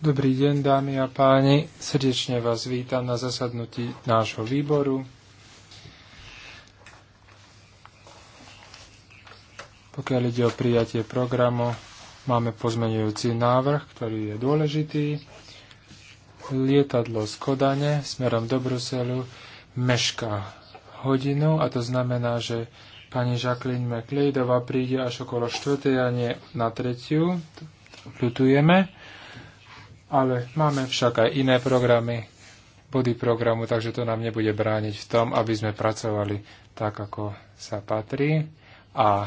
Dobrý deň, dámy a páni. Srdečne vás vítam na zasadnutí nášho výboru. Pokiaľ ide o prijatie programu, máme pozmenujúci návrh, ktorý je dôležitý. Lietadlo z Kodane smerom do Bruselu mešká hodinu a to znamená, že Pani Jacqueline McLeodová príde až okolo 4. a nie na 3. Ľutujeme. Ale máme však aj iné programy, body programu, takže to nám nebude brániť v tom, aby sme pracovali tak, ako sa patrí. A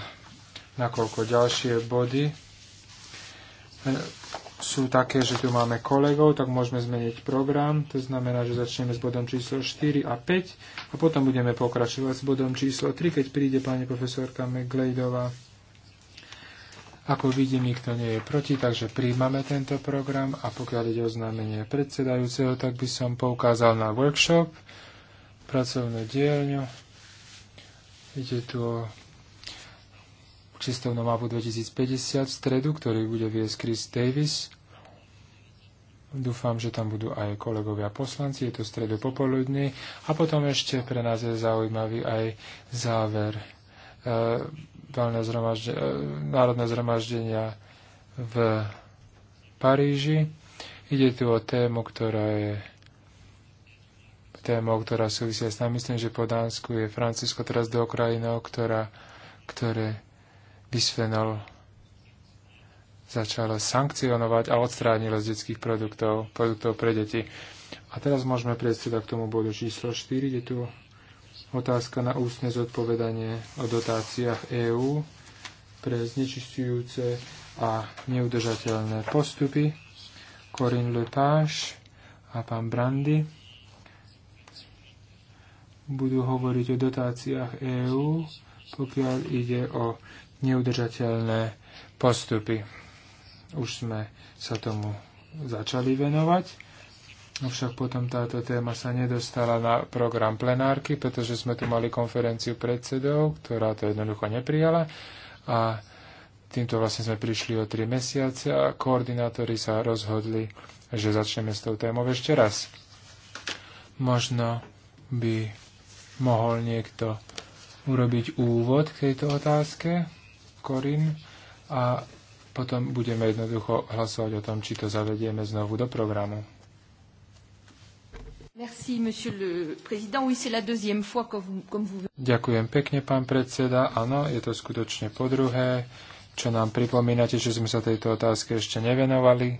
nakoľko ďalšie body sú také, že tu máme kolegov, tak môžeme zmeniť program. To znamená, že začneme s bodom číslo 4 a 5 a potom budeme pokračovať s bodom číslo 3, keď príde pani profesorka McGlejdová. Ako vidím, nikto nie je proti, takže príjmame tento program a pokiaľ ide o znamenie predsedajúceho, tak by som poukázal na workshop, pracovnú dielňu. Ide tu o čistovnú mapu 2050 v stredu, ktorý bude viesť Chris Davis. Dúfam, že tam budú aj kolegovia poslanci, je to stredu popoludní. A potom ešte pre nás je zaujímavý aj záver e, zhromažde, e, Národné zhromaždenia v Paríži. Ide tu o tému, ktorá je témou, ktorá súvisia s nami. Myslím, že po Dánsku je Francisco teraz do krajinou, ktorá, ktoré bisfenol začalo sankcionovať a odstránilo z detských produktov, produktov pre deti. A teraz môžeme prejsť teda k tomu bodu číslo 4, je tu otázka na ústne zodpovedanie o dotáciách EÚ pre znečistujúce a neudržateľné postupy. Corinne Lepage a pán Brandy budú hovoriť o dotáciách EÚ, pokiaľ ide o neudržateľné postupy. Už sme sa tomu začali venovať, avšak potom táto téma sa nedostala na program plenárky, pretože sme tu mali konferenciu predsedov, ktorá to jednoducho neprijala a týmto vlastne sme prišli o tri mesiace a koordinátori sa rozhodli, že začneme s tou témou ešte raz. Možno by mohol niekto urobiť úvod k tejto otázke, Korin, a potom budeme jednoducho hlasovať o tom, či to zavedieme znovu do programu. Merci, monsieur le président. Oui, c'est la deuxième fois comme vous... Ďakujem pekne, pán predseda. Áno, je to skutočne po druhé, čo nám pripomínate, že sme sa tejto otázke ešte nevenovali.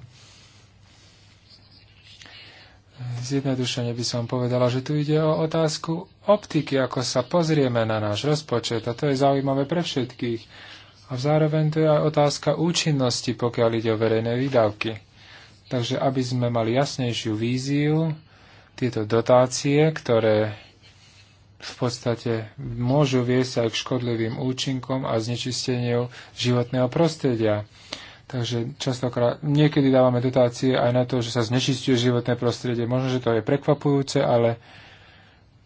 Zjednodušene by som povedala, že tu ide o otázku optiky, ako sa pozrieme na náš rozpočet. A to je zaujímavé pre všetkých a zároveň to je aj otázka účinnosti, pokiaľ ide o verejné výdavky. Takže aby sme mali jasnejšiu víziu, tieto dotácie, ktoré v podstate môžu viesť aj k škodlivým účinkom a znečisteniu životného prostredia. Takže častokrát niekedy dávame dotácie aj na to, že sa znečistuje životné prostredie. Možno, že to je prekvapujúce, ale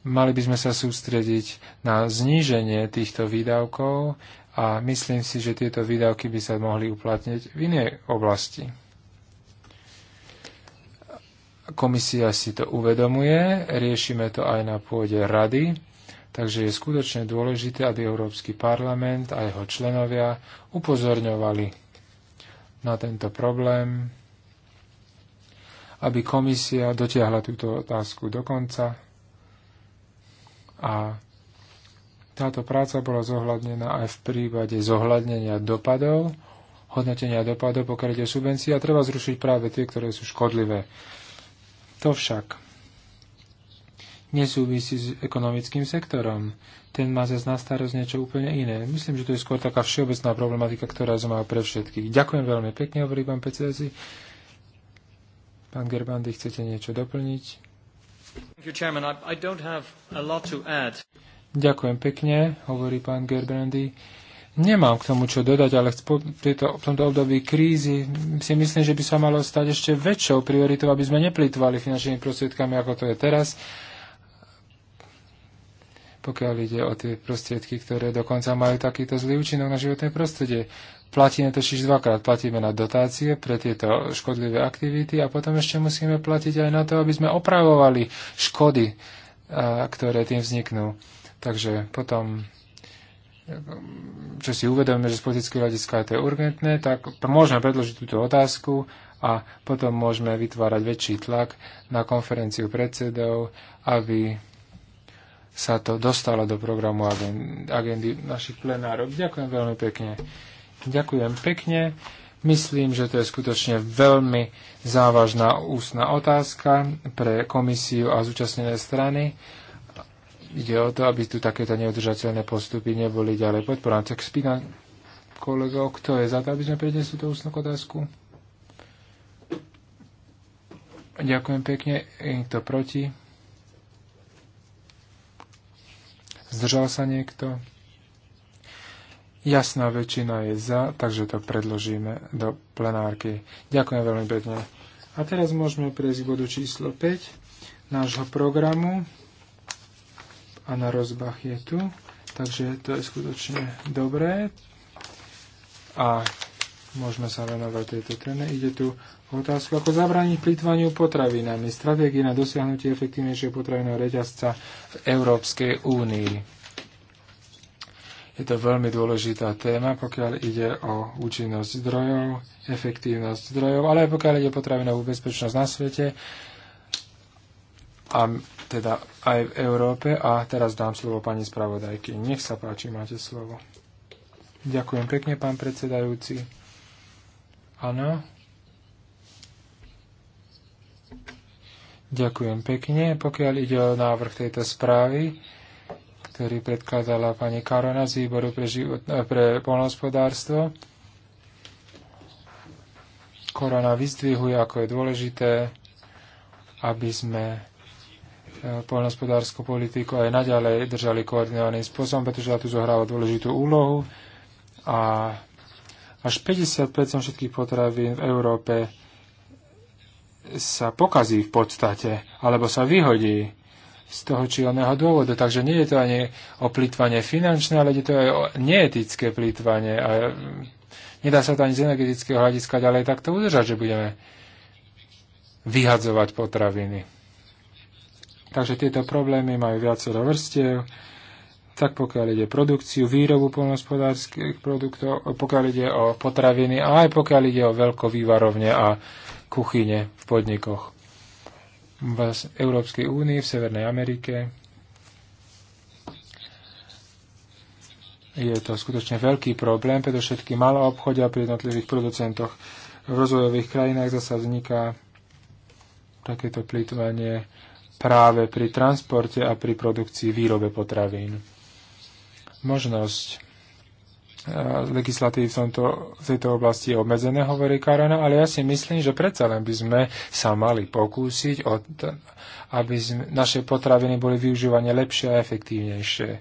mali by sme sa sústrediť na zníženie týchto výdavkov a myslím si, že tieto výdavky by sa mohli uplatniť v inej oblasti. Komisia si to uvedomuje, riešime to aj na pôde rady, takže je skutočne dôležité, aby Európsky parlament a jeho členovia upozorňovali na tento problém, aby komisia dotiahla túto otázku do konca a táto práca bola zohľadnená aj v prípade zohľadnenia dopadov, hodnotenia dopadov, pokiaľ ide subvencie a treba zrušiť práve tie, ktoré sú škodlivé. To však nesúvisí s ekonomickým sektorom. Ten má zase na starosť niečo úplne iné. Myslím, že to je skôr taká všeobecná problematika, ktorá má pre všetkých. Ďakujem veľmi pekne, hovorí pán PCSI. Pán Gerbandy, chcete niečo doplniť? You, I, Ďakujem pekne, hovorí pán Gerbrandy. Nemám k tomu čo dodať, ale v, tejto, v tomto období krízy si myslím, že by sa malo stať ešte väčšou prioritou, aby sme neplýtvali finančnými prostriedkami, ako to je teraz pokiaľ ide o tie prostriedky, ktoré dokonca majú takýto zlý účinok na životné prostredie. Platíme to čiž dvakrát. Platíme na dotácie pre tieto škodlivé aktivity a potom ešte musíme platiť aj na to, aby sme opravovali škody, ktoré tým vzniknú. Takže potom čo si uvedomíme, že z politického hľadiska je to urgentné, tak môžeme predložiť túto otázku a potom môžeme vytvárať väčší tlak na konferenciu predsedov, aby sa to dostalo do programu agendy našich plenárov. Ďakujem veľmi pekne. Ďakujem pekne. Myslím, že to je skutočne veľmi závažná ústna otázka pre komisiu a zúčastnené strany ide o to, aby tu takéto neodržateľné postupy neboli ďalej podporované. Tak spýtam kolegov, kto je za to, aby sme prednesli tú ústnu otázku? Ďakujem pekne. Je kto proti? Zdržal sa niekto? Jasná väčšina je za, takže to predložíme do plenárky. Ďakujem veľmi pekne. A teraz môžeme prejsť k bodu číslo 5 nášho programu. A na Rozbach je tu, takže to je skutočne dobré a môžeme sa venovať tejto téme. Ide tu otázku, ako zabrániť plýtvaniu potravinami, stratégie na dosiahnutie efektívnejšieho potravinového reťazca v Európskej únii. Je to veľmi dôležitá téma, pokiaľ ide o účinnosť zdrojov, efektívnosť zdrojov, ale aj pokiaľ ide o potravinovú bezpečnosť na svete. A teda aj v Európe. A teraz dám slovo pani spravodajky. Nech sa páči, máte slovo. Ďakujem pekne, pán predsedajúci. Áno. Ďakujem pekne. Pokiaľ ide o návrh tejto správy, ktorý predkladala pani Karona z výboru pre, život, eh, pre polnohospodárstvo, korona vyzdvihuje, ako je dôležité, aby sme E, poľnohospodárskú politiku aj naďalej držali koordinovaným spôsobom, pretože ja tu zohráva dôležitú úlohu a až 50% všetkých potravín v Európe sa pokazí v podstate, alebo sa vyhodí z toho či oného dôvodu. Takže nie je to ani o plýtvanie finančné, ale je to aj o neetické plýtvanie. A e, nedá sa to ani z energetického hľadiska ďalej takto udržať, že budeme vyhadzovať potraviny. Takže tieto problémy majú viacero vrstiev, tak pokiaľ ide produkciu, výrobu polnospodárských produktov, pokiaľ ide o potraviny a aj pokiaľ ide o veľkovývarovne a kuchyne v podnikoch. V Európskej únii, v Severnej Amerike je to skutočne veľký problém, všetky malé obchodia pri jednotlivých producentoch v rozvojových krajinách zasa vzniká takéto plýtvanie práve pri transporte a pri produkcii výrobe potravín. Možnosť e, legislatívy v, tomto, v tejto oblasti je obmedzené, hovorí Karana, ale ja si myslím, že predsa len by sme sa mali pokúsiť, od, aby sme, naše potraviny boli využívané lepšie a efektívnejšie.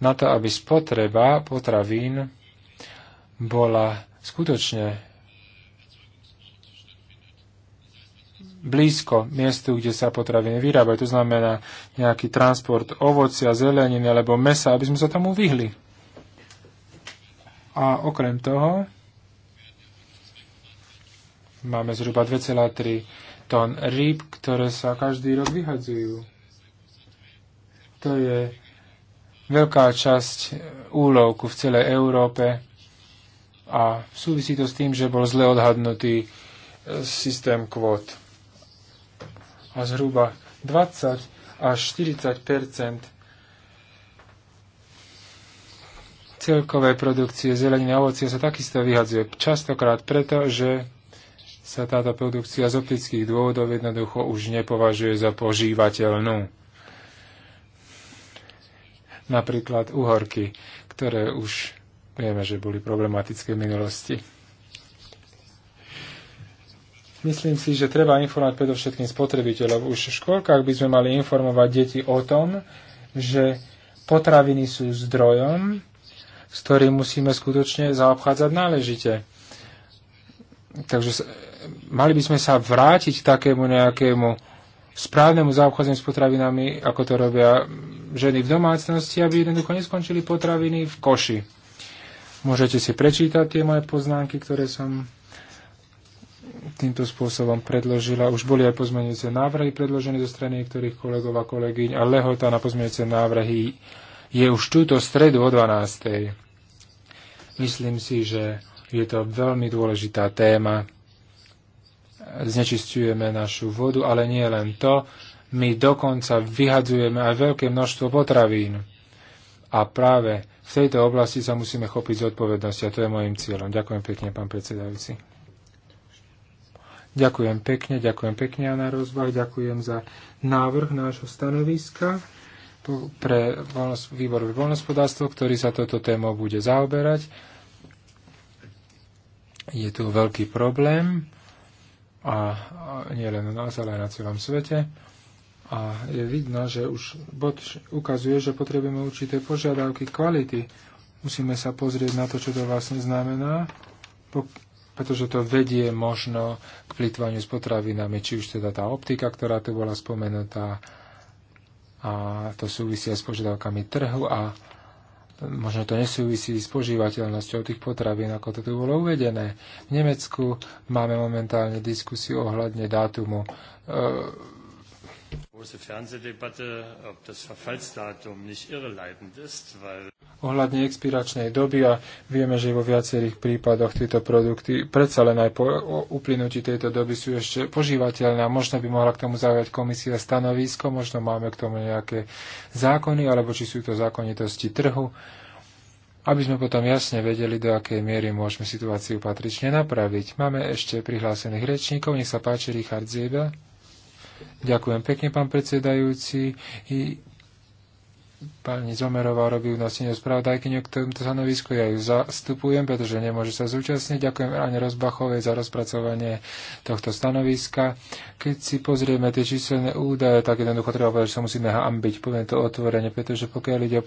Na to, aby spotreba potravín bola skutočne blízko miestu, kde sa potraviny vyrábajú. To znamená nejaký transport ovocia, zeleniny alebo mesa, aby sme sa tomu vyhli. A okrem toho máme zhruba 2,3 tón rýb, ktoré sa každý rok vyhadzujú. To je veľká časť úlovku v celej Európe a súvisí to s tým, že bol zle odhadnutý e, systém kvót a zhruba 20 až 40 celkovej produkcie zeleniny a ovocia sa takisto vyhadzuje. Častokrát preto, že sa táto produkcia z optických dôvodov jednoducho už nepovažuje za požívateľnú. Napríklad uhorky, ktoré už vieme, že boli problematické v minulosti. Myslím si, že treba informovať predovšetkým spotrebiteľov. Už v škôlkach by sme mali informovať deti o tom, že potraviny sú zdrojom, s ktorým musíme skutočne zaobchádzať náležite. Takže mali by sme sa vrátiť k takému nejakému správnemu zaobchádzaniu s potravinami, ako to robia ženy v domácnosti, aby jednoducho neskončili potraviny v koši. Môžete si prečítať tie moje poznámky, ktoré som týmto spôsobom predložila. Už boli aj pozmeňujúce návrhy predložené zo strany niektorých kolegov a kolegyň a lehota na pozmeňujúce návrhy je už túto stredu o 12. Myslím si, že je to veľmi dôležitá téma. Znečistujeme našu vodu, ale nie len to. My dokonca vyhadzujeme aj veľké množstvo potravín. A práve v tejto oblasti sa musíme chopiť zodpovednosti a to je môjim cieľom. Ďakujem pekne, pán predsedajúci. Ďakujem pekne, ďakujem pekne a na rozvah, ďakujem za návrh nášho stanoviska pre výbor voľnospodárstvo, ktorý sa toto témou bude zaoberať. Je tu veľký problém a, a nielen u nás, ale aj na celom svete. A je vidno, že už bod ukazuje, že potrebujeme určité požiadavky kvality. Musíme sa pozrieť na to, čo to vlastne znamená, pretože to vedie možno k plýtvaniu s potravinami, či už teda tá optika, ktorá tu bola spomenutá, a to súvisí aj s požiadavkami trhu a možno to nesúvisí s požívateľnosťou tých potravín, ako to tu bolo uvedené. V Nemecku máme momentálne diskusiu ohľadne dátumu e, Ohľadne expiračnej doby a vieme, že vo viacerých prípadoch tieto produkty predsa len aj po uplynutí tejto doby sú ešte požívateľné a možno by mohla k tomu zaujať komisia stanovisko, možno máme k tomu nejaké zákony, alebo či sú to zákonitosti trhu, aby sme potom jasne vedeli, do akej miery môžeme situáciu patrične napraviť. Máme ešte prihlásených rečníkov, nech sa páči Richard Ziebel. Ďakujem pekne, pán predsedajúci. I pani Zomerová robí vlastne spravodajkyňu k tomuto stanovisku. Ja ju zastupujem, pretože nemôže sa zúčastniť. Ďakujem Ane Rozbachovej za rozpracovanie tohto stanoviska. Keď si pozrieme tie číselné údaje, tak jednoducho treba povedať, že sa musíme hambiť, poviem to otvorene, pretože pokiaľ ide o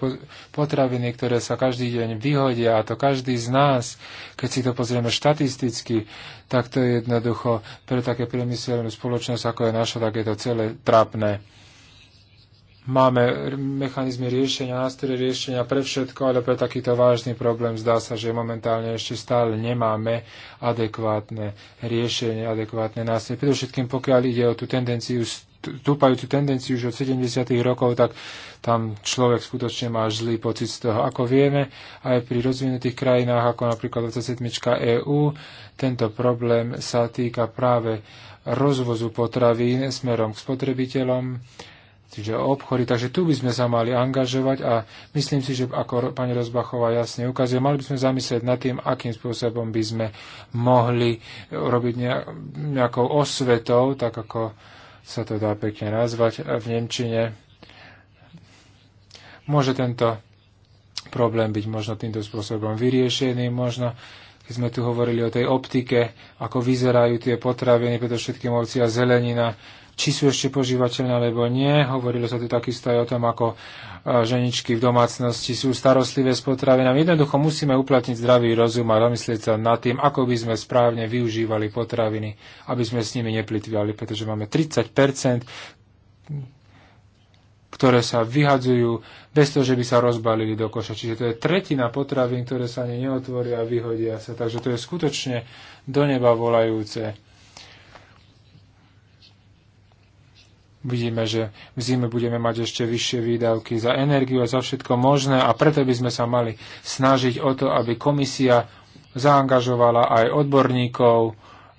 potraviny, ktoré sa každý deň vyhodia, a to každý z nás, keď si to pozrieme štatisticky, tak to je jednoducho pre také priemyselnú spoločnosť, ako je naša, tak je to celé trápne máme mechanizmy riešenia, nástroje riešenia pre všetko, ale pre takýto vážny problém zdá sa, že momentálne ešte stále nemáme adekvátne riešenie, adekvátne nástroje. Predovšetkým pokiaľ ide o tú tendenciu stúpajúcu tendenciu už od 70. rokov, tak tam človek skutočne má zlý pocit z toho. Ako vieme, aj pri rozvinutých krajinách, ako napríklad 27. EÚ, tento problém sa týka práve rozvozu potravín smerom k spotrebiteľom čiže obchody. Takže tu by sme sa mali angažovať a myslím si, že ako pani Rozbachová jasne ukazuje, mali by sme zamyslieť nad tým, akým spôsobom by sme mohli robiť nejakou osvetou, tak ako sa to dá pekne nazvať e, v Nemčine. Môže tento problém byť možno týmto spôsobom vyriešený, možno keď sme tu hovorili o tej optike, ako vyzerajú tie potraviny, všetkým ovci a zelenina, či sú ešte požívateľné alebo nie. Hovorilo sa tu takisto aj o tom, ako e, ženičky v domácnosti sú starostlivé s potravinami. Jednoducho musíme uplatniť zdravý rozum a domyslieť sa nad tým, ako by sme správne využívali potraviny, aby sme s nimi neplitvali, pretože máme 30 ktoré sa vyhadzujú bez toho, že by sa rozbalili do koša. Čiže to je tretina potravín, ktoré sa ani neotvoria a vyhodia sa. Takže to je skutočne do neba volajúce Vidíme, že v zime budeme mať ešte vyššie výdavky za energiu a za všetko možné a preto by sme sa mali snažiť o to, aby komisia zaangažovala aj odborníkov,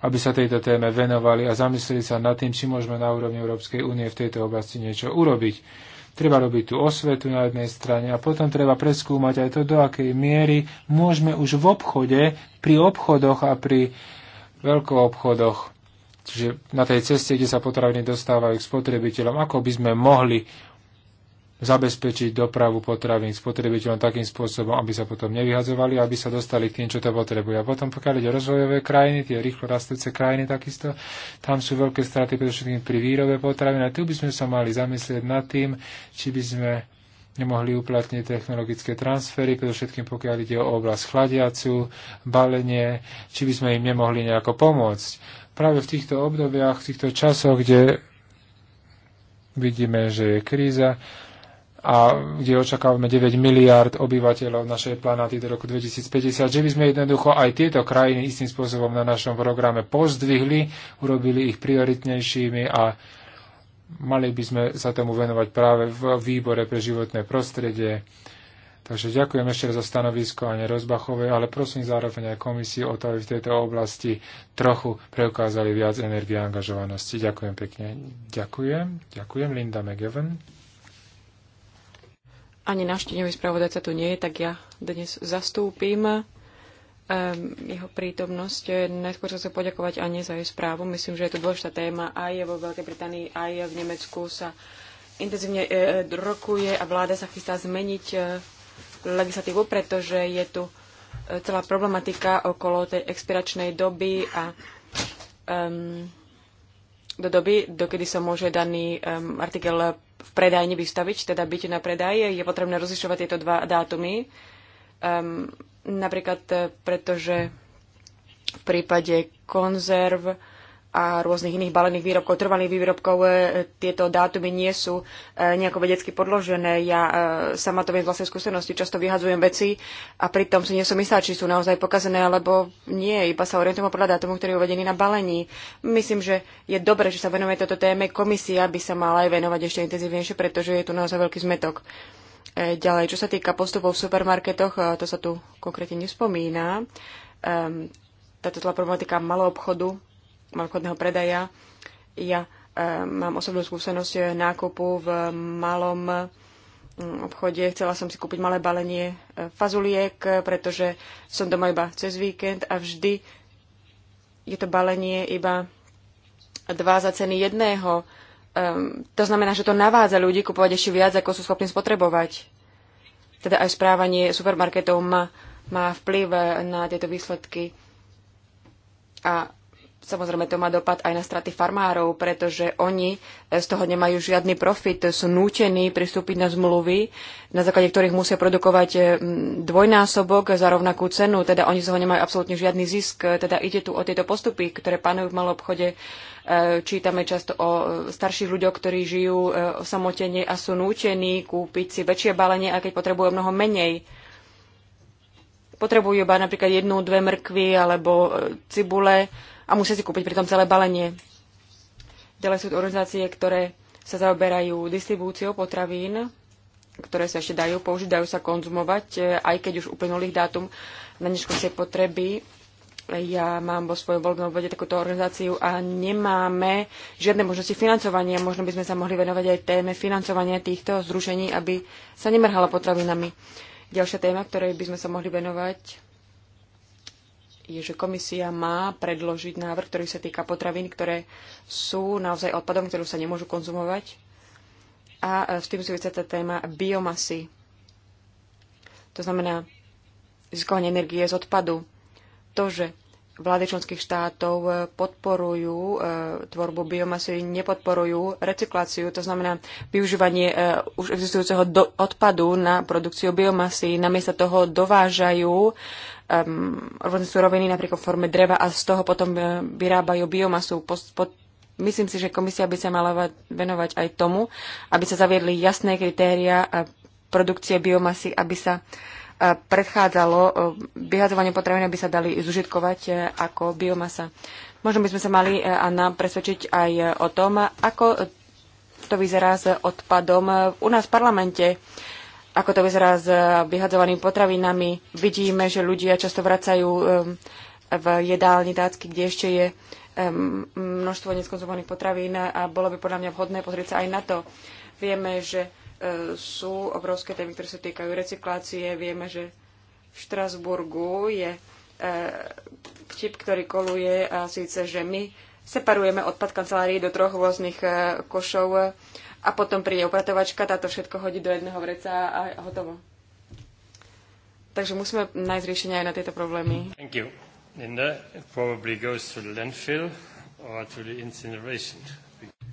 aby sa tejto téme venovali a zamysleli sa nad tým, či môžeme na úrovni Európskej únie v tejto oblasti niečo urobiť. Treba robiť tú osvetu na jednej strane a potom treba preskúmať aj to, do akej miery môžeme už v obchode, pri obchodoch a pri veľkoobchodoch Čiže na tej ceste, kde sa potraviny dostávajú k spotrebiteľom, ako by sme mohli zabezpečiť dopravu potravín spotrebiteľom takým spôsobom, aby sa potom nevyhadzovali, aby sa dostali k tým, čo to potrebujú. A potom, pokiaľ ide o rozvojové krajiny, tie rýchlo rastúce krajiny takisto, tam sú veľké straty predovšetkým pri výrobe potravín. A tu by sme sa mali zamyslieť nad tým, či by sme nemohli uplatniť technologické transfery, predovšetkým pokiaľ ide o oblasť chladiacu, balenie, či by sme im nemohli nejako pomôcť práve v týchto obdobiach, v týchto časoch, kde vidíme, že je kríza a kde očakávame 9 miliard obyvateľov našej planáty do roku 2050, že by sme jednoducho aj tieto krajiny istým spôsobom na našom programe pozdvihli, urobili ich prioritnejšími a mali by sme sa tomu venovať práve v výbore pre životné prostredie Takže ďakujem ešte za stanovisko ani Rozbachovej, ale prosím zároveň aj komisiu o to, aby v tejto oblasti trochu preukázali viac energie a angažovanosti. Ďakujem pekne. Ďakujem. Ďakujem Linda McGovern. Ani návštevný spravodajca tu nie je, tak ja dnes zastúpim um, jeho prítomnosť. Najskôr sa chcem poďakovať ani za jej správu. Myslím, že je to dôležitá téma aj vo Veľkej Británii, aj v Nemecku sa intenzívne eh, rokuje a vláda sa chystá zmeniť eh, legislatívu, pretože je tu e, celá problematika okolo tej expiračnej doby a um, do doby, dokedy sa môže daný um, artikel v predajni vystaviť, teda byť na predaj, je potrebné rozlišovať tieto dva dátumy. Um, napríklad e, pretože v prípade konzerv a rôznych iných balených výrobkov, trvalých výrobkov, e, tieto dátumy nie sú e, nejako vedecky podložené. Ja e, sama to viem z vlastnej skúsenosti, často vyhadzujem veci a pritom si nie som istá, či sú naozaj pokazené, alebo nie, iba sa orientujem podľa dátumu, ktorý je uvedený na balení. Myslím, že je dobré, že sa venujeme toto téme. Komisia by sa mala aj venovať ešte intenzívnejšie, pretože je tu naozaj veľký zmetok. Ďalej, čo sa týka postupov v supermarketoch, to sa tu konkrétne nespomína. Ehm, táto problematika malého obchodu malobchodného predaja. Ja e, mám osobnú skúsenosť nákupu v malom mm, obchode. Chcela som si kúpiť malé balenie e, fazuliek, pretože som doma iba cez víkend a vždy je to balenie iba dva za ceny jedného. Um, to znamená, že to navádza ľudí kupovať ešte viac, ako sú schopní spotrebovať. Teda aj správanie supermarketov má, má vplyv e, na tieto výsledky. A Samozrejme, to má dopad aj na straty farmárov, pretože oni eh, z toho nemajú žiadny profit, sú nútení pristúpiť na zmluvy, na základe ktorých musia produkovať eh, dvojnásobok za rovnakú cenu, teda oni z toho nemajú absolútne žiadny zisk, teda ide tu o tieto postupy, ktoré panujú v malom obchode. Eh, čítame často o starších ľuďoch, ktorí žijú samotene a sú nútení kúpiť si väčšie balenie, aj keď potrebujú mnoho menej potrebujú iba napríklad jednu, dve mrkvy alebo cibule a musia si kúpiť pritom celé balenie. Ďalej sú to organizácie, ktoré sa zaoberajú distribúciou potravín, ktoré sa ešte dajú použiť, dajú sa konzumovať, e, aj keď už uplynul ich dátum na neškosie potreby. Ja mám vo svojom voľbnom obvode takúto organizáciu a nemáme žiadne možnosti financovania. Možno by sme sa mohli venovať aj téme financovania týchto zrušení, aby sa nemrhala potravinami. Ďalšia téma, ktorej by sme sa mohli venovať, je, že komisia má predložiť návrh, ktorý sa týka potravín, ktoré sú naozaj odpadom, ktorú sa nemôžu konzumovať. A e, s tým súvisia tá téma biomasy. To znamená získovanie energie z odpadu. To, že vlády členských štátov e, podporujú e, tvorbu biomasy, nepodporujú recykláciu, to znamená využívanie už existujúceho odpadu na produkciu biomasy, namiesto toho dovážajú um, rôzne suroviny, napríklad v forme dreva a z toho potom e, vyrábajú biomasu. Post, pod, myslím si, že komisia by sa mala venovať aj tomu, aby sa zaviedli jasné kritéria e, produkcie biomasy, aby sa e, predchádzalo vyhadzovaniu potravín, aby sa dali zužitkovať ako biomasa. Možno by sme sa mali a nám presvedčiť aj o tom, ako to vyzerá s odpadom u nás v parlamente ako to vyzerá s eh, vyhadzovanými potravinami. Vidíme, že ľudia často vracajú v jedálni tácky, kde ešte je množstvo neskonzumovaných potravín a bolo by podľa mňa vhodné pozrieť sa aj na to. Vieme, že eh, sú obrovské témy, ktoré sa týkajú recyklácie. Vieme, že v Štrasburgu je eh, vtip, ktorý koluje a síce, že my separujeme odpad kancelárií do troch rôznych košov a potom príde upratovačka, táto všetko hodí do jedného vreca a hotovo. Takže musíme nájsť riešenia aj na tieto problémy. Thank you. Linda, it probably goes to the landfill or to the incineration.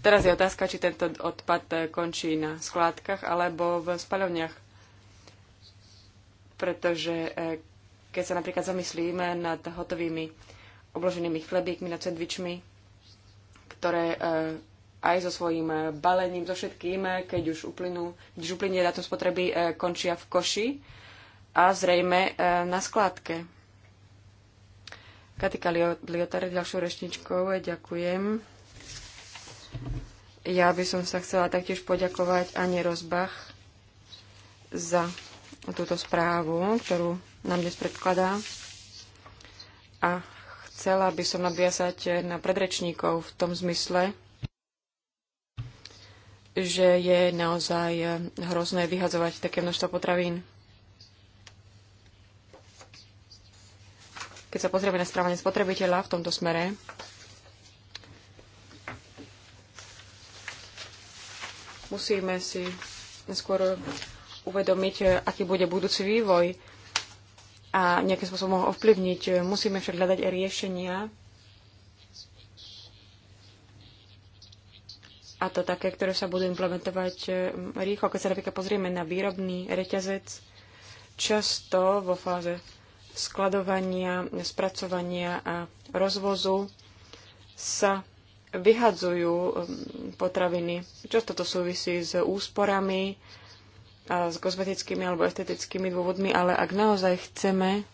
Teraz je otázka, či tento odpad eh, končí na skládkach alebo v spaľovniach. Pretože eh, keď sa napríklad zamyslíme nad hotovými obloženými chlebíkmi, nad sendvičmi, ktoré eh, aj so svojím eh, balením, so všetkým, eh, keď už, uplynú, keď už uplynie dátum spotreby, eh, končia v koši a zrejme na skladke. Katika Liotare, ďalšou rečničkou, ďakujem. Ja by som sa chcela taktiež poďakovať ani Rozbach za túto správu, ktorú nám dnes predkladá. A chcela by som nabiasať na predrečníkov v tom zmysle, že je naozaj hrozné vyhadzovať také množstvo potravín. Keď sa pozrieme na správanie spotrebiteľa v tomto smere, musíme si skôr uvedomiť, aký bude budúci vývoj a nejakým spôsobom ho ovplyvniť. Musíme však hľadať riešenia, a to také, ktoré sa budú implementovať e, rýchlo. Keď sa napríklad pozrieme na výrobný reťazec, často vo fáze skladovania, spracovania a rozvozu sa vyhadzujú e, potraviny. Často to súvisí s úsporami, a s kozmetickými alebo estetickými dôvodmi, ale ak naozaj chceme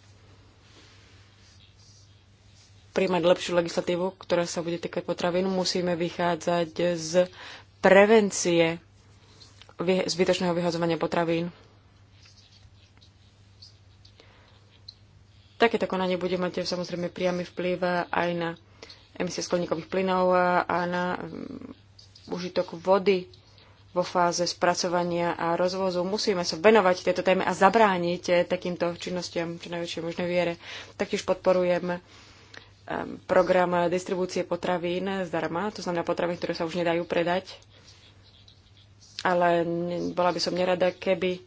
príjmať lepšiu legislatívu, ktorá sa bude týkať potravín, musíme vychádzať z prevencie zbytočného vyhazovania potravín. Takéto konanie bude mať samozrejme priamy vplyv aj na emisie skleníkových plynov a na mm, užitok vody vo fáze spracovania a rozvozu. Musíme sa venovať tejto téme a zabrániť eh, takýmto činnostiam čo najväčšej možnej viere. Taktiež podporujeme program distribúcie potravín zdarma, to znamená potravín, ktoré sa už nedajú predať. Ale bola by som nerada, keby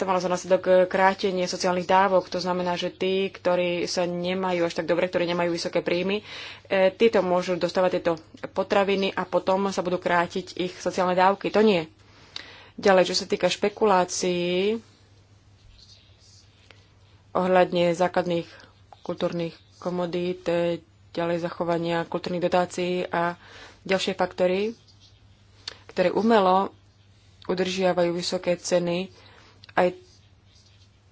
to malo za následok eh, krátenie sociálnych dávok. To znamená, že tí, ktorí sa nemajú až tak dobre, ktorí nemajú vysoké príjmy, eh, títo môžu dostávať tieto potraviny a potom sa budú krátiť ich sociálne dávky. To nie. Ďalej, čo sa týka špekulácií ohľadne základných kultúrnych komodít, e, ďalej zachovania kultúrnych dotácií a ďalšie faktory, ktoré umelo udržiavajú vysoké ceny. Aj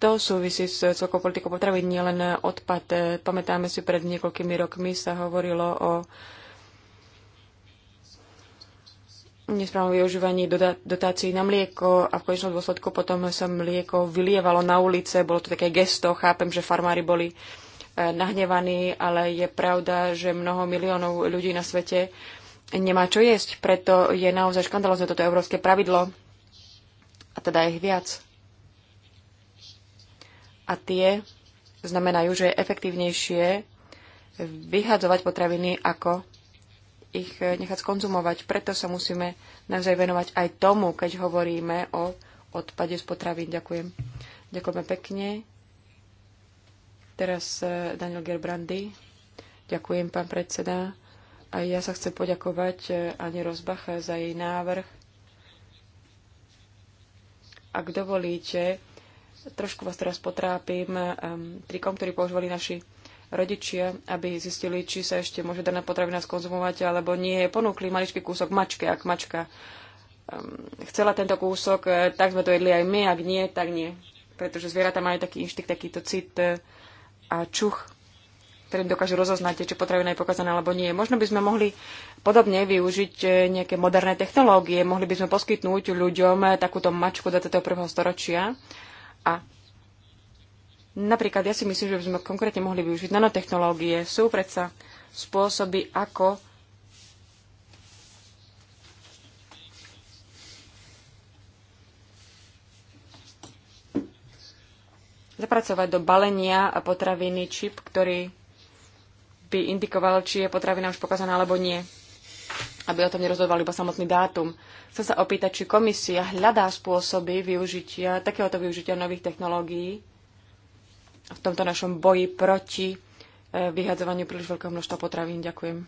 to súvisí s celkou politikou potravín, nielen odpad. E, pamätáme si, pred niekoľkými rokmi sa hovorilo o nesprávnom využívaní dotácií na mlieko a v konečnom dôsledku potom sa mlieko vylievalo na ulice. Bolo to také gesto, chápem, že farmári boli nahnevaní, ale je pravda, že mnoho miliónov ľudí na svete nemá čo jesť, preto je naozaj škandalozne toto európske pravidlo a teda ich viac. A tie znamenajú, že je efektívnejšie vyhadzovať potraviny, ako ich nechať skonzumovať. Preto sa musíme naozaj venovať aj tomu, keď hovoríme o odpade z potravín. Ďakujem. Ďakujeme pekne. Teraz e, Daniel Gerbrandy. Ďakujem, pán predseda. A ja sa chcem poďakovať e, Ani Rozbacha za jej návrh. Ak dovolíte, trošku vás teraz potrápim e, trikom, ktorý používali naši rodičia, aby zistili, či sa ešte môže daná potravina skonzumovať alebo nie. Ponúkli maličký kúsok mačke, ak mačka chcela tento kúsok, tak sme to jedli aj my, ak nie, tak nie. Pretože zvieratá majú taký inštinkt, takýto cit a čuch, ktorým dokážu rozoznať, či potravina je pokazaná alebo nie. Možno by sme mohli podobne využiť e, nejaké moderné technológie, mohli by sme poskytnúť ľuďom e, takúto mačku do prvého storočia a Napríklad ja si myslím, že by sme konkrétne mohli využiť nanotechnológie. Sú predsa spôsoby, ako zapracovať do balenia a potraviny čip, ktorý by indikoval, či je potravina už pokazaná alebo nie. Aby o tom nerozhodoval iba samotný dátum. Chcem sa opýtať, či komisia hľadá spôsoby využitia, takéhoto využitia nových technológií v tomto našom boji proti e, vyhadzovaniu príliš veľkého množstva potravín. Ďakujem.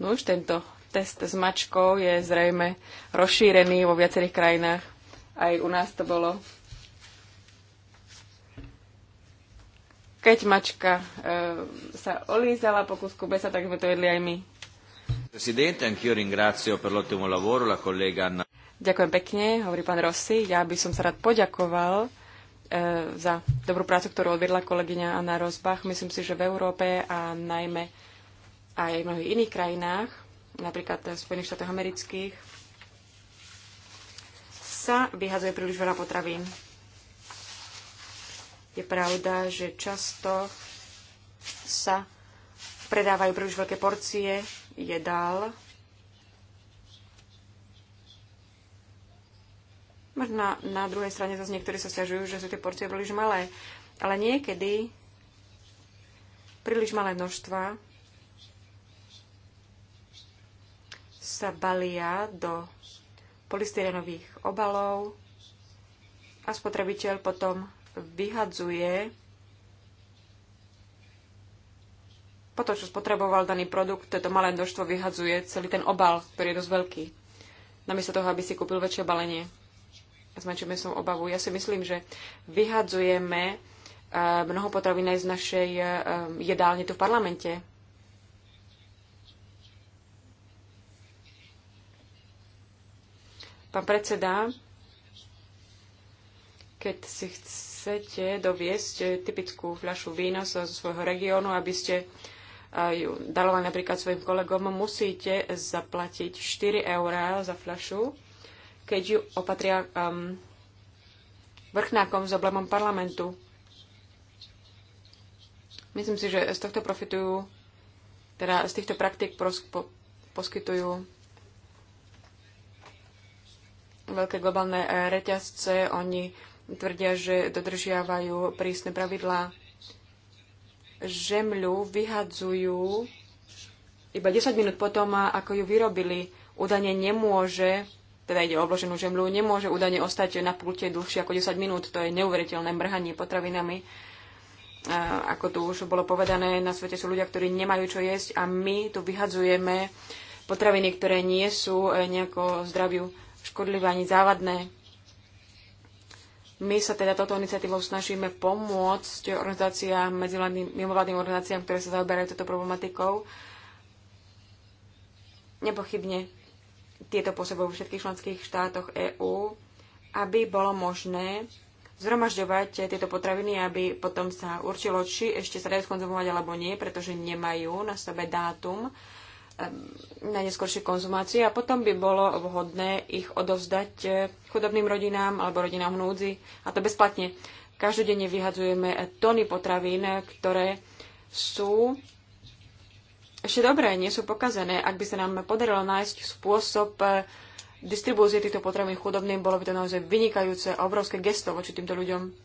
No už tento test s mačkou je zrejme rozšírený vo viacerých krajinách. Aj u nás to bolo. Keď mačka e, sa olízala po kusku besa, tak sme to jedli aj my. Ďakujem pekne, hovorí pán Rossi. Ja by som sa rád poďakoval e, za dobrú prácu, ktorú odvedla kolegyňa Anna Rozbach. Myslím si, že v Európe a najmä aj v mnohých iných krajinách, napríklad v Spojených štátoch amerických, sa vyhazuje príliš veľa potravín. Je pravda, že často sa predávajú príliš veľké porcie jedál. Možno na, na druhej strane zase niektorí sa stiažujú, že sú tie porcie príliš malé. Ale niekedy príliš malé množstva sa balia do polystyrenových obalov a spotrebiteľ potom vyhadzuje po to, čo spotreboval daný produkt, toto malé množstvo vyhadzuje celý ten obal, ktorý je dosť veľký, namiesto toho, aby si kúpil väčšie balenie. Zmenšujeme som obavu. Ja si myslím, že vyhadzujeme eh, mnoho potravín aj z našej eh, eh, jedálne tu v parlamente. Pán predseda, keď si chcete doviesť typickú fľašu vína zo svojho regiónu, aby ste eh, ju darovali napríklad svojim kolegom, musíte zaplatiť 4 eurá za fľašu, keď ju opatria um, vrchnákom s oblemom parlamentu. Myslím si, že z tohto profitujú, teda z týchto praktik poskytujú veľké globálne e, reťazce, oni tvrdia, že dodržiavajú prísne pravidlá. Žemľu vyhadzujú iba 10 minút potom, ako ju vyrobili. Udanie nemôže, teda ide o obloženú žemľu, nemôže údajne ostať na pulte dlhšie ako 10 minút. To je neuveriteľné mrhanie potravinami. Ako tu už bolo povedané, na svete sú ľudia, ktorí nemajú čo jesť a my tu vyhadzujeme potraviny, ktoré nie sú e, nejako zdraviu škodlivé ani závadné. My sa teda touto iniciatívou snažíme pomôcť organizáciám, mimovládnym organizáciám, ktoré sa zaoberajú touto problematikou. Nepochybne tieto pôsobujú vo všetkých členských štátoch EÚ, aby bolo možné zhromažďovať tieto potraviny, aby potom sa určilo, či ešte sa dajú skonzumovať alebo nie, pretože nemajú na sebe dátum na neskôršie konzumácie a potom by bolo vhodné ich odovzdať eh, chudobným rodinám alebo rodinám v núdzi a to bezplatne. Každodenne vyhadzujeme tony potravín, ktoré sú ešte dobré, nie sú pokazené. Ak by sa nám podarilo nájsť spôsob eh, distribúcie týchto potravín chudobným, bolo by to naozaj vynikajúce obrovské gesto voči týmto ľuďom.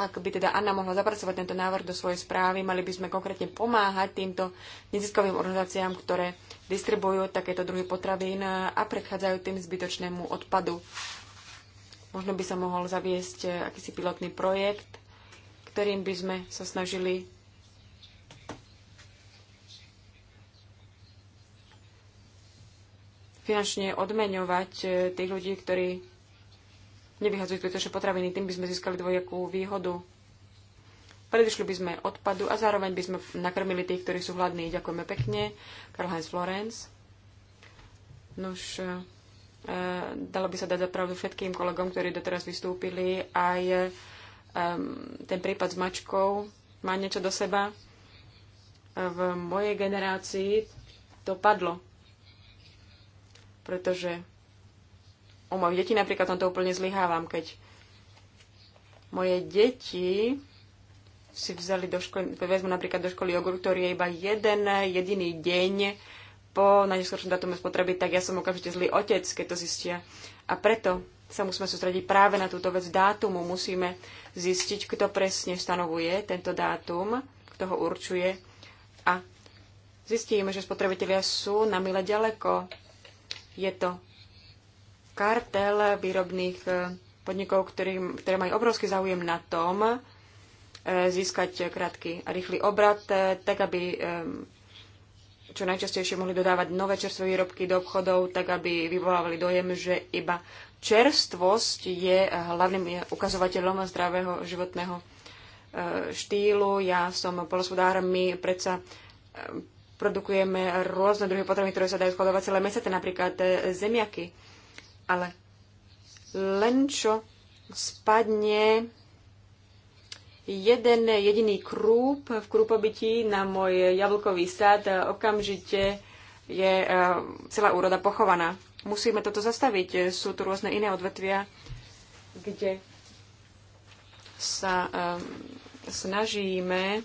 ak by teda Anna mohla zapracovať tento návrh do svojej správy, mali by sme konkrétne pomáhať týmto neziskovým organizáciám, ktoré distribujú takéto druhy potravín a predchádzajú tým zbytočnému odpadu. Možno by sa mohol zaviesť eh, akýsi pilotný projekt, ktorým by sme sa snažili finančne odmeňovať eh, tých ľudí, ktorí nevyhazujú zbytočné potraviny, tým by sme získali dvojakú výhodu. Predišli by sme odpadu a zároveň by sme nakrmili tých, ktorí sú hladní. Ďakujeme pekne. Karl Heinz Florence. Nož, e, dalo by sa dať zapravdu všetkým kolegom, ktorí doteraz vystúpili. Aj e, ten prípad s mačkou má niečo do seba. V mojej generácii to padlo, pretože u mojich detí napríklad to úplne zlyhávam, keď moje deti si vzali do školy, vezmu napríklad do školy jogurt, ktorý je iba jeden jediný deň po najskôršom datume spotreby, tak ja som okamžite zlý otec, keď to zistia. A preto sa musíme sústrediť práve na túto vec dátumu. Musíme zistiť, kto presne stanovuje tento dátum, kto ho určuje a zistíme, že spotrebitelia sú na mile ďaleko. Je to kartel výrobných eh, podnikov, ktorý, ktoré majú obrovský záujem na tom eh, získať krátky a rýchly obrad, eh, tak aby čo najčastejšie mohli dodávať nové čerstvé výrobky do obchodov, tak aby vyvolávali dojem, že iba čerstvosť je hlavným ukazovateľom zdravého životného štýlu. Ja som polospodár, my predsa produkujeme rôzne druhy potreby, ktoré sa dajú skladovať celé mesiace, napríklad zemiaky ale len čo spadne jeden jediný krúp v krúpobytí na môj jablkový sad, okamžite je e, celá úroda pochovaná. Musíme toto zastaviť. Sú tu rôzne iné odvetvia, kde sa um, snažíme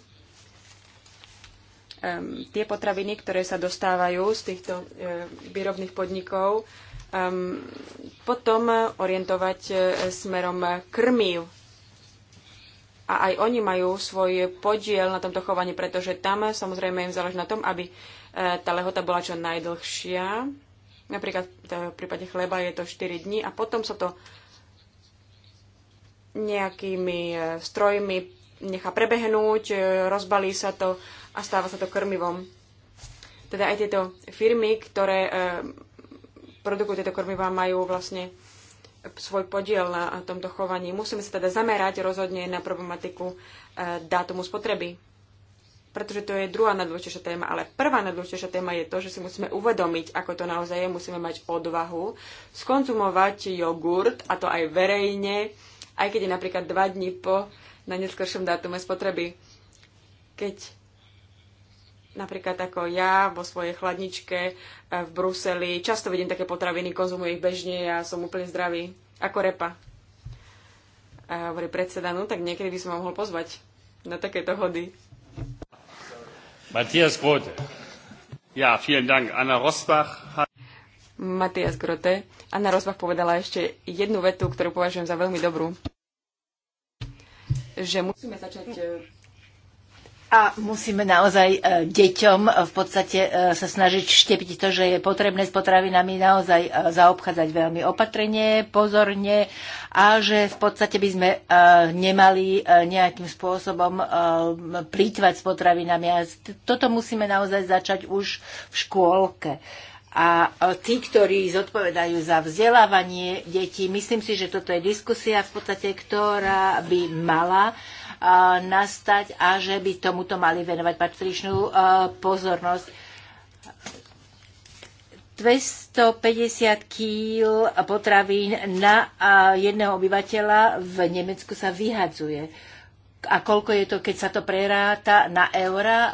um, tie potraviny, ktoré sa dostávajú z týchto um, výrobných podnikov, Um, potom orientovať e, smerom krmiv. A aj oni majú svoj podiel na tomto chovaní, pretože tam samozrejme im záleží na tom, aby e, tá lehota bola čo najdlhšia. Napríklad e, v prípade chleba je to 4 dní a potom sa to nejakými strojmi nechá prebehnúť, rozbalí sa to a stáva sa to krmivom. Teda aj tieto firmy, ktoré produkujú tieto krmivá, majú vlastne svoj podiel na tomto chovaní. Musíme sa teda zamerať rozhodne na problematiku e, dátumu spotreby. Pretože to je druhá najdôležitejšia téma, ale prvá najdôležitejšia téma je to, že si musíme uvedomiť, ako to naozaj je, musíme mať odvahu skonzumovať jogurt, a to aj verejne, aj keď je napríklad dva dní po na neskoršom dátume spotreby. Keď napríklad ako ja vo svojej chladničke eh, v Bruseli. Často vidím také potraviny, konzumujem ich bežne a ja som úplne zdravý, ako repa. A hovorí predseda, no tak niekedy by som ho mohol pozvať na takéto hody. Matias Grote. Ja, vielen Dank. Anna Rosbach Matias Grote. Anna Rosbach povedala ešte jednu vetu, ktorú považujem za veľmi dobrú. Že musíme začať eh, a musíme naozaj e, deťom e, v podstate e, sa snažiť štepiť to, že je potrebné s potravinami naozaj zaobchádzať veľmi opatrne, pozorne a že v podstate by sme nemali nejakým spôsobom plýtvať s potravinami. A toto musíme naozaj začať už v škôlke. A tí, ktorí zodpovedajú za vzdelávanie detí, myslím si, že toto je diskusia v podstate, ktorá by mala nastať a že by tomuto mali venovať patričnú pozornosť. 250 kg potravín na jedného obyvateľa v Nemecku sa vyhadzuje. A koľko je to, keď sa to preráta na eura,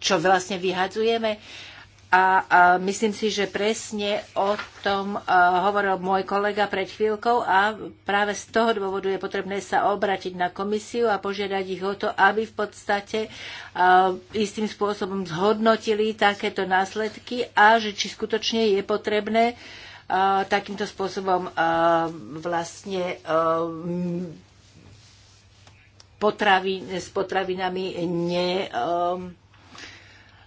čo vlastne vyhadzujeme? A, a myslím si, že presne o tom hovoril môj kolega pred chvíľkou a práve z toho dôvodu je potrebné sa obratiť na komisiu a požiadať ich o to, aby v podstate a, istým spôsobom zhodnotili takéto následky a že či skutočne je potrebné a, takýmto spôsobom vlastne potravin, s potravinami ne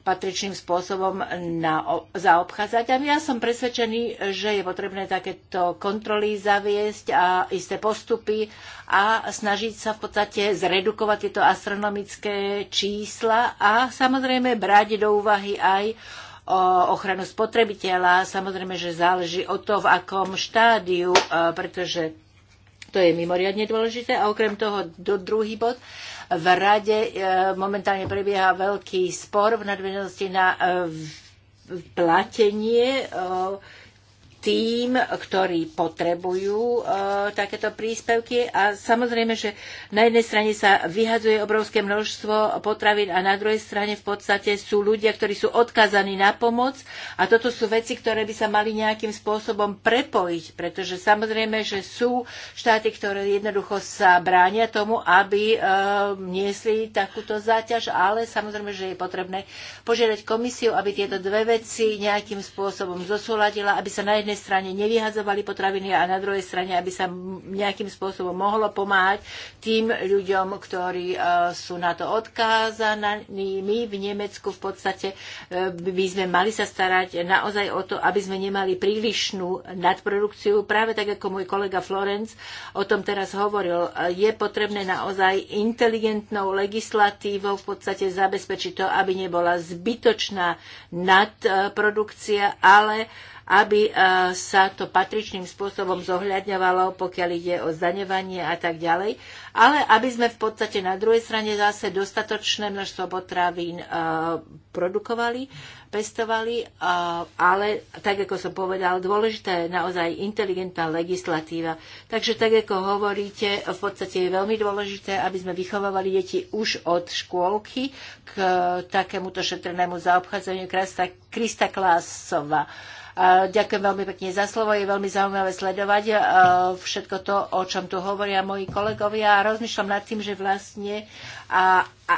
patričným spôsobom na, zaobchádzať. A ja som presvedčený, že je potrebné takéto kontroly zaviesť a isté postupy a snažiť sa v podstate zredukovať tieto astronomické čísla a samozrejme brať do úvahy aj o ochranu spotrebiteľa. Samozrejme, že záleží od to, v akom štádiu, e, pretože to je mimoriadne dôležité. A okrem toho, do druhý bod, v rade e, momentálne prebieha veľký spor v nadväznosti na e, platenie e, tým, ktorí potrebujú e, takéto príspevky a samozrejme, že na jednej strane sa vyhadzuje obrovské množstvo potravín a na druhej strane v podstate sú ľudia, ktorí sú odkazaní na pomoc a toto sú veci, ktoré by sa mali nejakým spôsobom prepojiť, pretože samozrejme, že sú štáty, ktoré jednoducho sa bránia tomu, aby e, niesli takúto záťaž, ale samozrejme, že je potrebné požiadať komisiu, aby tieto dve veci nejakým spôsobom zosúladila, aby sa na jednej jednej strane nevyhazovali potraviny a na druhej strane, aby sa nejakým spôsobom mohlo pomáhať tým ľuďom, ktorí e, sú na to odkázaní. My v Nemecku v podstate e, by sme mali sa starať naozaj o to, aby sme nemali prílišnú nadprodukciu. Práve tak, ako môj kolega Florenc o tom teraz hovoril, e, je potrebné naozaj inteligentnou legislatívou v podstate zabezpečiť to, aby nebola zbytočná nadprodukcia, ale aby e, sa to patričným spôsobom zohľadňovalo, pokiaľ ide o zdaňovanie a tak ďalej, ale aby sme v podstate na druhej strane zase dostatočné množstvo potravín e, produkovali, pestovali, e, ale tak ako som povedal, dôležité je naozaj inteligentná legislatíva. Takže tak ako hovoríte, v podstate je veľmi dôležité, aby sme vychovávali deti už od škôlky k takémuto šetrnému zaobchádzaniu Krista Klásova. Ďakujem veľmi pekne za slovo. Je veľmi zaujímavé sledovať e, všetko to, o čom tu hovoria moji kolegovia. A rozmýšľam nad tým, že vlastne a, a,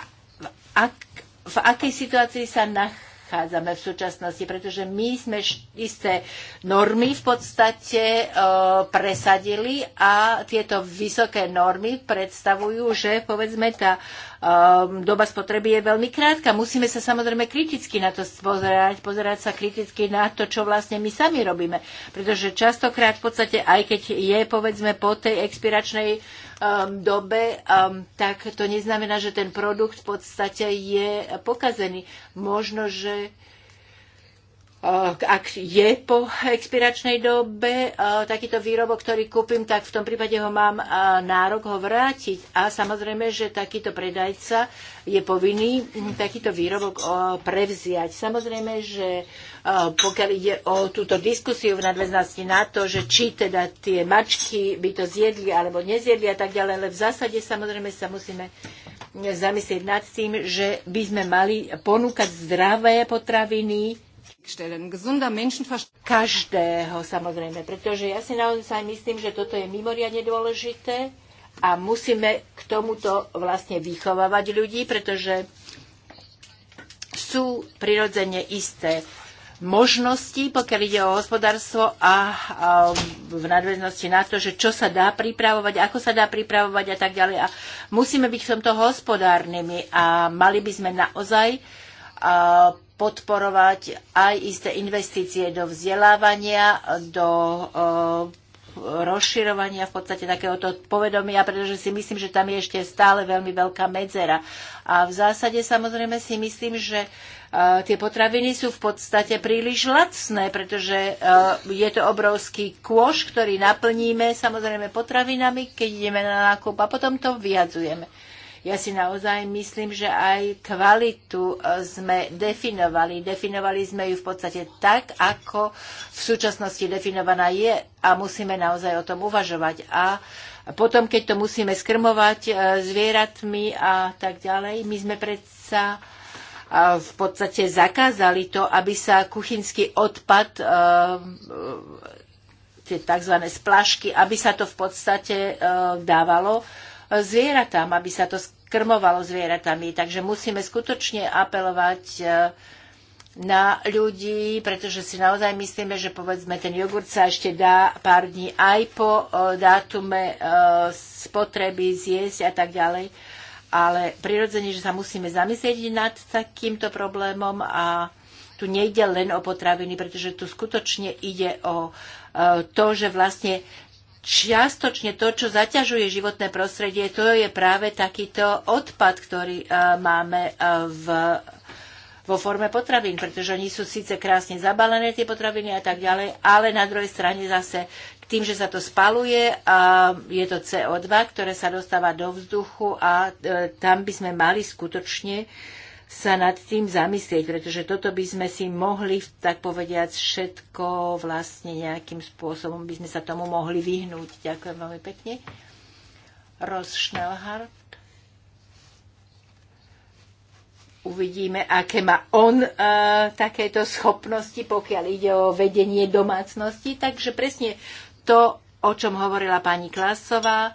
ak, v akej situácii sa nachádzame chádzame v súčasnosti, pretože my sme isté normy v podstate e, presadili a tieto vysoké normy predstavujú, že povedzme tá um, doba spotreby je veľmi krátka. Musíme sa samozrejme kriticky na to pozerať, pozerať sa kriticky na to, čo vlastne my sami robíme. Pretože častokrát v podstate, aj keď je povedzme po tej expiračnej um, dobe, um, tak to neznamená, že ten produkt v podstate je pokazený. Možno, že uh, Eh, ak je po expiračnej dobe eh, takýto výrobok, ktorý kúpim, tak v tom prípade ho mám eh, nárok ho vrátiť. A samozrejme, že takýto predajca je povinný hm, takýto výrobok prevziať. Samozrejme, že pokiaľ ide o túto diskusiu v nadväznosti na to, že či teda tie mačky by to zjedli alebo nezjedli a tak ďalej, ale v zásade samozrejme sa musíme zamyslieť nad tým, že by sme mali ponúkať zdravé potraviny, Každého samozrejme, pretože ja si naozaj myslím, že toto je mimoriadne dôležité a musíme k tomuto vlastne vychovávať ľudí, pretože sú prirodzene isté možnosti, pokiaľ ide o hospodárstvo a, a v nadväznosti na to, že čo sa dá pripravovať, ako sa dá pripravovať a tak ďalej. A musíme byť v tomto hospodárnymi a mali by sme naozaj a, podporovať aj isté investície do vzdelávania, do eh, rozširovania v podstate takéhoto povedomia, pretože si myslím, že tam je ešte stále veľmi veľká medzera. A v zásade samozrejme si myslím, že eh, tie potraviny sú v podstate príliš lacné, pretože eh, je to obrovský kôš, ktorý naplníme samozrejme potravinami, keď ideme na nákup a potom to vyhadzujeme. Ja si naozaj myslím, že aj kvalitu e, sme definovali. Definovali sme ju v podstate tak, ako v súčasnosti definovaná je a musíme naozaj o tom uvažovať. A potom, keď to musíme skrmovať e, zvieratmi a tak ďalej, my sme predsa e, v podstate zakázali to, aby sa kuchynský odpad tie tzv. splašky, aby sa to v podstate dávalo zvieratám, aby sa to krmovalo zvieratami. Takže musíme skutočne apelovať e, na ľudí, pretože si naozaj myslíme, že povedzme ten jogurt sa ešte dá pár dní aj po e, dátume e, spotreby zjesť a tak ďalej. Ale prirodzene, že sa musíme zamyslieť nad takýmto problémom a tu nejde len o potraviny, pretože tu skutočne ide o to, že vlastne čiastočne to, čo zaťažuje životné prostredie, to je práve takýto odpad, ktorý e, máme e, v vo forme potravín, pretože oni sú síce krásne zabalené, tie potraviny a tak ďalej, ale na druhej strane zase tým, že sa to spaluje, uh, je to CO2, ktoré sa dostáva do vzduchu a tam by sme mali skutočne sa nad tým zamyslieť, pretože toto by sme si mohli, tak povediať, všetko vlastne nejakým spôsobom by sme sa tomu mohli vyhnúť. Ďakujem veľmi pekne. Ross Schnellhardt. Uvidíme, aké má on uh, takéto schopnosti, pokiaľ ide o vedenie domácnosti. Takže presne to, o čom hovorila pani Klasová,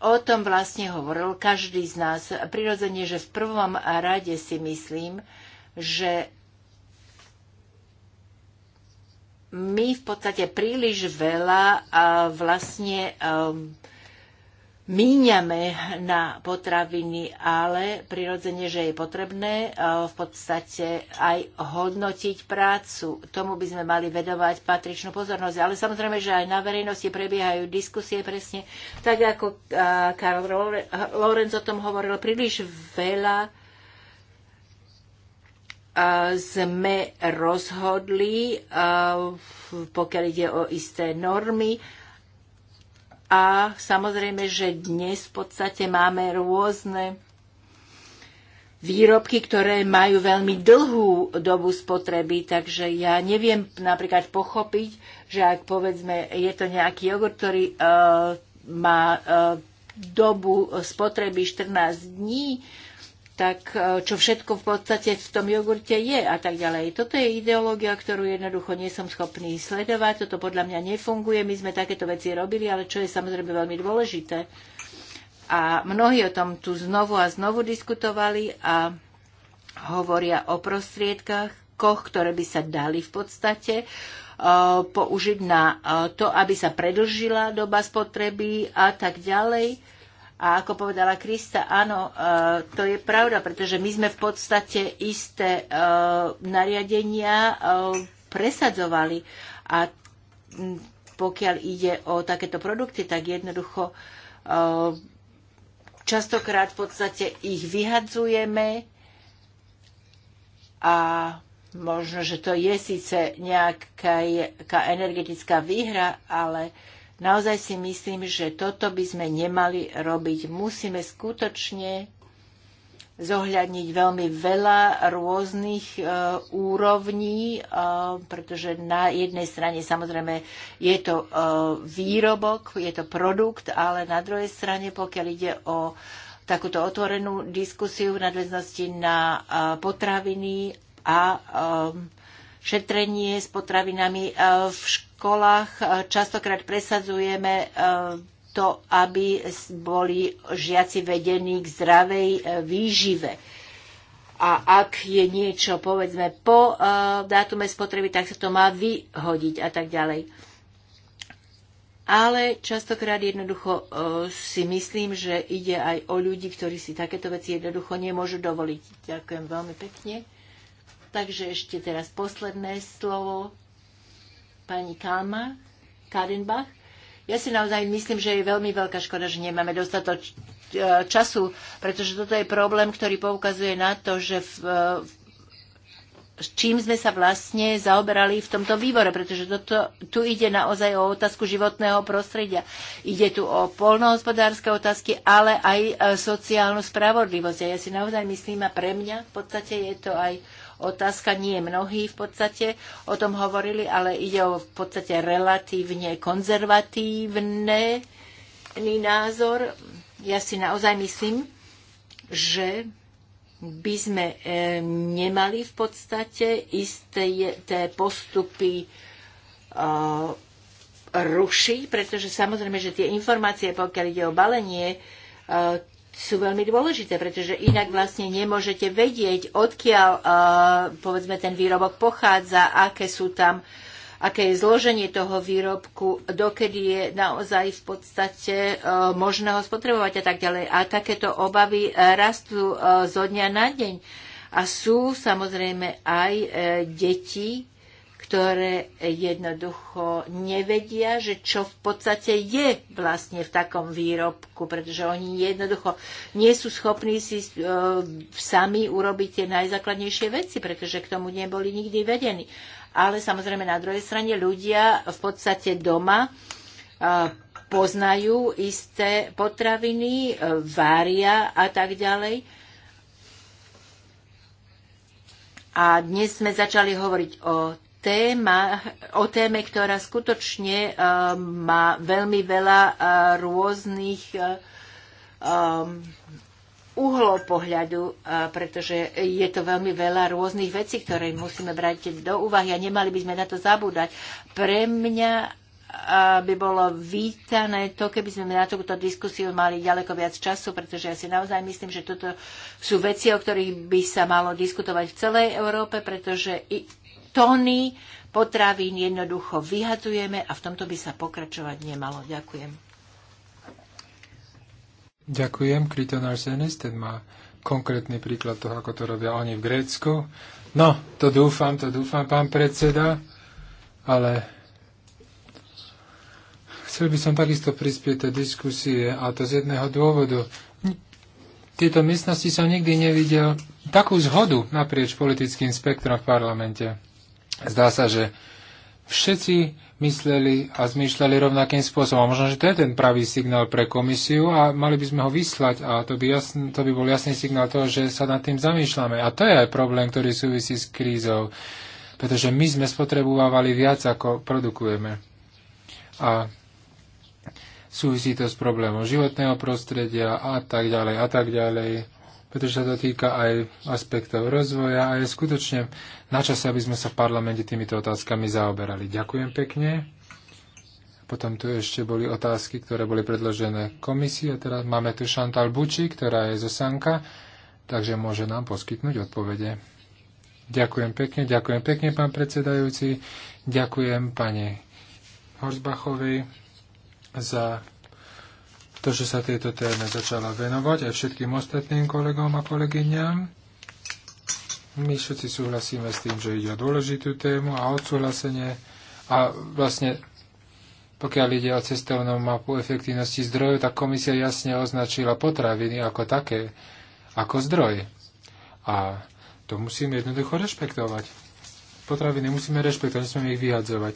O tom vlastne hovoril každý z nás. Prirodzene, že v prvom rade si myslím, že my v podstate príliš veľa vlastne ehm, míňame na potraviny, ale prirodzene, že je potrebné eh, v podstate aj hodnotiť prácu. Tomu by sme mali vedovať patričnú pozornosť. Ale samozrejme, že aj na verejnosti prebiehajú diskusie presne tak, ako eh, Karl Lorenz o tom hovoril. Príliš veľa eh, sme rozhodli, pokiaľ ide o isté normy, a samozrejme, že dnes v podstate máme rôzne výrobky, ktoré majú veľmi dlhú dobu spotreby, takže ja neviem napríklad pochopiť, že ak povedzme je to nejaký jogurt, ktorý uh, má uh, dobu spotreby 14 dní, tak e, čo všetko v podstate v tom jogurte je a tak ďalej. Toto je ideológia, ktorú jednoducho nie som schopný sledovať, toto podľa mňa nefunguje, my sme takéto veci robili, ale čo je samozrejme veľmi dôležité. A mnohí o tom tu znovu a znovu diskutovali a hovoria o prostriedkách, koch, ktoré by sa dali v podstate e, použiť na e, to, aby sa predlžila doba spotreby a tak ďalej. A ako povedala Krista, áno, e, to je pravda, pretože my sme v podstate isté e, nariadenia e, presadzovali. A pokiaľ ide o takéto produkty, tak jednoducho častokrát v podstate ich vyhadzujeme a možno, že to je síce nejaká energetická výhra, ale uh, Naozaj si myslím, že toto by sme nemali robiť. Musíme skutočne zohľadniť veľmi veľa rôznych e, úrovní, e, pretože na jednej strane samozrejme je to e, výrobok, je to produkt, ale na druhej strane, pokiaľ ide o takúto otvorenú diskusiu v nadväznosti na e, potraviny a e, šetrenie s potravinami e, v školách. E, častokrát presadzujeme e, to, aby boli žiaci vedení k zdravej výžive. A ak je niečo, povedzme, po dátume spotreby, tak sa to má vyhodiť a tak ďalej. Ale častokrát jednoducho si myslím, že ide aj o ľudí, ktorí si takéto veci jednoducho nemôžu dovoliť. Ďakujem veľmi pekne. Takže ešte teraz posledné slovo pani Kalma, Karinbach. Ja si naozaj myslím, že je veľmi veľká škoda, že nemáme dostatoč e, času, pretože toto je problém, ktorý poukazuje na to, že v, e, čím sme sa vlastne zaoberali v tomto výbore, pretože toto, tu ide naozaj o otázku životného prostredia. Ide tu o polnohospodárske otázky, ale aj e, sociálnu spravodlivosť. A ja si naozaj myslím, a pre mňa v podstate je to aj uh, otázka. Nie mnohí v podstate o tom hovorili, ale ide o v podstate relatívne konzervatívny názor. Ja si naozaj myslím, že by sme e, nemali v podstate isté té postupy e, rušiť, pretože samozrejme, že tie informácie, pokiaľ ide o balenie, e, sú veľmi dôležité, pretože inak vlastne nemôžete vedieť, odkiaľ uh, povedzme ten výrobok pochádza, aké sú tam aké je zloženie toho výrobku, dokedy je naozaj v podstate uh, možné ho spotrebovať a tak ďalej. A takéto obavy eh, rastú uh, zo dňa na deň. A sú samozrejme aj deti, ktoré jednoducho nevedia, že čo v podstate je vlastne v takom výrobku, pretože oni jednoducho nie sú schopní si e, sami urobiť tie najzákladnejšie veci, pretože k tomu neboli nikdy vedení. Ale samozrejme na druhej strane ľudia v podstate doma e, poznajú isté potraviny, e, vária a tak ďalej. A dnes sme začali hovoriť o téma, o téme, ktorá skutočne eh, má veľmi veľa eh, rôznych eh, uhlov pohľadu, pretože je to veľmi veľa rôznych vecí, ktoré musíme brať do úvahy a nemali by sme na to zabúdať. Pre mňa by bolo vítané to, keby sme na túto diskusiu mali ďaleko viac času, pretože ja si naozaj myslím, že toto sú veci, o ktorých by sa malo diskutovať v celej Európe, pretože Tony potravín jednoducho vyhadzujeme a v tomto by sa pokračovať nemalo. Ďakujem. Ďakujem. Kriton Arsenis, ten má konkrétny príklad toho, ako to robia oni v Grécku. No, to dúfam, to dúfam, pán predseda, ale chcel by som takisto prispieť do diskusie a to z jedného dôvodu. Tieto miestnosti som nikdy nevidel takú zhodu naprieč politickým spektrom v parlamente. Zdá sa, že všetci mysleli a zmýšľali rovnakým spôsobom. A možno, že to je ten pravý signál pre komisiu a mali by sme ho vyslať a to by, jasný, to by bol jasný signál toho, že sa nad tým zamýšľame. A to je aj problém, ktorý súvisí s krízou, pretože my sme spotrebovávali viac, ako produkujeme. A súvisí to s problémom životného prostredia a tak ďalej a tak ďalej pretože sa to týka aj aspektov rozvoja a je skutočne na čase, aby sme sa v parlamente týmito otázkami zaoberali. Ďakujem pekne. Potom tu ešte boli otázky, ktoré boli predložené komisii a teraz máme tu Šantal Buči, ktorá je zo Sanka, takže môže nám poskytnúť odpovede. Ďakujem pekne, ďakujem pekne, pán predsedajúci. Ďakujem pani Horsbachovej za to, že sa tejto téme začala venovať aj všetkým ostatným kolegom a kolegyňam. My všetci súhlasíme s tým, že ide o dôležitú tému a odsúhlasenie a vlastne pokiaľ ide o cestovnú mapu efektívnosti zdrojov, tak komisia jasne označila potraviny ako také, ako zdroj. A to musíme jednoducho rešpektovať. Potraviny musíme rešpektovať, nesmieme ich vyhadzovať.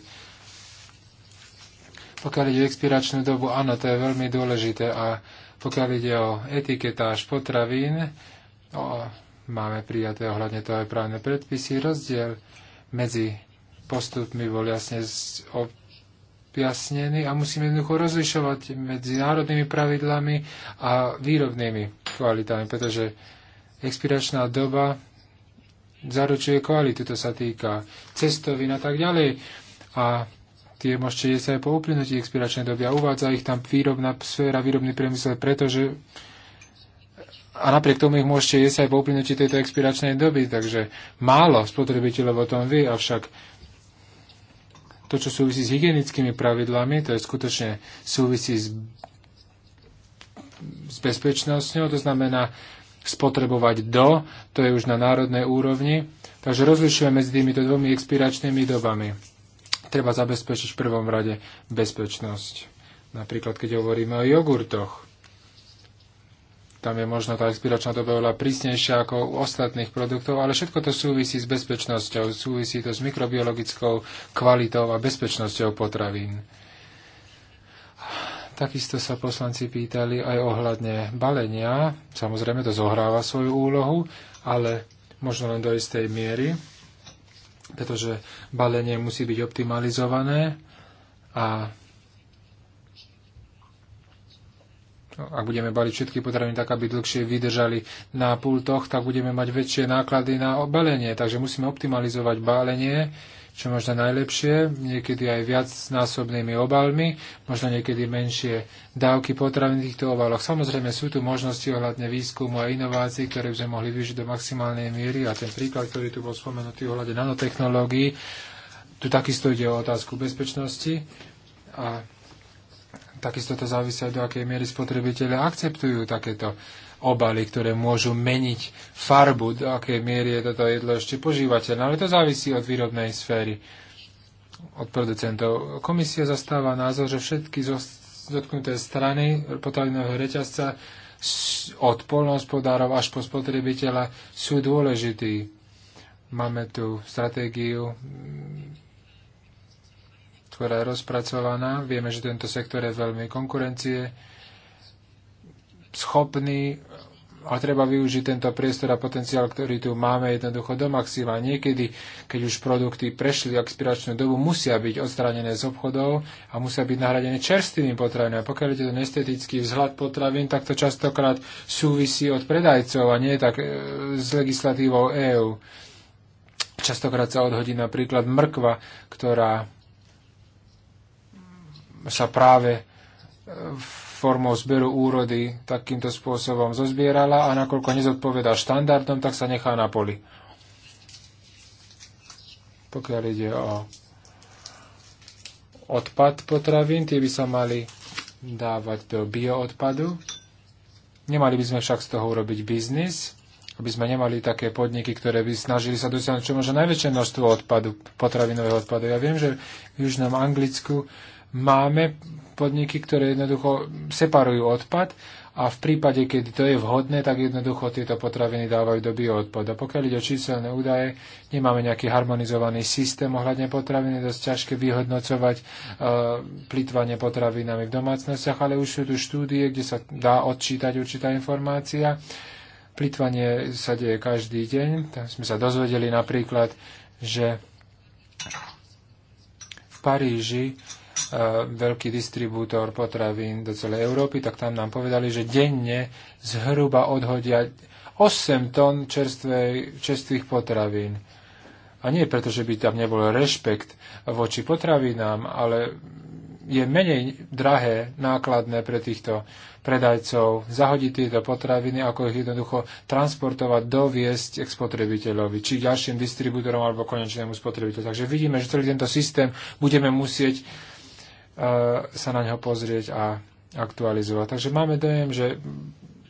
Pokiaľ ide o expiračnú dobu, áno, to je veľmi dôležité. A pokiaľ ide o etiketáž potravín, o, máme prijaté ohľadne toho aj právne predpisy. Rozdiel medzi postupmi bol jasne objasnený a musíme jednoducho rozlišovať medzi národnými pravidlami a výrobnými kvalitami, pretože expiračná doba zaručuje kvalitu, to sa týka cestovín a tak ďalej. A tie môžete jesť aj po uplynutí expiračnej doby a uvádza ich tam výrobná sféra, výrobný priemysel, pretože a napriek tomu ich môžete jesť aj po uplynutí tejto expiračnej doby, takže málo spotrebiteľov o tom vy, avšak to, čo súvisí s hygienickými pravidlami, to je skutočne súvisí s, s bezpečnosťou, to znamená spotrebovať do, to je už na národnej úrovni, takže rozlišujeme medzi týmito dvomi expiračnými dobami treba zabezpečiť v prvom rade bezpečnosť. Napríklad, keď hovoríme o jogurtoch, tam je možno tá expiračná doba oveľa prísnejšia ako u ostatných produktov, ale všetko to súvisí s bezpečnosťou, súvisí to s mikrobiologickou kvalitou a bezpečnosťou potravín. Takisto sa poslanci pýtali aj ohľadne balenia. Samozrejme, to zohráva svoju úlohu, ale možno len do istej miery pretože balenie musí byť optimalizované a ak budeme baliť všetky potraviny tak, aby dlhšie vydržali na pultoch, tak budeme mať väčšie náklady na balenie. Takže musíme optimalizovať balenie čo možno najlepšie, niekedy aj viac s násobnými obalmi, možno niekedy menšie dávky potravín v týchto obaloch. Samozrejme sú tu možnosti ohľadne výskumu a inovácií, ktoré by sme mohli využiť do maximálnej miery a ten príklad, ktorý tu bol spomenutý ohľadne nanotechnológií, tu takisto ide o otázku bezpečnosti a takisto to závisí aj do akej miery spotrebitelia akceptujú takéto obaly, ktoré môžu meniť farbu, do akej miery je toto jedlo ešte požívateľné. Ale to závisí od výrobnej sféry, od producentov. Komisia zastáva názor, že všetky dotknuté strany potravinového reťazca od polnohospodárov až po spotrebiteľa sú dôležití. Máme tu stratégiu, ktorá je rozpracovaná. Vieme, že tento sektor je veľmi konkurencie schopní a treba využiť tento priestor a potenciál, ktorý tu máme jednoducho do maxima. Niekedy, keď už produkty prešli expiračnú dobu, musia byť odstránené z obchodov a musia byť nahradené čerstvými potravinami. Pokiaľ je ten estetický vzhľad potravín, tak to častokrát súvisí od predajcov a nie tak e, s legislatívou EÚ. Častokrát sa odhodí napríklad mrkva, ktorá sa práve e, v formou zberu úrody takýmto spôsobom zozbierala a nakoľko nezodpovedá štandardom, tak sa nechá na poli. Pokiaľ ide o odpad potravín, tie by sa mali dávať do bioodpadu. Nemali by sme však z toho urobiť biznis, aby sme nemali také podniky, ktoré by snažili sa dosiahnuť čo možno najväčšie množstvo odpadu, potravinového odpadu. Ja viem, že v Južnom Anglicku máme podniky, ktoré jednoducho separujú odpad a v prípade, keď to je vhodné, tak jednoducho tieto potraviny dávajú do bioodpadu. A pokiaľ ide o číselné údaje, nemáme nejaký harmonizovaný systém ohľadne potraviny je dosť ťažké vyhodnocovať e, plitvanie potravinami v domácnostiach, ale už sú tu štúdie, kde sa dá odčítať určitá informácia. Plitvanie sa deje každý deň. Tam sme sa dozvedeli napríklad, že v Paríži E, veľký distribútor potravín do celej Európy, tak tam nám povedali, že denne zhruba odhodia 8 tón čerstvých potravín. A nie preto, že by tam nebol rešpekt voči potravinám, ale je menej drahé, nákladné pre týchto predajcov zahodiť tieto potraviny, ako ich jednoducho transportovať, doviesť k spotrebiteľovi, či ďalším distribútorom alebo konečnému spotrebiteľovi. Takže vidíme, že celý tento systém budeme musieť sa na neho pozrieť a aktualizovať. Takže máme dojem, že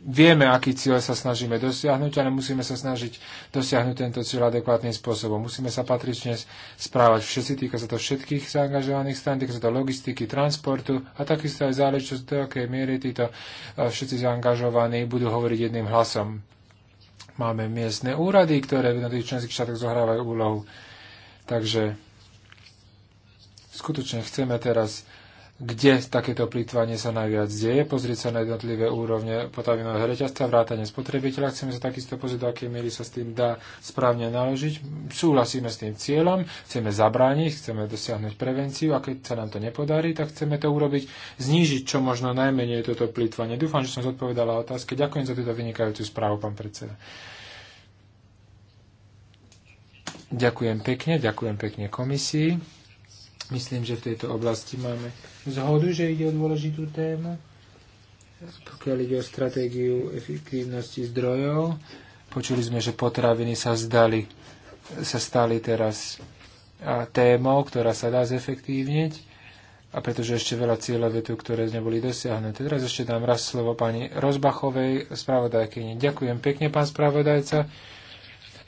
vieme, aký cieľ sa snažíme dosiahnuť, ale musíme sa snažiť dosiahnuť tento cieľ adekvátnym spôsobom. Musíme sa patrične správať všetci, týka sa to všetkých zaangažovaných strán, týka sa to logistiky, transportu a takisto aj záležitosť, do akej miery títo všetci zaangažovaní budú hovoriť jedným hlasom. Máme miestne úrady, ktoré v jednotlivých členských štátoch zohrávajú úlohu. Takže skutočne chceme teraz kde takéto plýtvanie sa najviac deje, pozrieť sa na jednotlivé úrovne potravinového reťazca, vrátanie spotrebiteľa. Chceme sa takisto pozrieť, do akej miery sa s tým dá správne naložiť. Súhlasíme s tým cieľom, chceme zabrániť, chceme dosiahnuť prevenciu a keď sa nám to nepodarí, tak chceme to urobiť, znížiť čo možno najmenej toto plýtvanie. Dúfam, že som zodpovedala otázke. Ďakujem za túto vynikajúcu správu, pán predseda. Ďakujem pekne, ďakujem pekne komisii. Myslím, že v tejto oblasti máme zhodu, že ide o dôležitú tému. Pokiaľ ide o stratégiu efektívnosti zdrojov, počuli sme, že potraviny sa zdali, sa stali teraz témou, ktorá sa dá zefektívniť a pretože ešte veľa cieľov je tu, ktoré neboli dosiahnuté. Teraz ešte dám raz slovo pani Rozbachovej, spravodajkyni. Ďakujem pekne, pán spravodajca.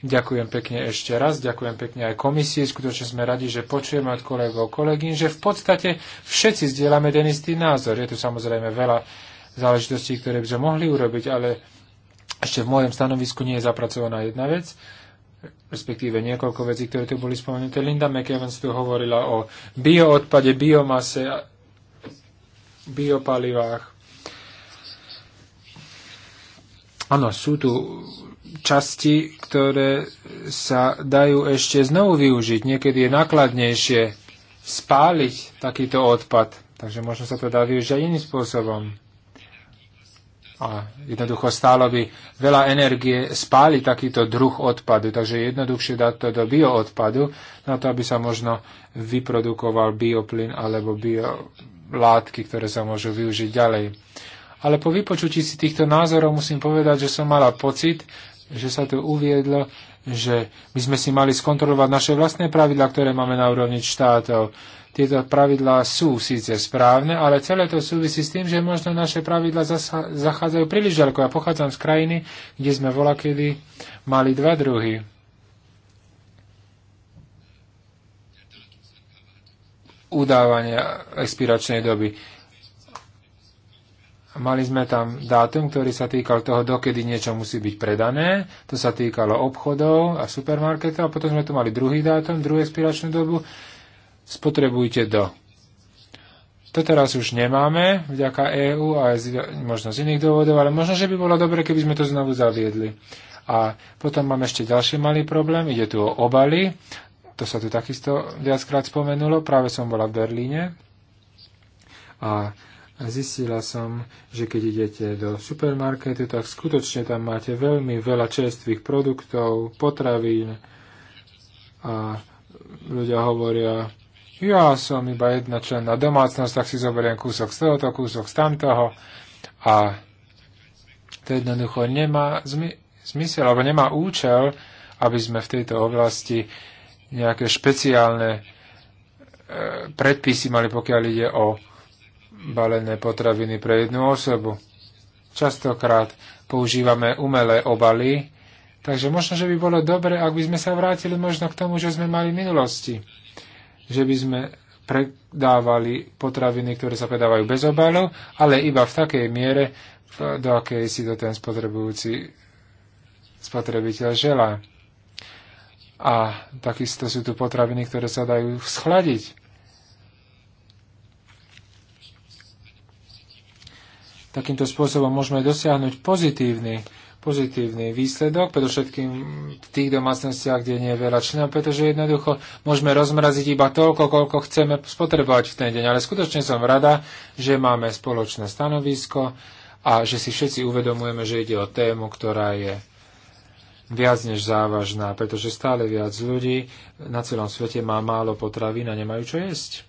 Ďakujem pekne ešte raz, ďakujem pekne aj komisii. Skutočne sme radi, že počujeme od kolegov kolegyň, že v podstate všetci zdieľame ten istý názor. Je tu samozrejme veľa záležitostí, ktoré by sme mohli urobiť, ale ešte v mojom stanovisku nie je zapracovaná jedna vec, respektíve niekoľko vecí, ktoré tu boli spomenuté. Linda McEvans tu hovorila o bioodpade, biomase, biopalivách. Áno, sú tu časti, ktoré sa dajú ešte znovu využiť. Niekedy je nákladnejšie spáliť takýto odpad, takže možno sa to dá využiť aj iným spôsobom. A jednoducho stálo by veľa energie spáliť takýto druh odpadu, takže jednoduchšie dať to do bioodpadu, na to, aby sa možno vyprodukoval bioplyn alebo biolátky, ktoré sa môžu využiť ďalej. Ale po vypočutí si týchto názorov musím povedať, že som mala pocit, že sa tu uviedlo, že my sme si mali skontrolovať naše vlastné pravidlá, ktoré máme na úrovni štátov. Tieto pravidlá sú síce správne, ale celé to súvisí s tým, že možno naše pravidlá zachádzajú príliš ďaleko. Ja pochádzam z krajiny, kde sme volakedy mali dva druhy. udávania expiračnej doby mali sme tam dátum, ktorý sa týkal toho, dokedy niečo musí byť predané. To sa týkalo obchodov a supermarketov. A potom sme tu mali druhý dátum, druhú expiračnú dobu. Spotrebujte do. To teraz už nemáme vďaka EÚ a možno z iných dôvodov, ale možno, že by bolo dobre, keby sme to znovu zaviedli. A potom máme ešte ďalší malý problém, ide tu o obaly. To sa tu takisto viackrát spomenulo, práve som bola v Berlíne. A a zistila som, že keď idete do supermarketu, tak skutočne tam máte veľmi veľa čerstvých produktov, potravín a ľudia hovoria, ja som iba jedna členná domácnosť, tak si zoberiem kúsok z tohoto, kúsok z tamtoho a to jednoducho nemá zmy- zmysel, alebo nemá účel, aby sme v tejto oblasti nejaké špeciálne e, predpisy mali, pokiaľ ide o balené potraviny pre jednu osobu. Častokrát používame umelé obaly, takže možno, že by bolo dobre, ak by sme sa vrátili možno k tomu, že sme mali v minulosti. Že by sme predávali potraviny, ktoré sa predávajú bez obalov, ale iba v takej miere, do akej si to ten spotrebujúci spotrebiteľ želá. A takisto sú tu potraviny, ktoré sa dajú schladiť. Takýmto spôsobom môžeme dosiahnuť pozitívny, pozitívny výsledok, predovšetkým v tých domácnostiach, kde nie je veľa členov, pretože jednoducho môžeme rozmraziť iba toľko, koľko chceme spotrebovať v ten deň. Ale skutočne som rada, že máme spoločné stanovisko a že si všetci uvedomujeme, že ide o tému, ktorá je viac než závažná, pretože stále viac ľudí na celom svete má málo potravín a nemajú čo jesť.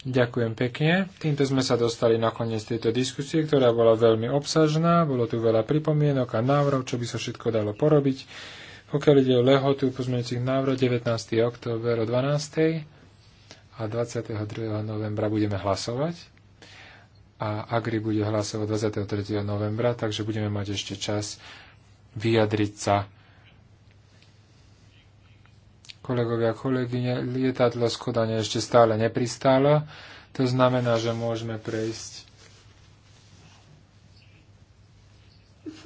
Ďakujem pekne. Týmto sme sa dostali na koniec tejto diskusie, ktorá bola veľmi obsažná. Bolo tu veľa pripomienok a návrov, čo by sa všetko dalo porobiť. Pokiaľ ide o lehotu pozmeňujúcich návrov 19. október o 12. a 22. novembra budeme hlasovať. A Agri bude hlasovať 23. novembra, takže budeme mať ešte čas vyjadriť sa kolegovia kolegyne, lietadlo z Kodane ešte stále nepristálo. To znamená, že môžeme prejsť.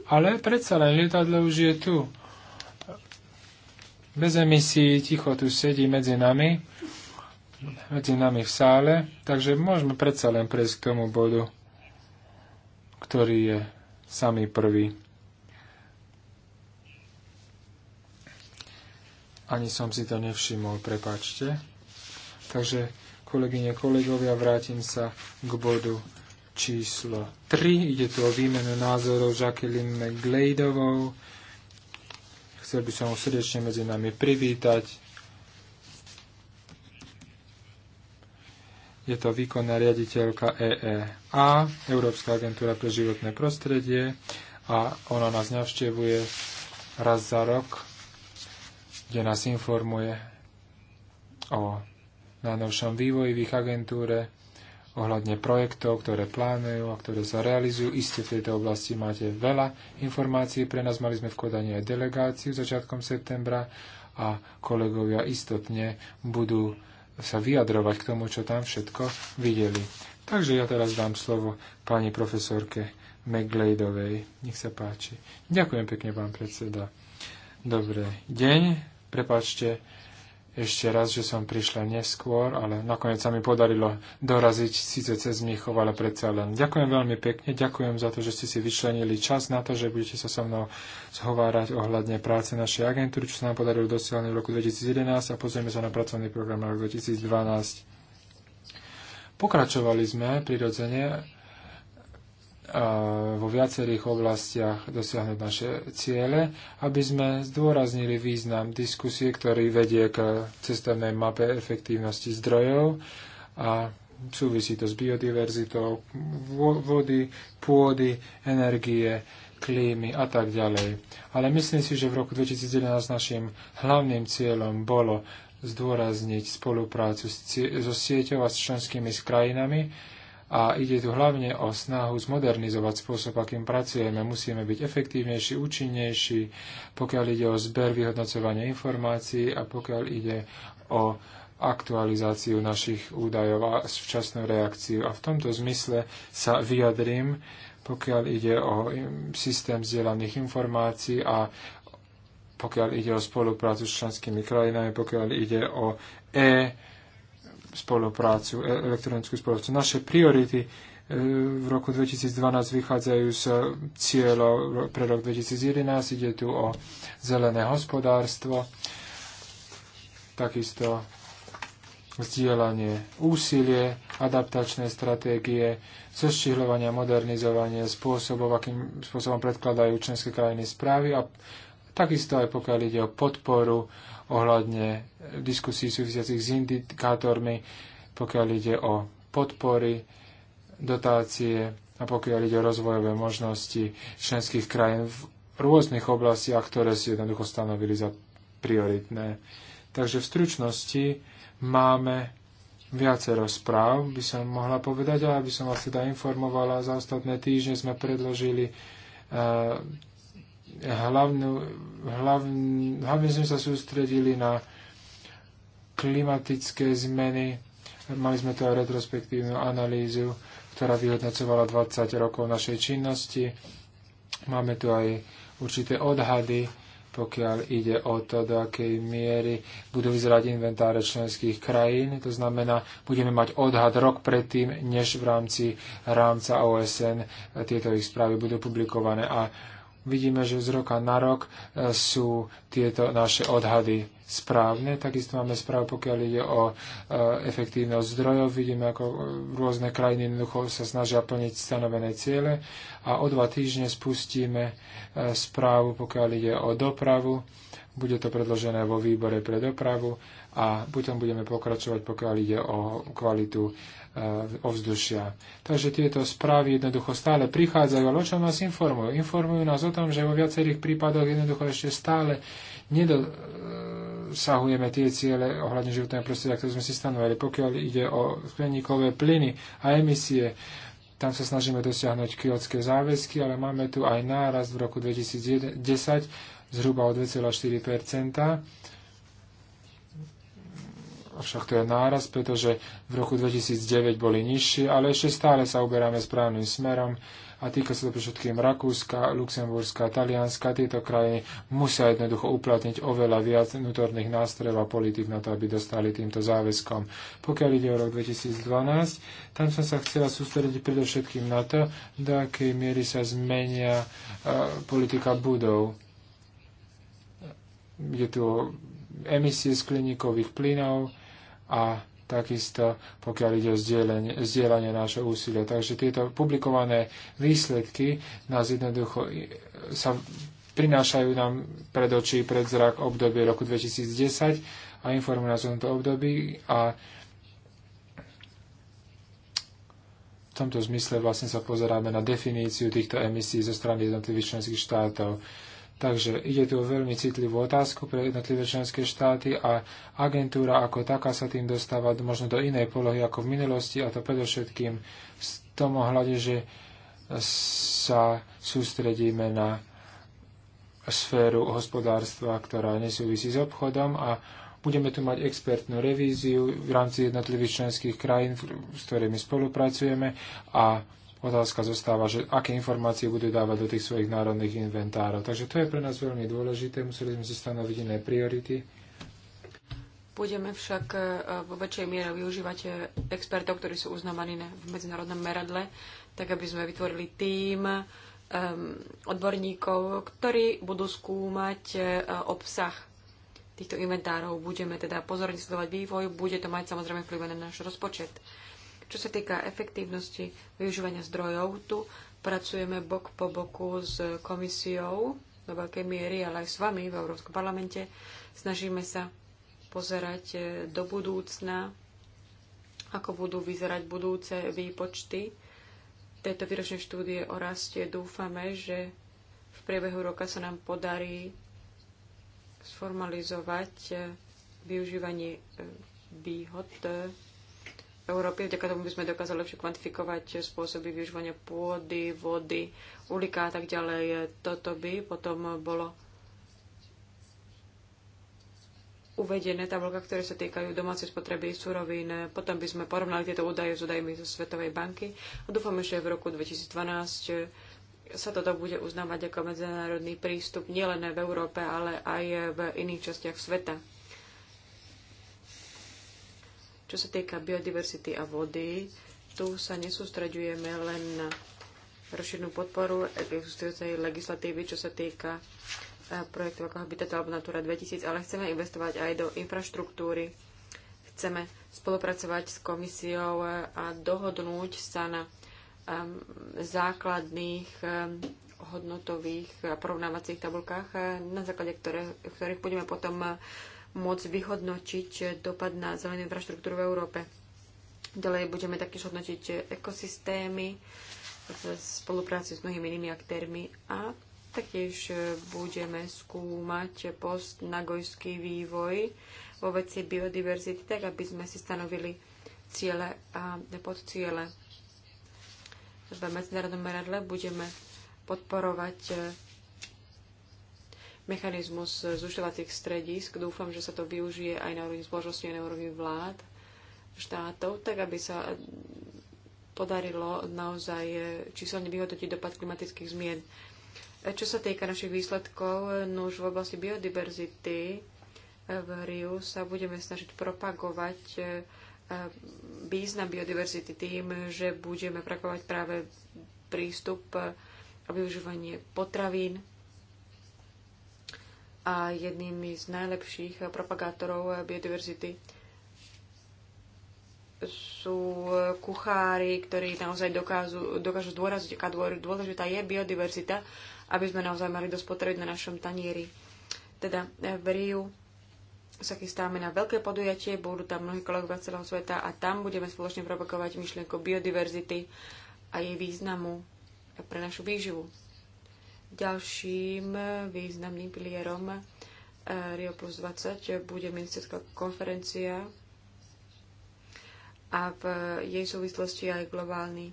Ale predsa len lietadlo už je tu. Bez emisí ticho tu sedí medzi nami, medzi nami v sále, takže môžeme predsa len prejsť k tomu bodu, ktorý je samý prvý. Ani som si to nevšimol, prepačte. Takže, kolegyne, kolegovia, vrátim sa k bodu číslo 3. Ide tu o výmenu názorov Jacqueline McGladovou. Chcel by som ho srdečne medzi nami privítať. Je to výkonná riaditeľka EEA, Európska agentúra pre životné prostredie a ona nás navštevuje raz za rok kde nás informuje o najnovšom vývoji v ich agentúre, ohľadne projektov, ktoré plánujú a ktoré sa realizujú. Isté v tejto oblasti máte veľa informácií. Pre nás mali sme v kodaní aj delegáciu začiatkom septembra a kolegovia istotne budú sa vyjadrovať k tomu, čo tam všetko videli. Takže ja teraz dám slovo pani profesorke McGladovej. Nech sa páči. Ďakujem pekne, pán predseda. Dobrý deň. Prepačte ešte raz, že som prišla neskôr, ale nakoniec sa mi podarilo doraziť síce cez Michov, ale predsa len. Ďakujem veľmi pekne, ďakujem za to, že ste si vyčlenili čas na to, že budete sa so mnou zhovárať ohľadne práce našej agentúry, čo sa nám podarilo dosiahnuť v roku 2011 a pozrieme sa na pracovný program na rok 2012. Pokračovali sme prirodzene vo viacerých oblastiach dosiahnuť naše ciele, aby sme zdôraznili význam diskusie, ktorý vedie k cestovnej mape efektívnosti zdrojov a súvisí to s biodiverzitou, vody, pôdy, energie, klímy a tak ďalej. Ale myslím si, že v roku 2011 našim hlavným cieľom bolo zdôrazniť spoluprácu so sieťou a s členskými krajinami, a ide tu hlavne o snahu zmodernizovať spôsob, akým pracujeme. Musíme byť efektívnejší, účinnejší, pokiaľ ide o zber vyhodnocovania informácií a pokiaľ ide o aktualizáciu našich údajov a včasnú reakciu. A v tomto zmysle sa vyjadrím, pokiaľ ide o systém vzdielaných informácií a pokiaľ ide o spoluprácu s členskými krajinami, pokiaľ ide o e spoluprácu, e, elektronickú spoluprácu. Naše priority e, v roku 2012 vychádzajú z cieľov pre rok 2011. Ide tu o zelené hospodárstvo, takisto vzdielanie úsilie, adaptačné stratégie, zoštihľovanie a modernizovanie spôsobov, akým spôsobom predkladajú členské krajiny správy a Takisto aj pokiaľ ide o podporu ohľadne diskusí súvisiacich s indikátormi, pokiaľ ide o podpory, dotácie a pokiaľ ide o rozvojové možnosti členských krajín v rôznych oblastiach, ktoré si jednoducho stanovili za prioritné. Takže v stručnosti máme viacero správ, by som mohla povedať, a aby som vás teda informovala, za ostatné týždne sme predložili uh, hlavnú, hlavne, hlavne sme sa sústredili na klimatické zmeny. Mali sme tu aj retrospektívnu analýzu, ktorá vyhodnocovala 20 rokov našej činnosti. Máme tu aj určité odhady, pokiaľ ide o to, do akej miery budú vyzerať inventáre členských krajín. To znamená, budeme mať odhad rok predtým, než v rámci rámca OSN tieto ich správy budú publikované. A vidíme, že z roka na rok e, sú tieto naše odhady správne. Takisto máme správu, pokiaľ ide o e, efektívnosť zdrojov. Vidíme, ako e, rôzne krajiny jednoducho sa snažia plniť stanovené ciele. A o dva týždne spustíme správu, pokiaľ ide o dopravu bude to predložené vo výbore pre dopravu a potom budeme pokračovať, pokiaľ ide o kvalitu e, ovzdušia. Takže tieto správy jednoducho stále prichádzajú, ale o čom nás informujú? Informujú nás o tom, že vo viacerých prípadoch jednoducho ešte stále nedosahujeme tie ciele ohľadne životného prostredia, ktoré sme si stanovali. Pokiaľ ide o skleníkové plyny a emisie, tam sa snažíme dosiahnuť kiotské záväzky, ale máme tu aj nárast v roku 2010 zhruba o 2,4 Avšak to je náraz, pretože v roku 2009 boli nižší, ale ešte stále sa uberáme správnym smerom a týka sa to všetkým Rakúska, Luxemburska, Talianska. Tieto krajiny musia jednoducho uplatniť oveľa viac vnútorných nástrojov a politik na to, aby dostali týmto záväzkom. Pokiaľ ide o rok 2012, tam som sa chcela sústrediť predovšetkým na to, do akej miery sa zmenia uh, politika budov je tu emisie skleníkových plynov a takisto pokiaľ ide o zdieľanie, naše úsilia. Takže tieto publikované výsledky nás jednoducho sa prinášajú nám pred oči, pred zrak obdobie roku 2010 a informujú nás o tomto období a v tomto zmysle vlastne sa pozeráme na definíciu týchto emisí zo strany jednotlivých členských štátov. Takže ide tu o veľmi citlivú otázku pre jednotlivé členské štáty a agentúra ako taká sa tým dostáva možno do inej polohy ako v minulosti a to predovšetkým v tom ohľade, že sa sústredíme na sféru hospodárstva, ktorá nesúvisí s obchodom a budeme tu mať expertnú revíziu v rámci jednotlivých členských krajín, s ktorými spolupracujeme a Otázka zostáva, že aké informácie bude dávať do tých svojich národných inventárov. Takže to je pre nás veľmi dôležité. Museli sme si stanoviť iné priority. Budeme však e, vo väčšej miere využívať e, expertov, ktorí sú uznávaní v medzinárodnom meradle, tak aby sme vytvorili tým odborníkov, ktorí budú skúmať e, obsah týchto inventárov. Budeme teda pozorne sledovať vývoj, bude to mať samozrejme vplyv na náš rozpočet. Čo sa týka efektívnosti využívania zdrojov, tu pracujeme bok po boku s komisiou do veľkej miery, ale aj s vami v Európskom parlamente. Snažíme sa pozerať e, do budúcna, ako budú vyzerať budúce výpočty tejto výročnej štúdie o raste. Dúfame, že v priebehu roka sa nám podarí sformalizovať e, využívanie e, výhod Európy. Vďaka tomu by sme dokázali lepšie kvantifikovať spôsoby využívania pôdy, vody, uhlíka a tak ďalej. Toto by potom bolo uvedené tabulka, ktoré sa týkajú domácej spotreby súrovín. Potom by sme porovnali tieto údaje s údajmi zo Svetovej banky a dúfame, že v roku 2012 sa toto bude uznávať ako medzinárodný prístup nielen v Európe, ale aj v iných častiach sveta. Čo sa týka biodiverzity a vody, tu sa nesústreďujeme len na rozšírnu podporu existujúcej legislatívy, čo sa týka eh, projektov ako Habitat alebo Natura 2000, ale chceme investovať aj do infraštruktúry. Chceme spolupracovať s komisiou eh, a dohodnúť sa na základných hodnotových a porovnávacích tabulkách, eh, na základe ktoré, ktorých budeme potom môcť vyhodnočiť dopad na zelenú infraštruktúru v Európe. Ďalej budeme taktiež hodnotiť ekosystémy v spolupráci s mnohými inými aktérmi a taktiež budeme skúmať post-nagojský vývoj vo veci biodiverzity, tak aby sme si stanovili ciele a podciele. V medzinárodnom meradle budeme podporovať mechanizmus zúčtovacích stredísk. Dúfam, že sa to využije aj na úrovni spoločnosti, a na úrovni vlád štátov, tak aby sa podarilo naozaj číselne vyhodnotiť dopad klimatických zmien. Čo sa týka našich výsledkov, no už v oblasti biodiverzity v Riu sa budeme snažiť propagovať eh, význam biodiverzity tým, že budeme prakovať práve prístup a využívanie potravín, a jedným z najlepších propagátorov biodiverzity sú kuchári, ktorí naozaj dokážu, dokážu zdôrazniť, aká dôležitá je biodiverzita, aby sme naozaj mali dosť potrebiť na našom tanieri. Teda eh, v Riu sa chystáme na veľké podujatie, budú tam mnohí kolegovia celého sveta a tam budeme spoločne propagovať myšlienku biodiverzity a jej významu pre našu výživu. Ďalším významným pilierom eh, Rio plus 20 bude ministerská konferencia a v jej súvislosti aj globálny,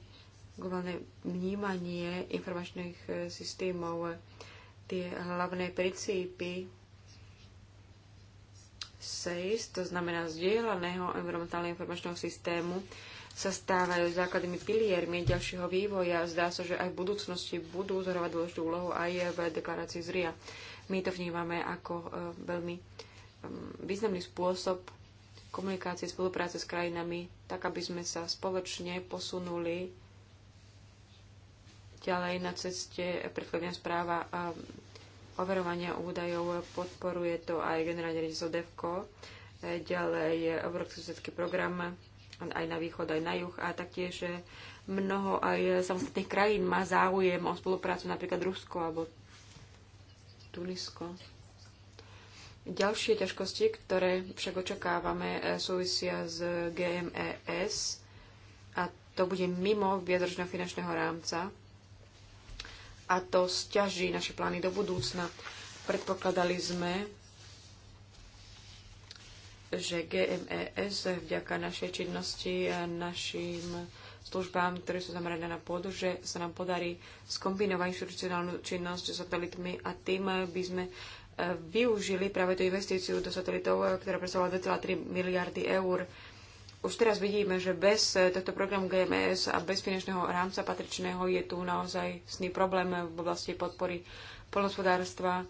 globálne vnímanie informačných eh, systémov. Tie hlavné princípy SEIS, to znamená zdieľaného environmentálneho informačného systému, sa stávajú základnými piliermi ďalšieho vývoja. Zdá sa, že aj v budúcnosti budú zohrávať dôležitú úlohu aj v deklarácii zria. My to vnímame ako e, veľmi mm, významný spôsob komunikácie, spolupráce s krajinami, tak aby sme sa spoločne posunuli ďalej na ceste predkladňa správa a e, overovania údajov. Podporuje to aj generálne riaditeľstvo DEVKO, e, ďalej Európsky susedský program aj na východ, aj na juh a taktiež mnoho aj samostatných krajín má záujem o spoluprácu, napríklad Rusko alebo Tunisko. Ďalšie ťažkosti, ktoré však očakávame, e, súvisia s GMES a to bude mimo viedržného finančného rámca a to stiaží naše plány do budúcna. Predpokladali sme, že GMES vďaka našej činnosti a našim službám, ktoré sú zamerané na pôdu, že sa nám podarí skombinovať inštitucionálnu činnosť s satelitmi a tým by sme e, využili práve tú investíciu do satelitov, e, ktorá predstavovala 2,3 miliardy eur. Už teraz vidíme, že bez e, tohto programu GMS a bez finančného rámca patričného je tu naozaj sný problém v oblasti podpory polnospodárstva,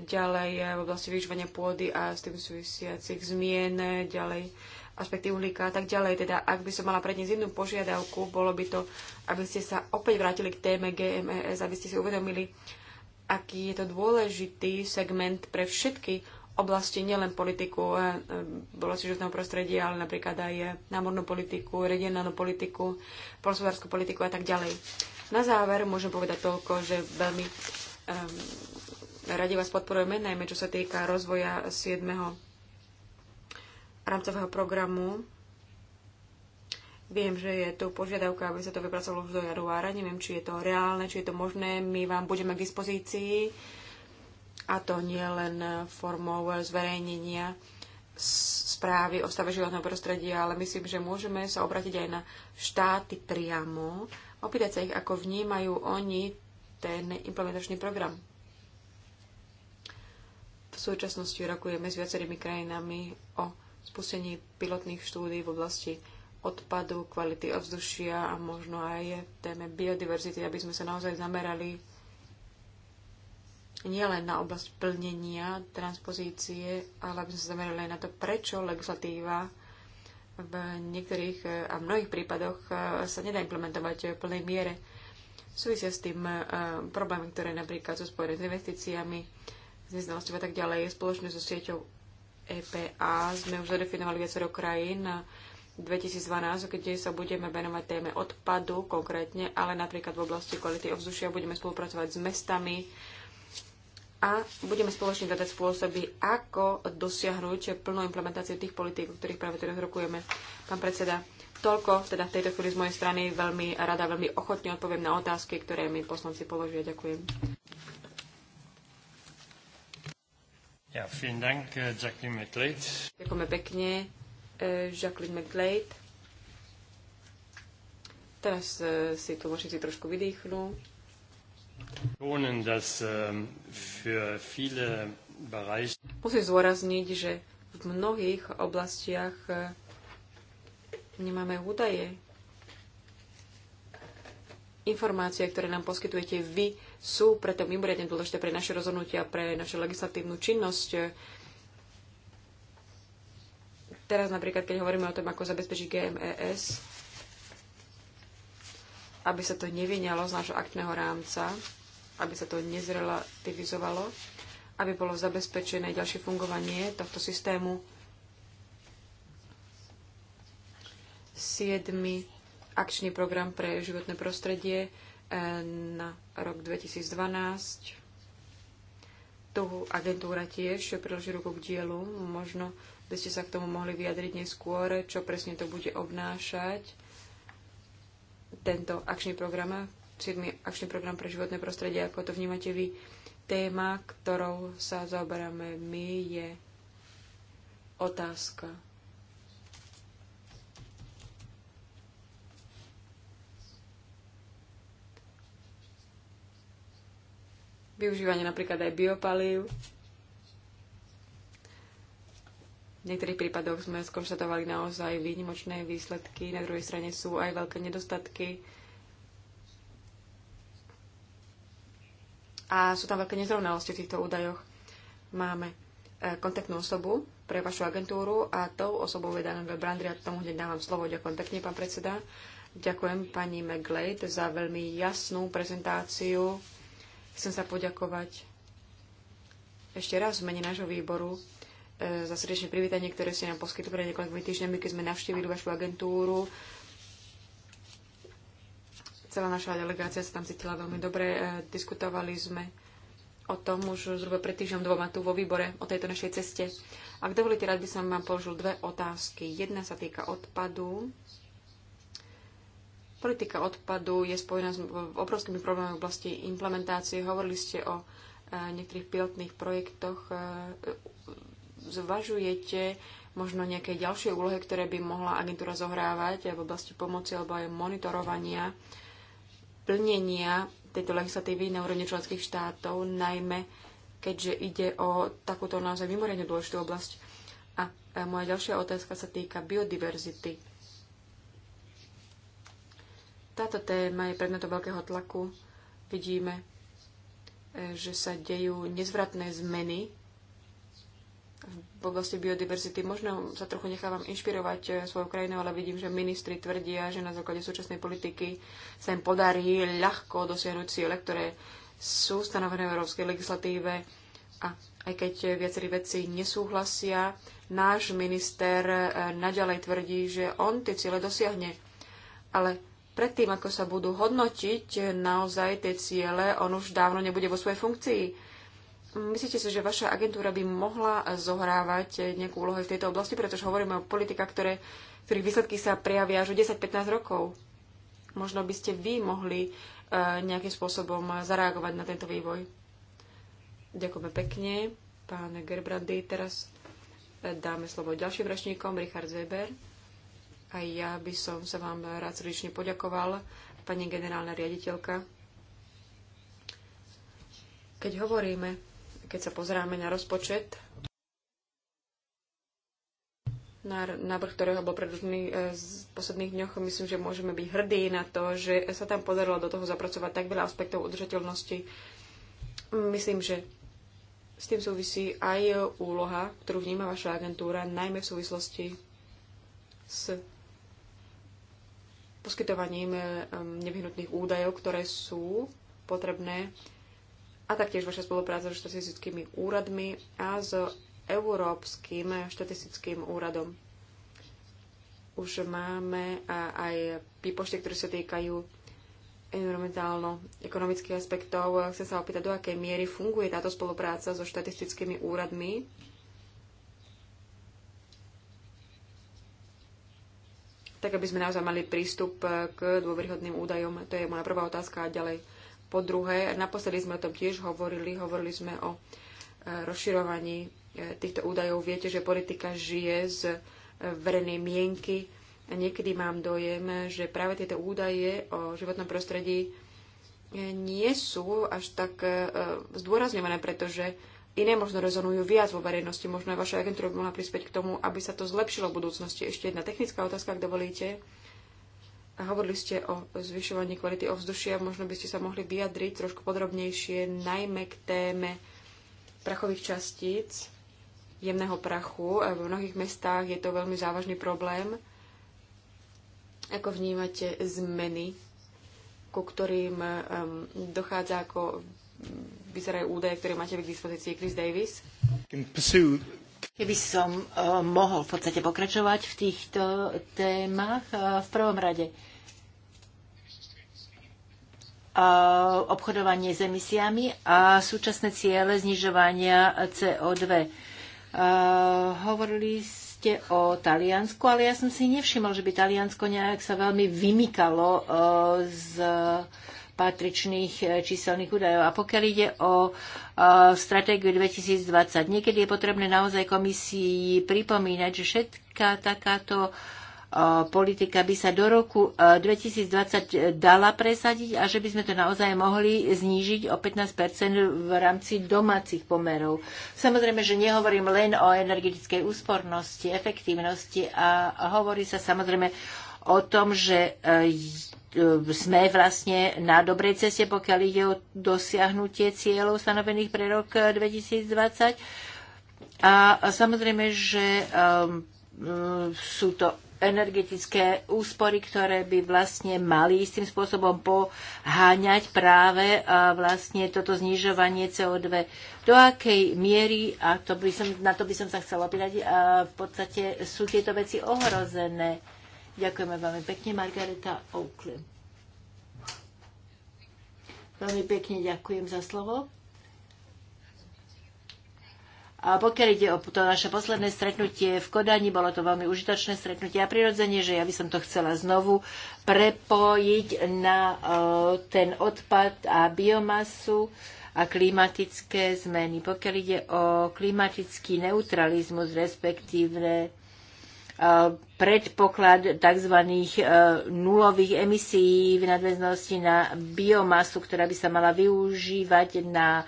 ďalej v oblasti vyžívania pôdy a s tým súvisiacich zmien, ďalej aspekty uhlíka a tak ďalej. Teda ak by som mala predniesť jednu požiadavku, bolo by to, aby ste sa opäť vrátili k téme GMES, aby ste si uvedomili, aký je to dôležitý segment pre všetky oblasti, nielen politiku eh, eh, bolo si životného prostredia, ale napríklad aj eh, námornú politiku, regionálnu politiku, polospodárskú politiku a tak ďalej. Na záver môžem povedať toľko, že veľmi um, Radi vás podporujeme, najmä čo sa týka rozvoja 7. rámcového programu. Viem, že je tu požiadavka, aby sa to vypracovalo už do januára. Neviem, či je to reálne, či je to možné. My vám budeme k dispozícii a to nie len formou zverejnenia správy o stave životného prostredia, ale myslím, že môžeme sa obratiť aj na štáty priamo, opýtať sa ich, ako vnímajú oni ten implementačný program. V súčasnosti rakujeme s viacerými krajinami o spustení pilotných štúdí v oblasti odpadu, kvality ovzdušia a možno aj téme biodiverzity, aby sme sa naozaj zamerali nielen na oblasť plnenia, transpozície, ale aby sme sa zamerali aj na to, prečo legislatíva v niektorých a mnohých prípadoch e, sa nedá implementovať v plnej miere. Súvisia s tým e, problémy, ktoré napríklad sú spojené s investíciami, z a tak ďalej. Spoločne so sieťou EPA sme už zadefinovali viacero krajín na 2012, keď sa budeme venovať téme odpadu konkrétne, ale napríklad v oblasti kvality ovzdušia budeme spolupracovať s mestami a budeme spoločne hľadať spôsoby, ako dosiahnuť plnú implementáciu tých politík, o ktorých práve teraz rokujeme. Pán predseda, toľko teda v tejto chvíli z mojej strany. Veľmi rada, veľmi ochotne odpoviem na otázky, ktoré mi poslanci položia. Ďakujem. Ja, vielen Dank, äh, Jacqueline McLeod. Ďakujeme pekne, äh, Jacqueline McLeod. Teraz äh, si tu môžete trošku vydýchnu. Ähm, Musím zdôrazniť, že v mnohých oblastiach nemáme údaje. Informácie, ktoré nám poskytujete vy, sú preto mimoriadne dôležité pre naše rozhodnutia, pre našu legislatívnu činnosť. Teraz napríklad, keď hovoríme o tom, ako zabezpečiť GMES, aby sa to nevyňalo z nášho aktného rámca, aby sa to nezrelativizovalo, aby bolo zabezpečené ďalšie fungovanie tohto systému. 7. akčný program pre životné prostredie na rok 2012. Tu agentúra tiež priloží ruku k dielu. Možno by ste sa k tomu mohli vyjadriť neskôr, čo presne to bude obnášať. Tento akčný program, 7. akčný program pre životné prostredie, ako to vnímate vy, téma, ktorou sa zaoberáme my, je otázka využívanie napríklad aj biopalív. V niektorých prípadoch sme skonštatovali naozaj výnimočné výsledky, na druhej strane sú aj veľké nedostatky a sú tam veľké nezrovnalosti v týchto údajoch. Máme e, kontaktnú osobu pre vašu agentúru a tou osobou je Daniel Brandry a tomu hneď dávam slovo. Ďakujem pekne, pán predseda. Ďakujem pani McGlade za veľmi jasnú prezentáciu Chcem sa poďakovať ešte raz v mene nášho výboru e, za srdečné privítanie, ktoré ste nám poskytli pred niekoľkými týždňami, keď sme navštívili vašu agentúru. Celá naša delegácia sa tam cítila veľmi dobre. E, diskutovali sme o tom už zhruba pred týždňom dvoma tu vo výbore o tejto našej ceste. Ak dovolíte, rád by som vám položil dve otázky. Jedna sa týka odpadu Politika odpadu je spojená s obrovskými problémami v oblasti implementácie. Hovorili ste o e, niektorých pilotných projektoch. E, e, zvažujete možno nejaké ďalšie úlohy, ktoré by mohla agentúra zohrávať v oblasti pomoci alebo aj monitorovania plnenia tejto legislatívy na úrovni členských štátov, najmä keďže ide o takúto naozaj mimoriadne dôležitú oblasť. A moja ďalšia otázka sa týka biodiverzity táto téma je predmetom veľkého tlaku. Vidíme, e, že sa dejú nezvratné zmeny v oblasti biodiverzity. Možno sa trochu nechávam inšpirovať e, svojou krajinou, ale vidím, že ministri tvrdia, že na základe súčasnej politiky sa im podarí ľahko dosiahnuť ciele, ktoré sú stanovené v európskej legislatíve. A aj keď viacerí vedci nesúhlasia, náš minister e, naďalej tvrdí, že on tie ciele dosiahne. Ale predtým, ako sa budú hodnotiť naozaj tie ciele, on už dávno nebude vo svojej funkcii. Myslíte si, že vaša agentúra by mohla zohrávať nejakú úlohu v tejto oblasti, pretože hovoríme o politikách, ktoré, ktorých výsledky sa prejavia až o 10-15 rokov? Možno by ste vy mohli e, nejakým spôsobom zareagovať na tento vývoj. Ďakujeme pekne. Pán Gerbrandy, teraz e, dáme slovo ďalším ročníkom, Richard Weber. A ja by som sa vám rád srdečne poďakoval, pani generálna riaditeľka. Keď hovoríme, keď sa pozráme na rozpočet, na návrh, ktorého bol predložený v e, posledných dňoch, myslím, že môžeme byť hrdí na to, že sa tam podarilo do toho zapracovať tak veľa aspektov udržateľnosti. Myslím, že s tým súvisí aj úloha, ktorú vníma vaša agentúra, najmä v súvislosti s poskytovaním eh, nevyhnutných údajov, ktoré sú potrebné a taktiež vaša spolupráca so štatistickými úradmi a s Európskym štatistickým úradom. Už máme aj výpočty, ktoré sa týkajú environmentálno-ekonomických aspektov. Chcem sa opýtať, do akej miery funguje táto spolupráca so štatistickými úradmi tak aby sme naozaj mali prístup eh, k dôveryhodným údajom. To je moja prvá otázka a ďalej. Po druhé, naposledy sme o tom tiež hovorili, hovorili sme o eh, rozširovaní eh, týchto údajov. Viete, že politika žije z verejnej mienky a niekedy mám dojem, že práve tieto údaje o životnom prostredí nie sú až tak zdôrazňované, pretože iné možno rezonujú viac vo verejnosti. Možno aj vaša agentúra by mohla prispieť k tomu, aby sa to zlepšilo v budúcnosti. Ešte jedna technická otázka, ak dovolíte. A hovorili ste o zvyšovaní kvality ovzdušia. Možno by ste sa mohli vyjadriť trošku podrobnejšie, najmä k téme prachových častíc, jemného prachu. V mnohých mestách je to veľmi závažný problém. Ako vnímate zmeny, ku ktorým um, dochádza ako vyzerajú údaje, ktoré máte vy k dispozícii. Chris Davis. Keby som uh, mohol v podstate pokračovať v týchto témach, uh, v prvom rade uh, obchodovanie s emisiami a súčasné ciele znižovania CO2. Hovorili ste o Taliansku, ale ja som si nevšimol, že by Taliansko nejak sa veľmi vymykalo z patričných eh, číselných údajov. A pokiaľ ide o eh, stratégiu 2020, niekedy je potrebné naozaj komisii pripomínať, že všetká takáto eh, politika by sa do roku 2020 dala presadiť a že by sme to naozaj mohli znížiť o 15 v rámci domácich pomerov. Samozrejme, že nehovorím len o energetickej úspornosti, efektívnosti a hovorí sa samozrejme o tom, že e, e, sme vlastne na dobrej ceste, pokiaľ ide o dosiahnutie cieľov stanovených pre rok 2020. E, a samozrejme, že sú to energetické úspory, ktoré by vlastne mali istým spôsobom poháňať práve vlastne toto znižovanie CO2. Do akej miery, a to by som, na to by som sa chcela opýtať, v podstate sú tieto veci ohrozené Ďakujeme veľmi pekne, Margareta Oakley. Veľmi pekne ďakujem za slovo. A pokiaľ ide o to naše posledné stretnutie v Kodani, bolo to veľmi užitočné stretnutie a prirodzenie, že ja by som to chcela znovu prepojiť na e, ten odpad a biomasu a klimatické zmeny. Pokiaľ ide o klimatický neutralizmus, respektíve E, predpoklad tzv. E, nulových emisí v nadväznosti na biomasu, ktorá by sa mala využívať na e,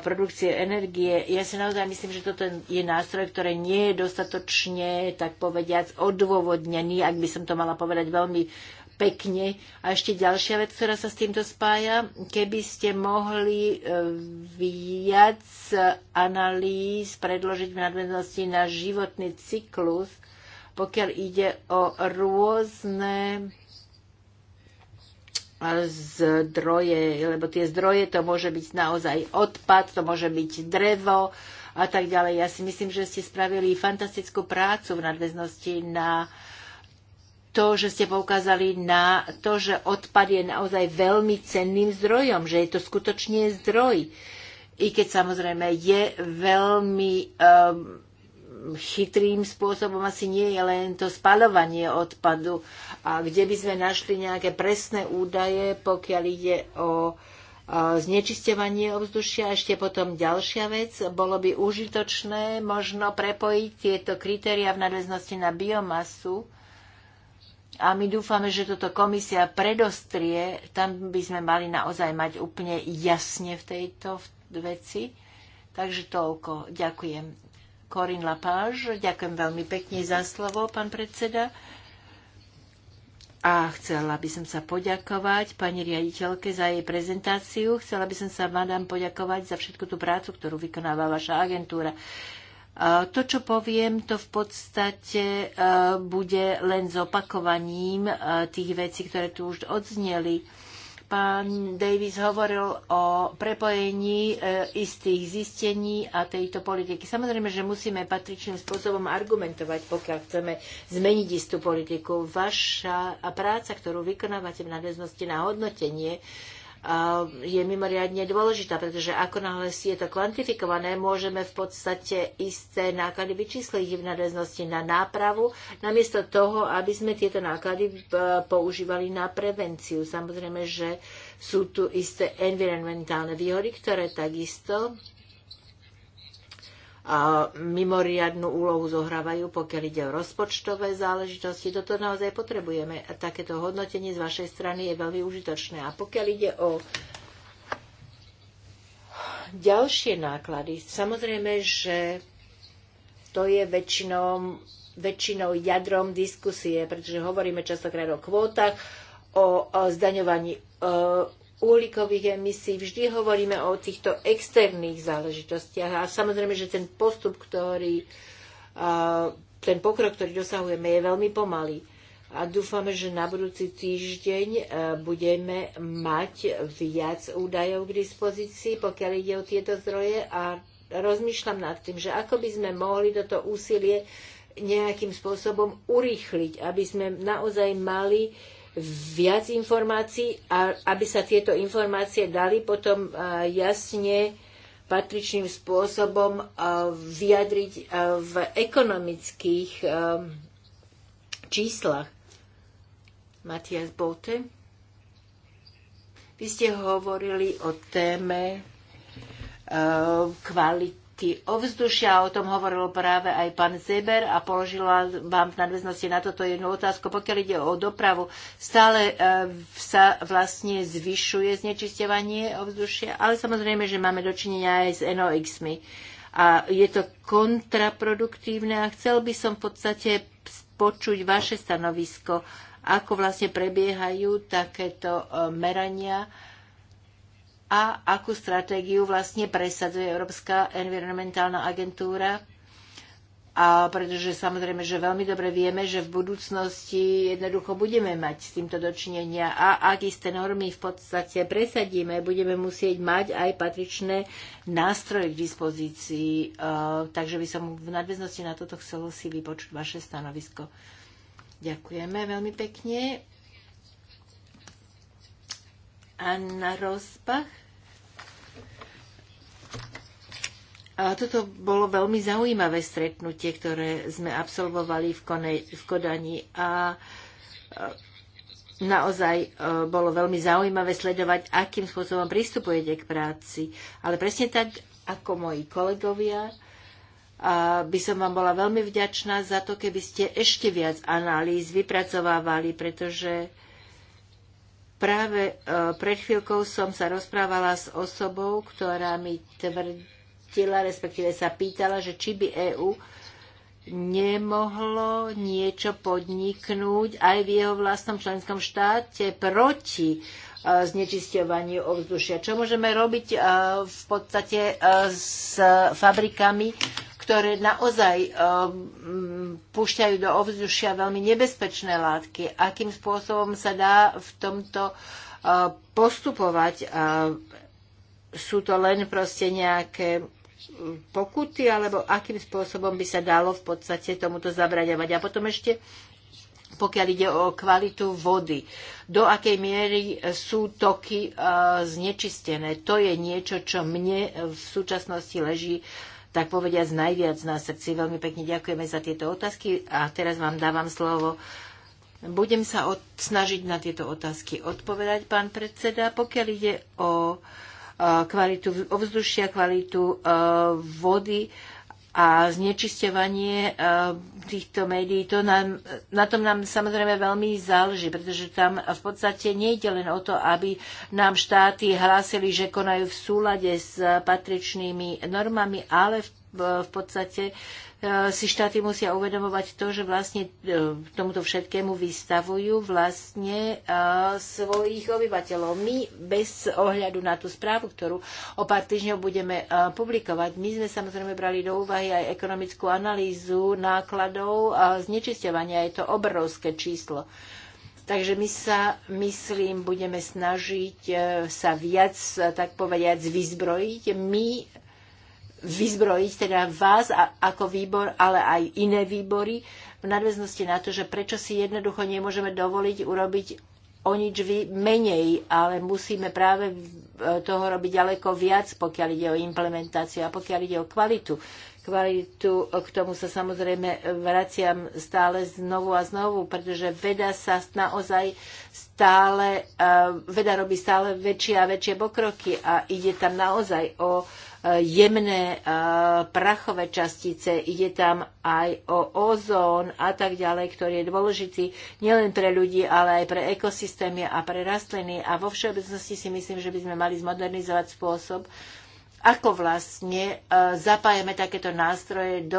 produkcie energie. Ja si naozaj myslím, že toto je nástroj, ktorý nie je dostatočne, tak povediac, odôvodnený, ak by som to mala povedať veľmi pekne. A ešte ďalšia vec, ktorá sa s týmto spája, keby ste mohli viac analýz predložiť v nadväznosti na životný cyklus pokiaľ ide o rôzne zdroje, lebo tie zdroje to môže byť naozaj odpad, to môže byť drevo a tak ďalej. Ja si myslím, že ste spravili fantastickú prácu v nadväznosti na to, že ste poukázali na to, že odpad je naozaj veľmi cenným zdrojom, že je to skutočne zdroj. I keď samozrejme je veľmi um, chytrým spôsobom asi nie je len to spalovanie odpadu. A kde by sme našli nejaké presné údaje, pokiaľ ide o znečisťovanie ovzdušia. Ešte potom ďalšia vec. Bolo by užitočné možno prepojiť tieto kritéria v nadväznosti na biomasu. A my dúfame, že toto komisia predostrie. Tam by sme mali naozaj mať úplne jasne v tejto veci. Takže toľko. Ďakujem. Corinne Lapage. Ďakujem veľmi pekne za slovo, pán predseda. A chcela by som sa poďakovať pani riaditeľke za jej prezentáciu. Chcela by som sa vám poďakovať za všetku tú prácu, ktorú vykonáva vaša agentúra. To, čo poviem, to v podstate e, bude len zopakovaním e, tých vecí, ktoré tu už odzneli Pán Davis hovoril o prepojení e, istých zistení a tejto politiky. Samozrejme, že musíme patričným spôsobom argumentovať, pokiaľ chceme zmeniť istú politiku. Vaša práca, ktorú vykonávate v nadväznosti na hodnotenie, je mimoriadne dôležitá, pretože ako náhle si je to kvantifikované, môžeme v podstate isté náklady vyčísliť v nadväznosti na nápravu, namiesto toho, aby sme tieto náklady e, používali na prevenciu. Samozrejme, že sú tu isté environmentálne výhody, ktoré takisto mimoriadnú úlohu zohrávajú, pokiaľ ide o rozpočtové záležitosti. Toto naozaj potrebujeme a takéto hodnotenie z vašej strany je veľmi užitočné. A pokiaľ ide o ďalšie náklady, samozrejme, že to je väčšinou, väčšinou jadrom diskusie, pretože hovoríme častokrát o kvótach, o, o zdaňovaní e, uhlíkových emisí, vždy hovoríme o týchto externých záležitostiach a samozrejme, že ten postup, ktorý, ten pokrok, ktorý dosahujeme, je veľmi pomalý. A dúfame, že na budúci týždeň e, budeme mať viac údajov k dispozícii, pokiaľ ide o tieto zdroje a rozmýšľam nad tým, že ako by sme mohli toto úsilie nejakým spôsobom urýchliť, aby sme naozaj mali viac informácií a aby sa tieto informácie dali potom eh, jasne patričným spôsobom eh, vyjadriť eh, v ekonomických číslach. Matias Bote, vy ste hovorili o téme kvality kvality ovzdušia. O tom hovoril práve aj pán Zeber a položila vám v nadväznosti na toto jednu otázku. Pokiaľ ide o dopravu, stále e, sa vlastne zvyšuje znečisťovanie ovzdušia, ale samozrejme, že máme dočinenia aj s NOx-mi. A je to kontraproduktívne a chcel by som v podstate počuť vaše stanovisko, ako vlastne prebiehajú takéto e, merania a akú stratégiu vlastne presadzuje Európska environmentálna agentúra. A pretože samozrejme, že veľmi dobre vieme, že v budúcnosti jednoducho budeme mať s týmto dočinenia a ak isté normy v podstate presadíme, budeme musieť mať aj patričné nástroje k dispozícii. Uh, takže by som v nadväznosti na toto chcela si vypočuť vaše stanovisko. Ďakujeme veľmi pekne. Anna rozpach? A toto bolo veľmi zaujímavé stretnutie, ktoré sme absolvovali v, Kone, v Kodani a e, naozaj e, bolo veľmi zaujímavé sledovať, akým spôsobom pristupujete k práci. Ale presne tak, ako moji kolegovia, a by som vám bola veľmi vďačná za to, keby ste ešte viac analýz vypracovávali, pretože práve e, pred chvíľkou som sa rozprávala s osobou, ktorá mi tvrdí, zistila, respektíve sa pýtala, že či by EÚ nemohlo niečo podniknúť aj v jeho vlastnom členskom štáte proti e, znečisťovaniu ovzdušia. Čo môžeme robiť e, v podstate e, s fabrikami, ktoré naozaj púšťajú do ovzdušia veľmi nebezpečné látky? Akým spôsobom sa dá v tomto postupovať? Sú to len proste nejaké pokuty, alebo akým spôsobom by sa dalo v podstate tomuto zabraňovať. A potom ešte pokiaľ ide o kvalitu vody. Do akej miery sú toky e, znečistené. To je niečo, čo mne v súčasnosti leží tak povediať najviac na srdci. Veľmi pekne ďakujeme za tieto otázky a teraz vám dávam slovo. Budem sa od, snažiť na tieto otázky odpovedať, pán predseda. Pokiaľ ide o uh, E, kvalitu ovzdušia, kvalitu e, vody a znečisťovanie e, týchto médií, to nám, na tom nám samozrejme veľmi záleží, pretože tam v podstate nejde len o to, aby nám štáty hlásili, že konajú v súlade s patričnými normami, ale v, v podstate E, si štáty musia uvedomovať to, že vlastne e, tomuto všetkému vystavujú vlastne e, svojich obyvateľov. My bez ohľadu na tú správu, ktorú o pár týždňov budeme publikovať, my sme samozrejme brali do úvahy aj ekonomickú analýzu nákladov a znečisťovania. Je to obrovské číslo. Takže my sa, myslím, budeme snažiť sa viac, tak povediať, vyzbrojiť. My vyzbrojiť teda vás a, ako výbor, ale aj iné výbory v nadväznosti na to, že prečo si jednoducho nemôžeme dovoliť urobiť o nič menej, ale musíme práve e, toho robiť ďaleko viac, pokiaľ ide o implementáciu a pokiaľ ide o kvalitu. Kvalitu, e, k tomu sa samozrejme vraciam stále znovu a znovu, pretože veda sa naozaj stále, e, veda robí stále väčšie a väčšie pokroky a ide tam naozaj o jemné e, prachové častice, ide tam aj o ozón a tak ďalej, ktorý je dôležitý nielen pre ľudí, ale aj pre ekosystémy a pre rastliny. A vo všeobecnosti si myslím, že by sme mali zmodernizovať spôsob, ako vlastne e, zapájame takéto nástroje do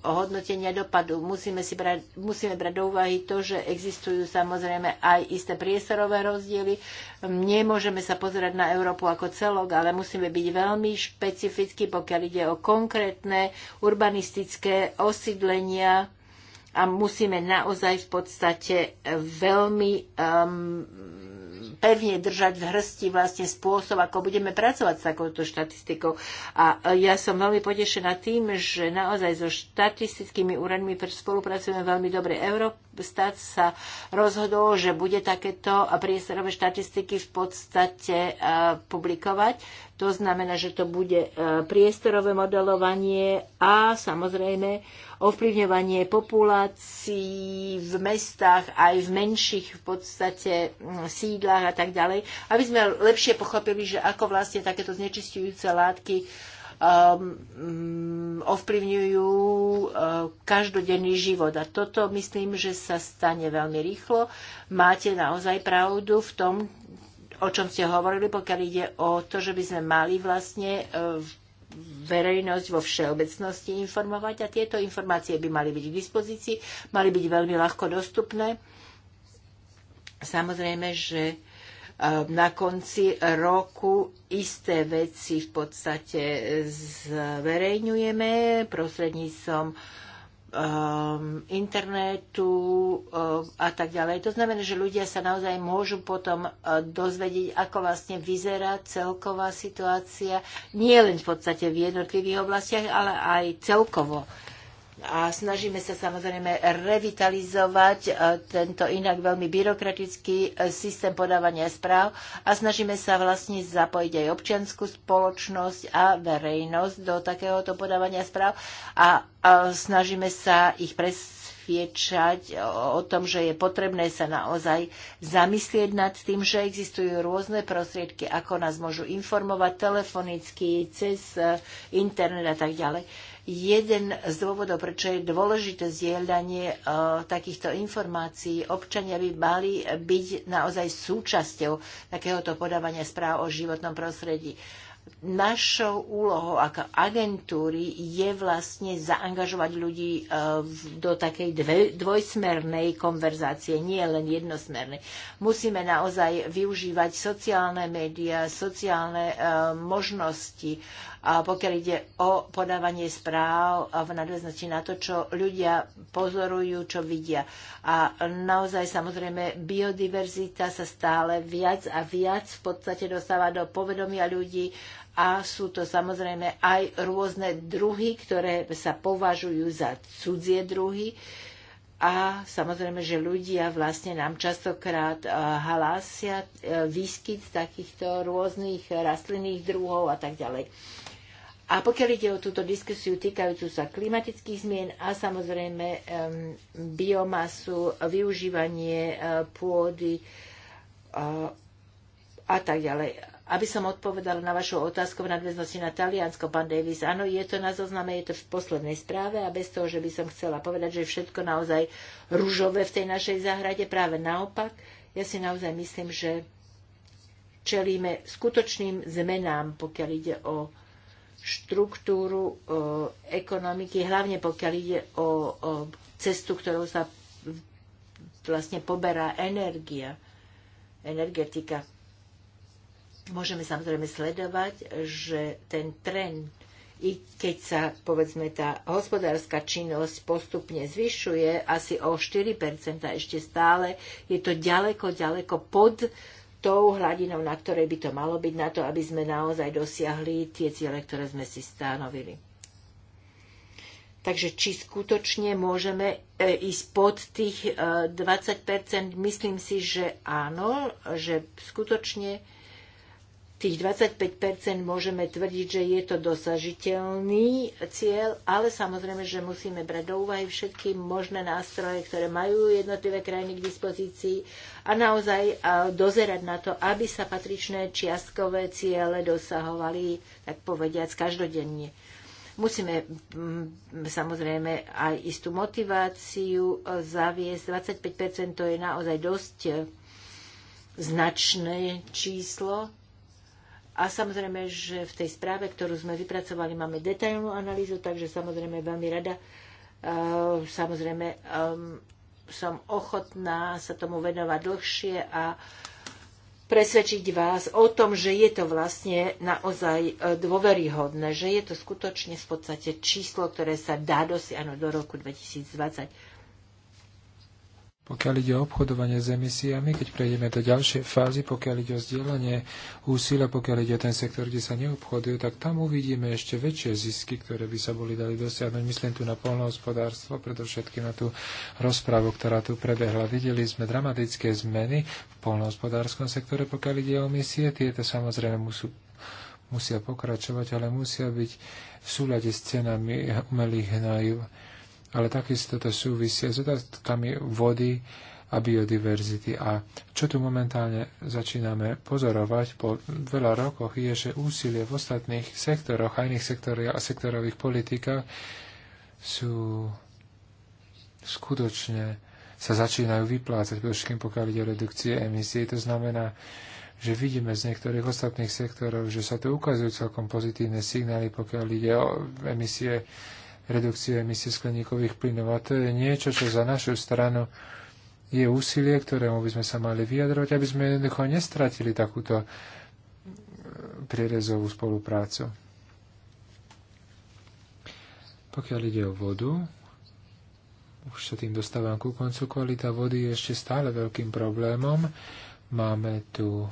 hodnotenia dopadu. Musíme, si brať, musíme brať do úvahy to, že existujú samozrejme aj isté priestorové rozdiely. Nemôžeme sa pozerať na Európu ako celok, ale musíme byť veľmi špecificky, pokiaľ ide o konkrétne urbanistické osídlenia a musíme naozaj v podstate veľmi um, pevne držať v hrsti vlastne spôsob, ako budeme pracovať s takouto štatistikou. A e, ja som veľmi potešená tým, že naozaj so štatistickými úradmi spolupracujeme veľmi dobre. Eurostat sa rozhodol, že bude takéto priestorové štatistiky v podstate e, publikovať. To znamená, že to bude e, priestorové modelovanie a samozrejme ovplyvňovanie populácií v mestách, aj v menších v podstate mm, sídlach a tak ďalej, aby sme lepšie pochopili, že ako vlastne takéto znečistujúce látky um, mm, ovplyvňujú uh, každodenný život. A toto myslím, že sa stane veľmi rýchlo. Máte naozaj pravdu v tom, o čom ste hovorili, pokiaľ ide o to, že by sme mali vlastne v uh, verejnosť vo všeobecnosti informovať a tieto informácie by mali byť k dispozícii, mali byť veľmi ľahko dostupné. Samozrejme, že e, na konci roku isté veci v podstate zverejňujeme prostredníctvom um, internetu um, a tak ďalej. To znamená, že ľudia sa naozaj môžu potom uh, dozvedieť, ako vlastne vyzerá celková situácia, nie len v podstate v jednotlivých oblastiach, ale aj celkovo. Uh, a snažíme sa samozrejme revitalizovať e, tento inak veľmi byrokratický e, systém podávania správ a snažíme sa vlastne zapojiť aj občianskú spoločnosť a verejnosť do takéhoto podávania správ a, snažíme sa ich presviečať o tom, že je potrebné sa naozaj zamyslieť nad tým, že existujú rôzne prostriedky, ako nás môžu informovať telefonicky, cez e, internet a tak ďalej jeden z dôvodov, prečo je dôležité zdieľanie e, takýchto informácií. Občania by mali byť naozaj súčasťou takéhoto podávania správ o životnom prostredí. Našou úlohou ako agentúry je vlastne zaangažovať ľudí e, do takej dvojsmernej konverzácie, nie len jednosmernej. Musíme naozaj využívať sociálne médiá, sociálne e, možnosti, pokiaľ ide o podávanie správ v nadväznosti na to, čo ľudia pozorujú, čo vidia. A naozaj samozrejme biodiverzita sa stále viac a viac v podstate dostáva do povedomia ľudí a sú to samozrejme aj rôzne druhy, ktoré sa považujú za cudzie druhy. A samozrejme, že ľudia vlastne nám častokrát halásia eh, eh, výskyt takýchto rôznych rastlinných druhov a tak ďalej. A pokiaľ ide o túto diskusiu týkajúcu sa klimatických zmien a samozrejme biomasu, využívanie e, pôdy e, a tak ďalej. Aby som odpovedala na vašu otázku v nadväznosti na Taliansko, pán Davis, áno, je to na zozname, je to v poslednej správe a bez toho, že by som chcela povedať, že je všetko naozaj rúžové v tej našej záhrade, práve naopak, ja si naozaj myslím, že čelíme skutočným zmenám, pokiaľ ide o štruktúru e, ekonomiky, hlavne pokiaľ ide o, o cestu, ktorou sa vlastne poberá energia, energetika. Môžeme samozrejme sledovať, že ten trend i keď sa povedzme tá hospodárska činnosť postupne zvyšuje asi o 4%, ešte stále je to ďaleko, ďaleko pod tou hladinou, na ktorej by to malo byť, na to, aby sme naozaj dosiahli tie ciele, ktoré sme si stanovili. Takže či skutočne môžeme e, ísť pod tých 20 e, myslím si, že áno, že skutočne tých 25 môžeme tvrdiť, že je to dosažiteľný cieľ, ale samozrejme, že musíme brať do úvahy všetky možné nástroje, ktoré majú jednotlivé krajiny k dispozícii a naozaj dozerať na to, aby sa patričné čiastkové ciele dosahovali, tak povediac každodenne. Musíme mm, samozrejme aj istú motiváciu e, zaviesť. 25 to je naozaj dosť e, značné číslo, a samozrejme, že v tej správe, ktorú sme vypracovali, máme detailnú analýzu, takže samozrejme veľmi rada. E, samozrejme, som ochotná sa tomu venovať dlhšie a presvedčiť vás o tom, že je to vlastne naozaj e, dôveryhodné, že je to skutočne v podstate číslo, ktoré sa dá dosiahnuť do roku 2020 pokiaľ ide o obchodovanie s emisiami, keď prejdeme do ďalšej fázy, pokiaľ ide o zdieľanie úsilia, pokiaľ ide o ten sektor, kde sa neobchodujú, tak tam uvidíme ešte väčšie zisky, ktoré by sa boli dali dosiahnuť. Myslím tu na polnohospodárstvo, predovšetkým na tú rozprávu, ktorá tu prebehla. Videli sme dramatické zmeny v polnohospodárskom sektore, pokiaľ ide o emisie. Tieto samozrejme musú musia pokračovať, ale musia byť v súľade s cenami umelých hnojív ale takisto to súvisí s otázkami vody a biodiverzity. A čo tu momentálne začíname pozorovať po veľa rokoch je, že úsilie v ostatných sektoroch a iných sektorov a sektorových politikách sú skutočne sa začínajú vyplácať, predovšetkým pokiaľ ide o redukcie emisí. To znamená, že vidíme z niektorých ostatných sektorov, že sa tu ukazujú celkom pozitívne signály, pokiaľ ide o emisie redukciu emisí skleníkových plynov. A to je niečo, čo za našu stranu je úsilie, ktorému by sme sa mali vyjadrovať, aby sme jednoducho nestratili takúto e, prierezovú spoluprácu. Pokiaľ ide o vodu, už sa tým dostávam ku koncu, kvalita vody je ešte stále veľkým problémom. Máme tu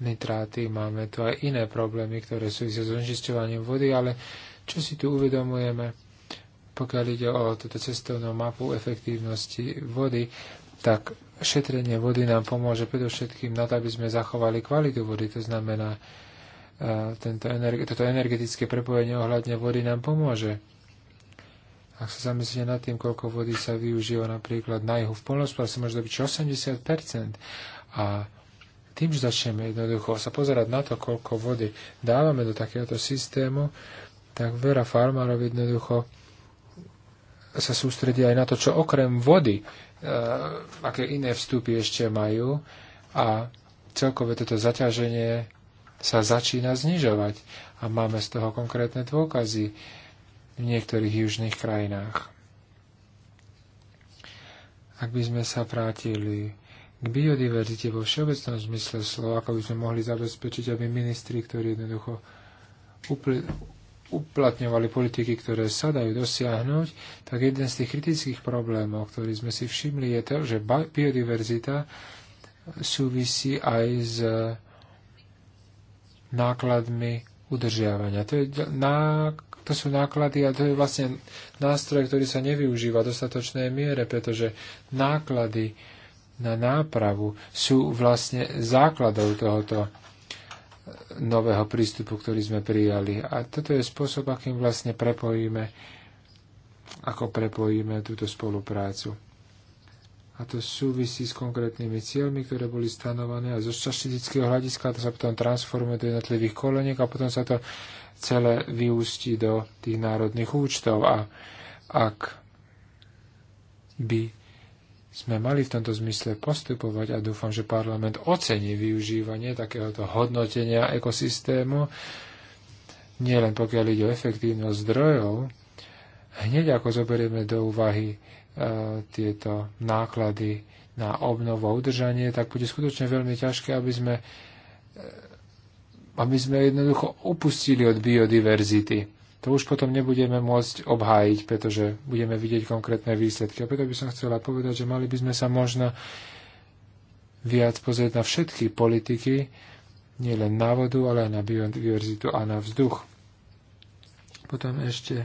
nitráty, máme tu aj iné problémy, ktoré súvisia s znečisťovaním vody, ale čo si tu uvedomujeme, pokiaľ ide o túto cestovnú mapu efektívnosti vody, tak šetrenie vody nám pomôže predovšetkým na to, aby sme zachovali kvalitu vody. To znamená, e, tento energe, toto energetické prepojenie ohľadne vody nám pomôže. Ak sa zamyslíte nad tým, koľko vody sa využíva napríklad na juhu v polnospodárstve, môže to byť 80 A tým, že začneme jednoducho sa pozerať na to, koľko vody dávame do takéhoto systému, tak veľa farmárov jednoducho sa sústredí aj na to, čo okrem vody, e, aké iné vstupy ešte majú a celkové toto zaťaženie sa začína znižovať a máme z toho konkrétne dôkazy v niektorých južných krajinách. Ak by sme sa vrátili k biodiverzite vo všeobecnom zmysle slova, ako by sme mohli zabezpečiť, aby ministri, ktorí jednoducho upl- uplatňovali politiky, ktoré sa dajú dosiahnuť, tak jeden z tých kritických problémov, ktorý sme si všimli, je to, že biodiverzita súvisí aj s nákladmi udržiavania. To, je ná, to sú náklady a to je vlastne nástroj, ktorý sa nevyužíva v dostatočnej miere, pretože náklady na nápravu sú vlastne základov tohoto nového prístupu, ktorý sme prijali. A toto je spôsob, akým vlastne prepojíme, ako prepojíme túto spoluprácu. A to súvisí s konkrétnymi cieľmi, ktoré boli stanovené a zo štatistického hľadiska to sa potom transformuje do jednotlivých koleniek a potom sa to celé vyústi do tých národných účtov. A ak by sme mali v tomto zmysle postupovať a dúfam, že parlament ocení využívanie takéhoto hodnotenia ekosystému, nielen pokiaľ ide o efektívnosť zdrojov, hneď ako zoberieme do úvahy e, tieto náklady na obnovu a udržanie, tak bude skutočne veľmi ťažké, aby sme, e, aby sme jednoducho upustili od biodiverzity to už potom nebudeme môcť obhájiť, pretože budeme vidieť konkrétne výsledky. A preto by som chcela povedať, že mali by sme sa možno viac pozrieť na všetky politiky, nielen na vodu, ale aj na biodiverzitu a na vzduch. Potom ešte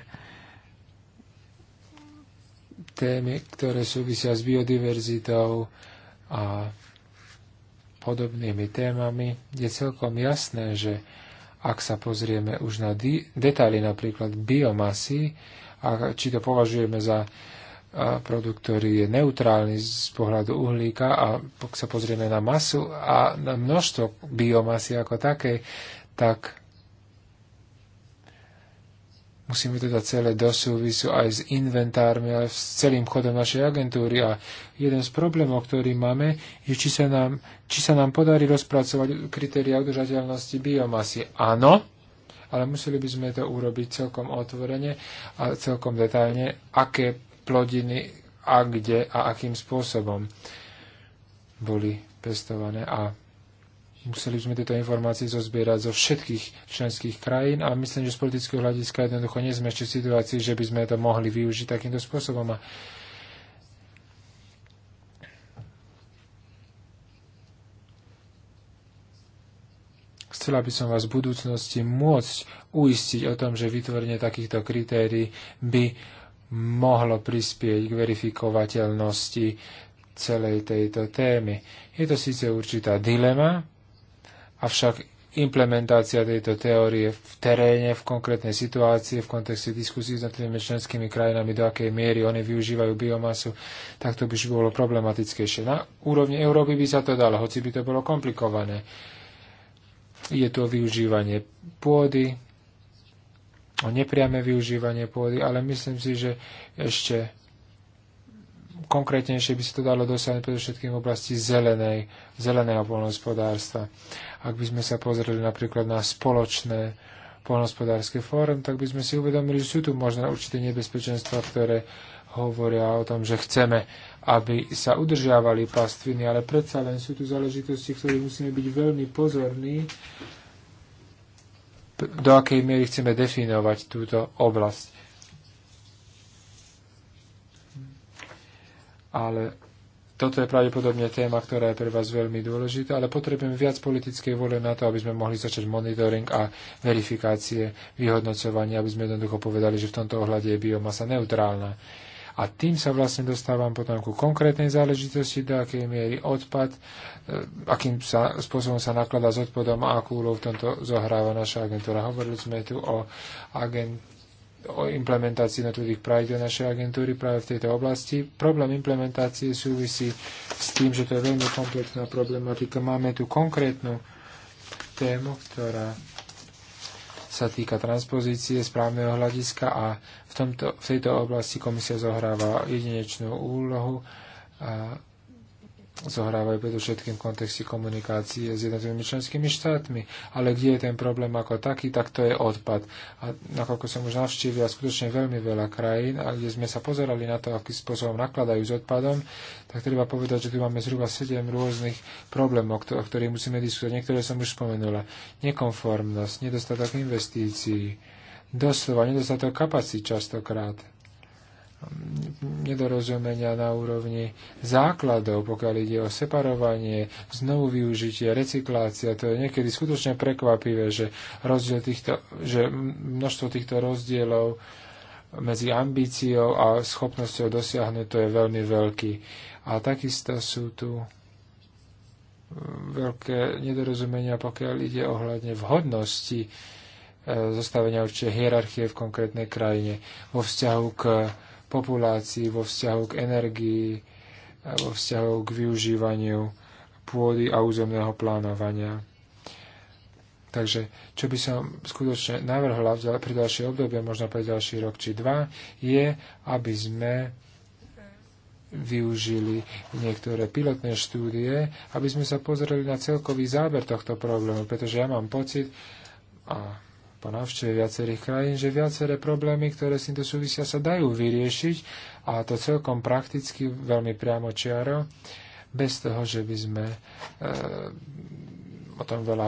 témy, ktoré súvisia s biodiverzitou a podobnými témami, je celkom jasné, že ak sa pozrieme už na detaily napríklad biomasy, a či to považujeme za produkt, ktorý je neutrálny z pohľadu uhlíka a ak sa pozrieme na masu a na množstvo biomasy ako také, tak Musíme teda celé do súvisu aj s inventármi, ale s celým chodom našej agentúry. A jeden z problémov, ktorý máme, je, či sa nám, či sa nám podarí rozpracovať kritéria udržateľnosti biomasy. Áno, ale museli by sme to urobiť celkom otvorene a celkom detailne, aké plodiny a kde a akým spôsobom boli pestované a Museli sme tieto informácie zozbierať zo všetkých členských krajín a myslím, že z politického hľadiska jednoducho nie sme ešte v situácii, že by sme to mohli využiť takýmto spôsobom. A Chcela by som vás v budúcnosti môcť uistiť o tom, že vytvorenie takýchto kritérií by mohlo prispieť k verifikovateľnosti celej tejto témy. Je to síce určitá dilema, avšak implementácia tejto teórie v teréne, v konkrétnej situácii, v kontexte diskusí s jednotlivými členskými krajinami, do akej miery oni využívajú biomasu, tak to by už bolo problematickejšie. Na úrovni Európy by sa to dalo, hoci by to bolo komplikované. Je to využívanie pôdy, o nepriame využívanie pôdy, ale myslím si, že ešte konkrétnejšie by sa to dalo dosiahnuť predovšetkým v oblasti zelenej, zeleného poľnohospodárstva. Ak by sme sa pozreli napríklad na spoločné poľnohospodárske fórum, tak by sme si uvedomili, že sú tu možno určité nebezpečenstva, ktoré hovoria o tom, že chceme, aby sa udržiavali pastviny, ale predsa len sú tu záležitosti, ktoré musíme byť veľmi pozorní, do akej miery chceme definovať túto oblasť. Ale toto je pravdepodobne téma, ktorá je pre vás veľmi dôležitá, ale potrebujeme viac politickej vôle na to, aby sme mohli začať monitoring a verifikácie, vyhodnocovanie, aby sme jednoducho povedali, že v tomto ohľade je biomasa neutrálna. A tým sa vlastne dostávam potom ku konkrétnej záležitosti, do akej miery odpad, e, akým sa, spôsobom sa nakladá s odpadom a akú úlohu v tomto zohráva naša agentúra. Hovorili sme tu o agent o implementácii jednotlivých pravidel našej agentúry práve v tejto oblasti. Problém implementácie súvisí s tým, že to je veľmi komplexná problematika. Máme tu konkrétnu tému, ktorá sa týka transpozície správneho hľadiska a v, tomto, v tejto oblasti komisia zohráva jedinečnú úlohu. A zohrávajú predovšetkým v kontexte komunikácie s jednotlivými členskými štátmi. Ale kde je ten problém ako taký, tak to je odpad. A nakoľko som už navštívil skutočne veľmi veľa krajín, a kde sme sa pozerali na to, akým spôsobom nakladajú s odpadom, tak treba povedať, že tu máme zhruba 7 rôznych problémov, o ktorých musíme diskutovať. Niektoré som už spomenula. Nekonformnosť, nedostatok investícií, doslova nedostatok kapacít častokrát nedorozumenia na úrovni základov, pokiaľ ide o separovanie, znovu využitie, recyklácia. To je niekedy skutočne prekvapivé, že, rozdiel týchto, že množstvo týchto rozdielov medzi ambíciou a schopnosťou dosiahnuť to je veľmi veľký. A takisto sú tu um, veľké nedorozumenia, pokiaľ ide ohľadne vhodnosti e, zostavenia určite hierarchie v konkrétnej krajine vo vzťahu k populácií vo vzťahu k energii, vo vzťahu k využívaniu pôdy a územného plánovania. Takže čo by som skutočne navrhla pre ďalšie obdobie, možno pre ďalší rok či dva, je, aby sme využili niektoré pilotné štúdie, aby sme sa pozreli na celkový záber tohto problému, pretože ja mám pocit, a po návšteve viacerých krajín, že viaceré problémy, ktoré s týmto súvisia, sa dajú vyriešiť a to celkom prakticky, veľmi priamo čiaro, bez toho, že by sme e, o tom veľa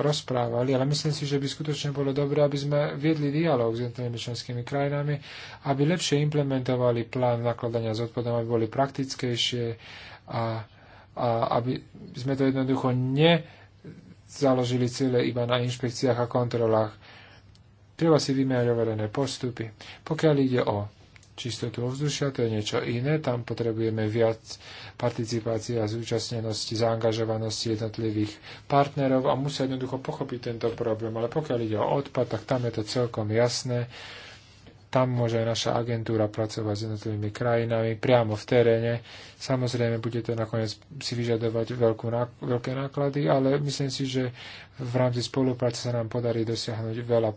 rozprávali, ale myslím si, že by skutočne bolo dobré, aby sme viedli dialog s jednotlivými členskými krajinami, aby lepšie implementovali plán nakladania s odpadom, aby boli praktickejšie a, a aby sme to jednoducho ne založili cieľe iba na inšpekciách a kontrolách. Treba si vymierať overené postupy. Pokiaľ ide o čistotu ovzdušia, to je niečo iné, tam potrebujeme viac participácie a zúčastnenosti, zaangažovanosti jednotlivých partnerov a musia jednoducho pochopiť tento problém. Ale pokiaľ ide o odpad, tak tam je to celkom jasné. Tam môže aj naša agentúra pracovať s jednotlivými krajinami priamo v teréne. Samozrejme, bude to nakoniec si vyžadovať veľkú, veľké náklady, ale myslím si, že v rámci spolupráce sa nám podarí dosiahnuť veľa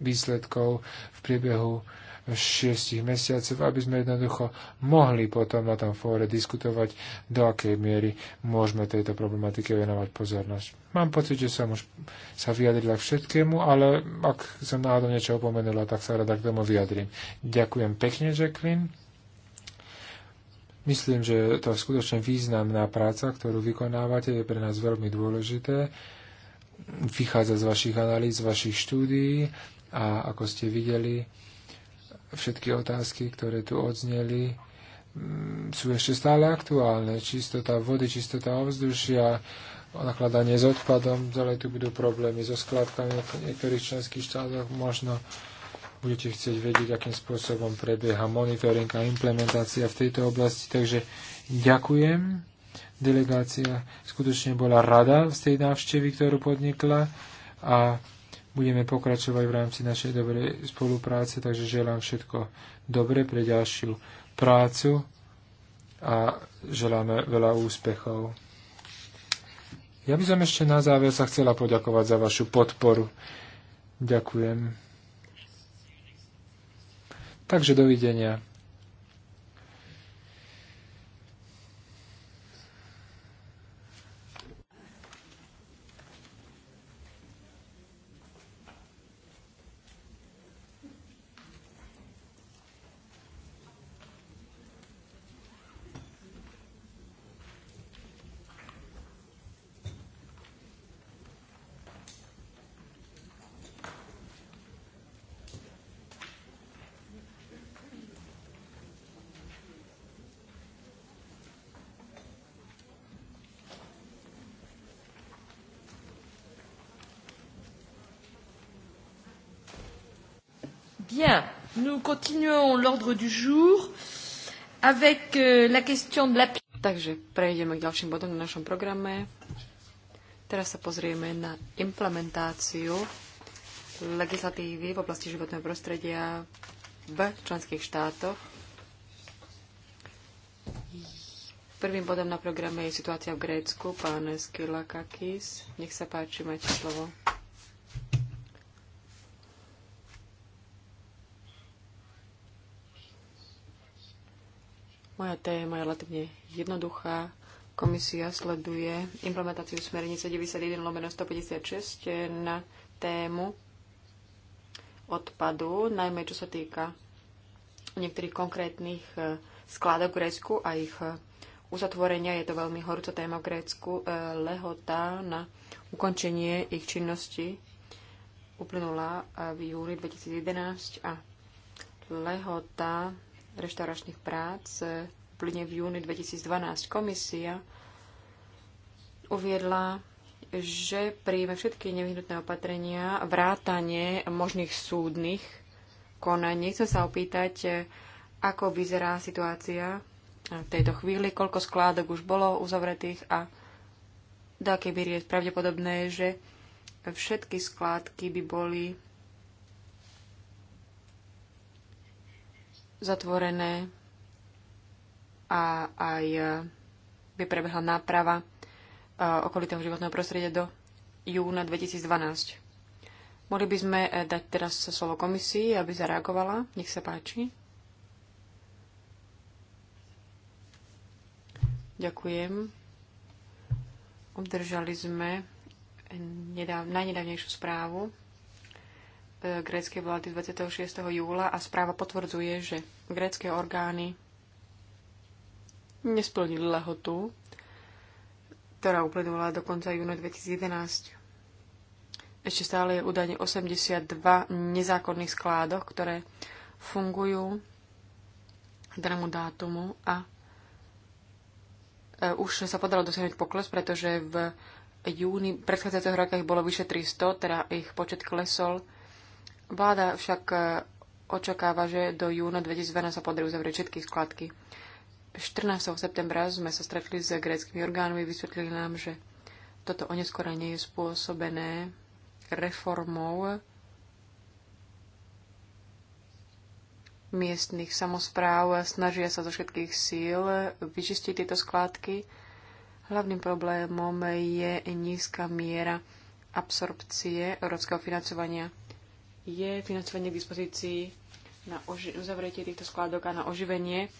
výsledkov v priebehu šiestich mesiacov, aby sme jednoducho mohli potom na tom fóre diskutovať, do akej miery môžeme tejto problematike venovať pozornosť. Mám pocit, že som už sa vyjadrila k všetkému, ale ak som náhodou niečo opomenula, tak sa rada k tomu vyjadrím. Ďakujem pekne, Jacqueline. Myslím, že to skutočne významná práca, ktorú vykonávate, je pre nás veľmi dôležité. Vychádza z vašich analýz, z vašich štúdií a ako ste videli, všetky otázky, ktoré tu odzneli, mm, sú ešte stále aktuálne. Čistota vody, čistota ovzdušia, nakladanie s odpadom, ale tu budú problémy so skladkami v niektorých členských štátoch. Možno budete chcieť vedieť, akým spôsobom prebieha monitoring a implementácia v tejto oblasti. Takže ďakujem. Delegácia skutočne bola rada z tej návštevy, ktorú podnikla a budeme pokračovať v rámci našej dobrej spolupráce, takže želám všetko dobre pre ďalšiu prácu a želáme veľa úspechov. Ja by som ešte na záver sa chcela poďakovať za vašu podporu. Ďakujem. Takže dovidenia. continuons l'ordre du jour avec euh, la question de la... Takže prejdeme k ďalším bodom na našom programe. Teraz sa pozrieme na implementáciu legislatívy v oblasti životného prostredia v členských štátoch. Prvým bodom na programe je situácia v Grécku. Pán Skylakakis, nech sa páči, máte slovo. Moja téma je relatívne jednoduchá. Komisia sleduje implementáciu smernice 91 156 na tému odpadu, najmä čo sa týka niektorých konkrétnych e, skládok v Grécku a ich e, uzatvorenia. Je to veľmi horúca téma v Grécku. E, lehota na ukončenie ich činnosti uplynula v júli 2011 a lehota reštauračných prác e, plyne v júni 2012. Komisia uviedla, že príjme všetky nevyhnutné opatrenia, vrátanie možných súdnych konaní. Chcem sa opýtať, e, ako vyzerá situácia v tejto chvíli, koľko skládok už bolo uzavretých a do akej miery je pravdepodobné, že všetky skládky by boli zatvorené a aj e, by prebehla náprava e, okolitého životného prostredia do júna 2012. Mohli by sme e, dať teraz slovo komisii, aby zareagovala. Nech sa páči. Ďakujem. Obdržali sme najnedávnejšiu správu E, gréckej vlády 26. júla a správa potvrdzuje, že grécké orgány nesplnili lehotu, ktorá uplynula do konca júna 2011. Ešte stále je údajne 82 nezákonných skládoch, ktoré fungujú k danému dátumu a e, už sa podalo dosiahnuť pokles, pretože v júni predchádzajúceho roka ich bolo vyše 300, teda ich počet klesol Vláda však e, očakáva, že do júna 2012 sa podarí uzavrieť všetky skladky. 14. septembra sme sa stretli s gréckými orgánmi, vysvetlili nám, že toto oneskorenie je spôsobené reformou miestnych samozpráv. Snažia sa zo všetkých síl vyčistiť tieto skládky. Hlavným problémom je nízka miera absorpcie európskeho financovania je financovanie k dispozícii na uzavretie týchto skládok a na oživenie,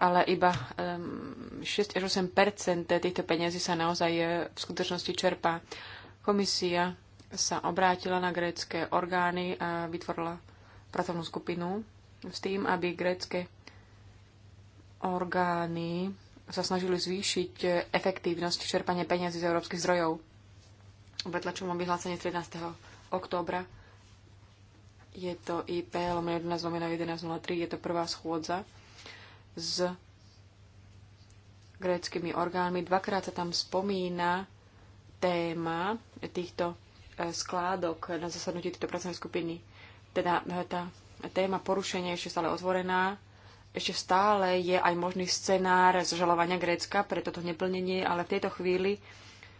ale iba 6 až 8 týchto peniazí sa naozaj eh, v skutočnosti čerpá. Komisia sa obrátila na grécké orgány a vytvorila pracovnú skupinu s tým, aby grécké orgány sa snažili zvýšiť eh, efektívnosť čerpania peniazy z európskych zdrojov. čo tlačovom vyhlásenie 13. októbra je to IP lomeno 11 lomeno 1103, je to prvá schôdza s gréckými orgánmi. Dvakrát sa tam spomína téma týchto e, skládok na zasadnutí tejto pracovnej skupiny. Teda e, tá téma porušenia je ešte stále otvorená. Ešte stále je aj možný scenár zažalovania Grécka pre toto neplnenie, ale v tejto chvíli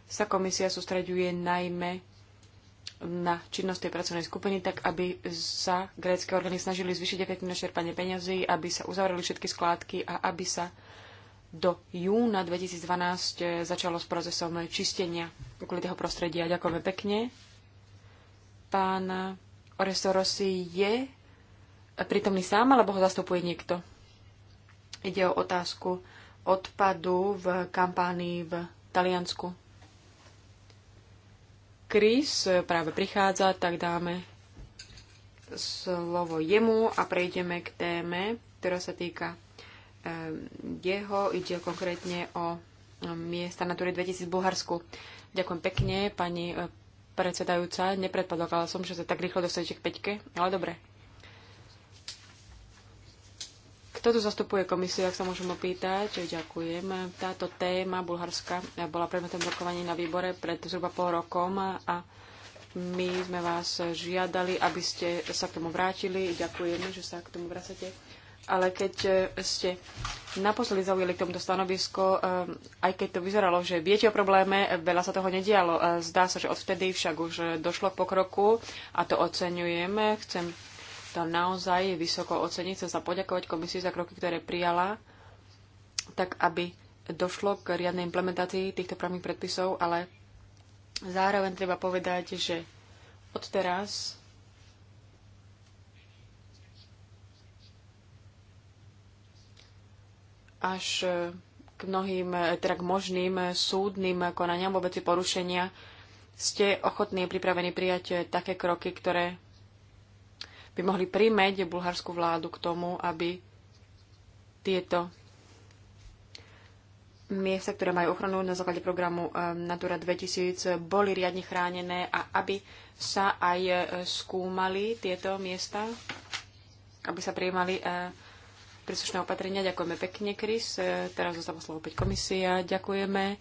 sa komisia sústreďuje najmä na činnosť tej pracovnej skupiny, tak aby sa grécké orgány snažili zvyšiť efektívne čerpanie peňazí, aby sa uzavreli všetky skládky a aby sa do júna 2012 eh, začalo s procesom čistenia okolitého prostredia. Ďakujeme pekne. Pán Oresto Rossi je prítomný sám, alebo ho zastupuje niekto? Ide o otázku odpadu v kampánii v Taliansku. Chris práve prichádza, tak dáme slovo jemu a prejdeme k téme, ktorá sa týka ehm, jeho. Ide konkrétne o ehm, miesta Natúry 2000 v Bulharsku. Ďakujem pekne, pani eh, predsedajúca. Nepredpokladala som, že sa tak rýchlo dostanete k peťke, ale dobre, Kto tu zastupuje komisiu, ak sa môžem opýtať? Ďakujem. Táto téma Bulharska bola predmetom rokovaní na výbore pred zhruba pol rokom a my sme vás žiadali, aby ste sa k tomu vrátili. Ďakujeme, že sa k tomu vracate. Ale keď ste naposledy zaujali k tomuto stanovisko, eh, aj keď to vyzeralo, že viete o probléme, veľa sa toho nedialo. Eh, zdá sa, že odvtedy však už došlo k pokroku a to oceňujeme. Chcem to naozaj vysoko oceniť. Chcem sa poďakovať komisii za kroky, ktoré prijala, tak aby došlo k riadnej implementácii týchto právnych predpisov, ale zároveň treba povedať, že odteraz až k mnohým, teda k možným súdnym konaniam vo veci porušenia ste ochotní pripravení prijať také kroky, ktoré by mohli primeť bulharskú vládu k tomu, aby tieto miesta, ktoré majú ochranu na základe programu eh, Natura 2000, boli riadne chránené a aby sa aj eh, skúmali tieto miesta, aby sa prijímali eh, príslušné opatrenia. Ďakujeme pekne, Kris. Teraz zostáva slovo opäť komisia. Ďakujeme.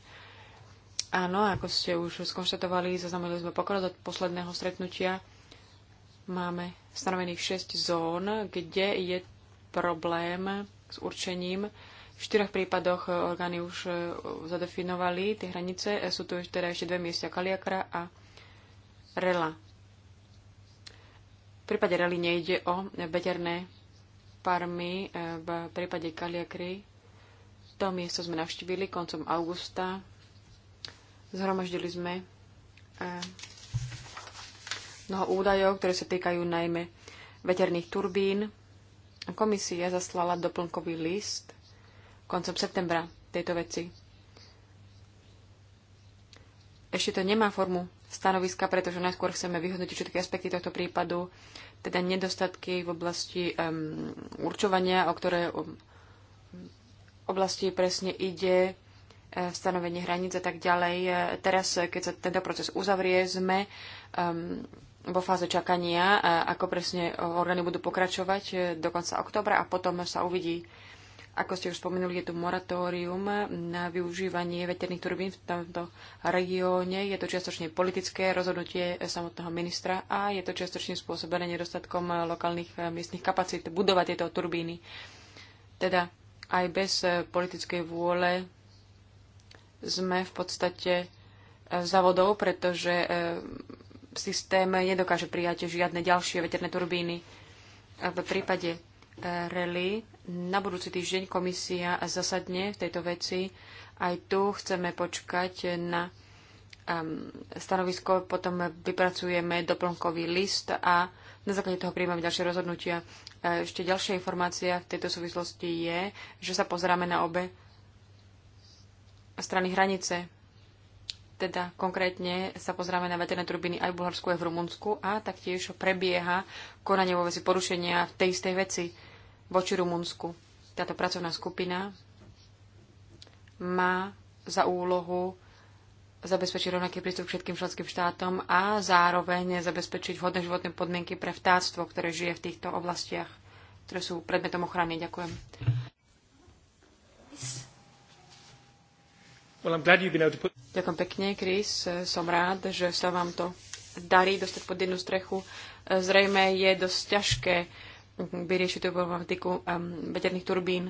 Áno, ako ste už skonštatovali, zaznamenali sme pokrok od posledného stretnutia. Máme stanovených 6 zón, kde je problém s určením. V štyroch prípadoch eh, orgány už eh, zadefinovali tie hranice. Eh, sú tu teda ešte dve miesta Kaliakra a Rela. V prípade Rely nejde o beterné farmy. V prípade Kaliakry to miesto sme navštívili koncom augusta. Zhromaždili sme mnoho údajov, ktoré sa týkajú najmä veterných turbín. Komisia zaslala doplnkový list koncom septembra tejto veci. Ešte to nemá formu stanoviska, pretože najskôr chceme vyhodnotiť všetky aspekty tohto prípadu, teda nedostatky v oblasti um, určovania, o ktoré um, oblasti presne ide, e, stanovenie hraníc a tak ďalej. E, teraz, keď sa tento proces uzavrie, sme um, vo fáze čakania, ako presne orgány budú pokračovať e, do konca oktobra a potom sa uvidí, ako ste už spomenuli, je tu moratórium na využívanie veterných turbín v tomto regióne. Je to čiastočne politické rozhodnutie samotného ministra a je to čiastočne spôsobené nedostatkom lokálnych e, miestnych kapacít budovať tieto turbíny. Teda aj bez e, politickej vôle sme v podstate závodov, pretože systém nedokáže prijať žiadne ďalšie veterné turbíny. V prípade eh, Rally na budúci týždeň komisia zasadne v tejto veci. Aj tu chceme počkať na ehm, stanovisko, potom vypracujeme doplnkový list a na základe toho príjmame ďalšie rozhodnutia. Ešte ďalšia informácia v tejto súvislosti je, že sa pozeráme na obe strany hranice teda konkrétne sa pozráme na veterné turbíny aj v Bulharsku, aj v Rumunsku a taktiež prebieha konanie vo veci porušenia v tej istej veci voči Rumunsku. Táto pracovná skupina má za úlohu zabezpečiť rovnaký prístup k všetkým členským štátom a zároveň zabezpečiť vhodné životné podmienky pre vtáctvo, ktoré žije v týchto oblastiach, ktoré sú predmetom ochrany. Ďakujem. Ďakujem pekne, Chris. Som rád, že sa vám to darí dostať pod jednu strechu. Zrejme je dosť ťažké vyriešiť tú problematiku um, veterných turbín.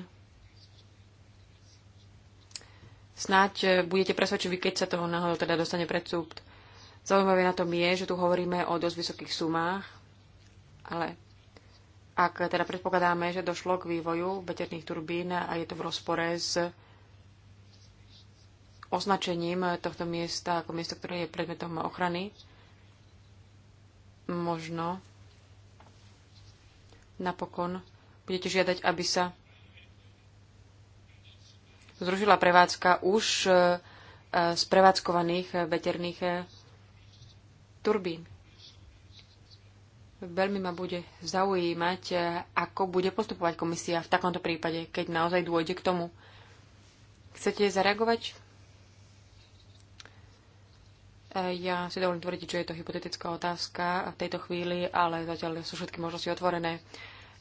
Snáď eh, budete presvedčiví, keď sa toho náhodou teda dostane pred súd. Zaujímavé na tom je, že tu hovoríme o dosť vysokých sumách, ale ak teda predpokladáme, že došlo k vývoju veterných turbín a je to v rozpore s označením tohto miesta ako miesto, ktoré je predmetom ochrany, možno napokon budete žiadať, aby sa zrušila prevádzka už e, z prevádzkovaných veterných e, turbín. Veľmi ma bude zaujímať, e, ako bude postupovať komisia v takomto prípade, keď naozaj dôjde k tomu. Chcete zareagovať? Ja si dovolím tvrdiť, že je to hypotetická otázka v tejto chvíli, ale zatiaľ sú všetky možnosti otvorené.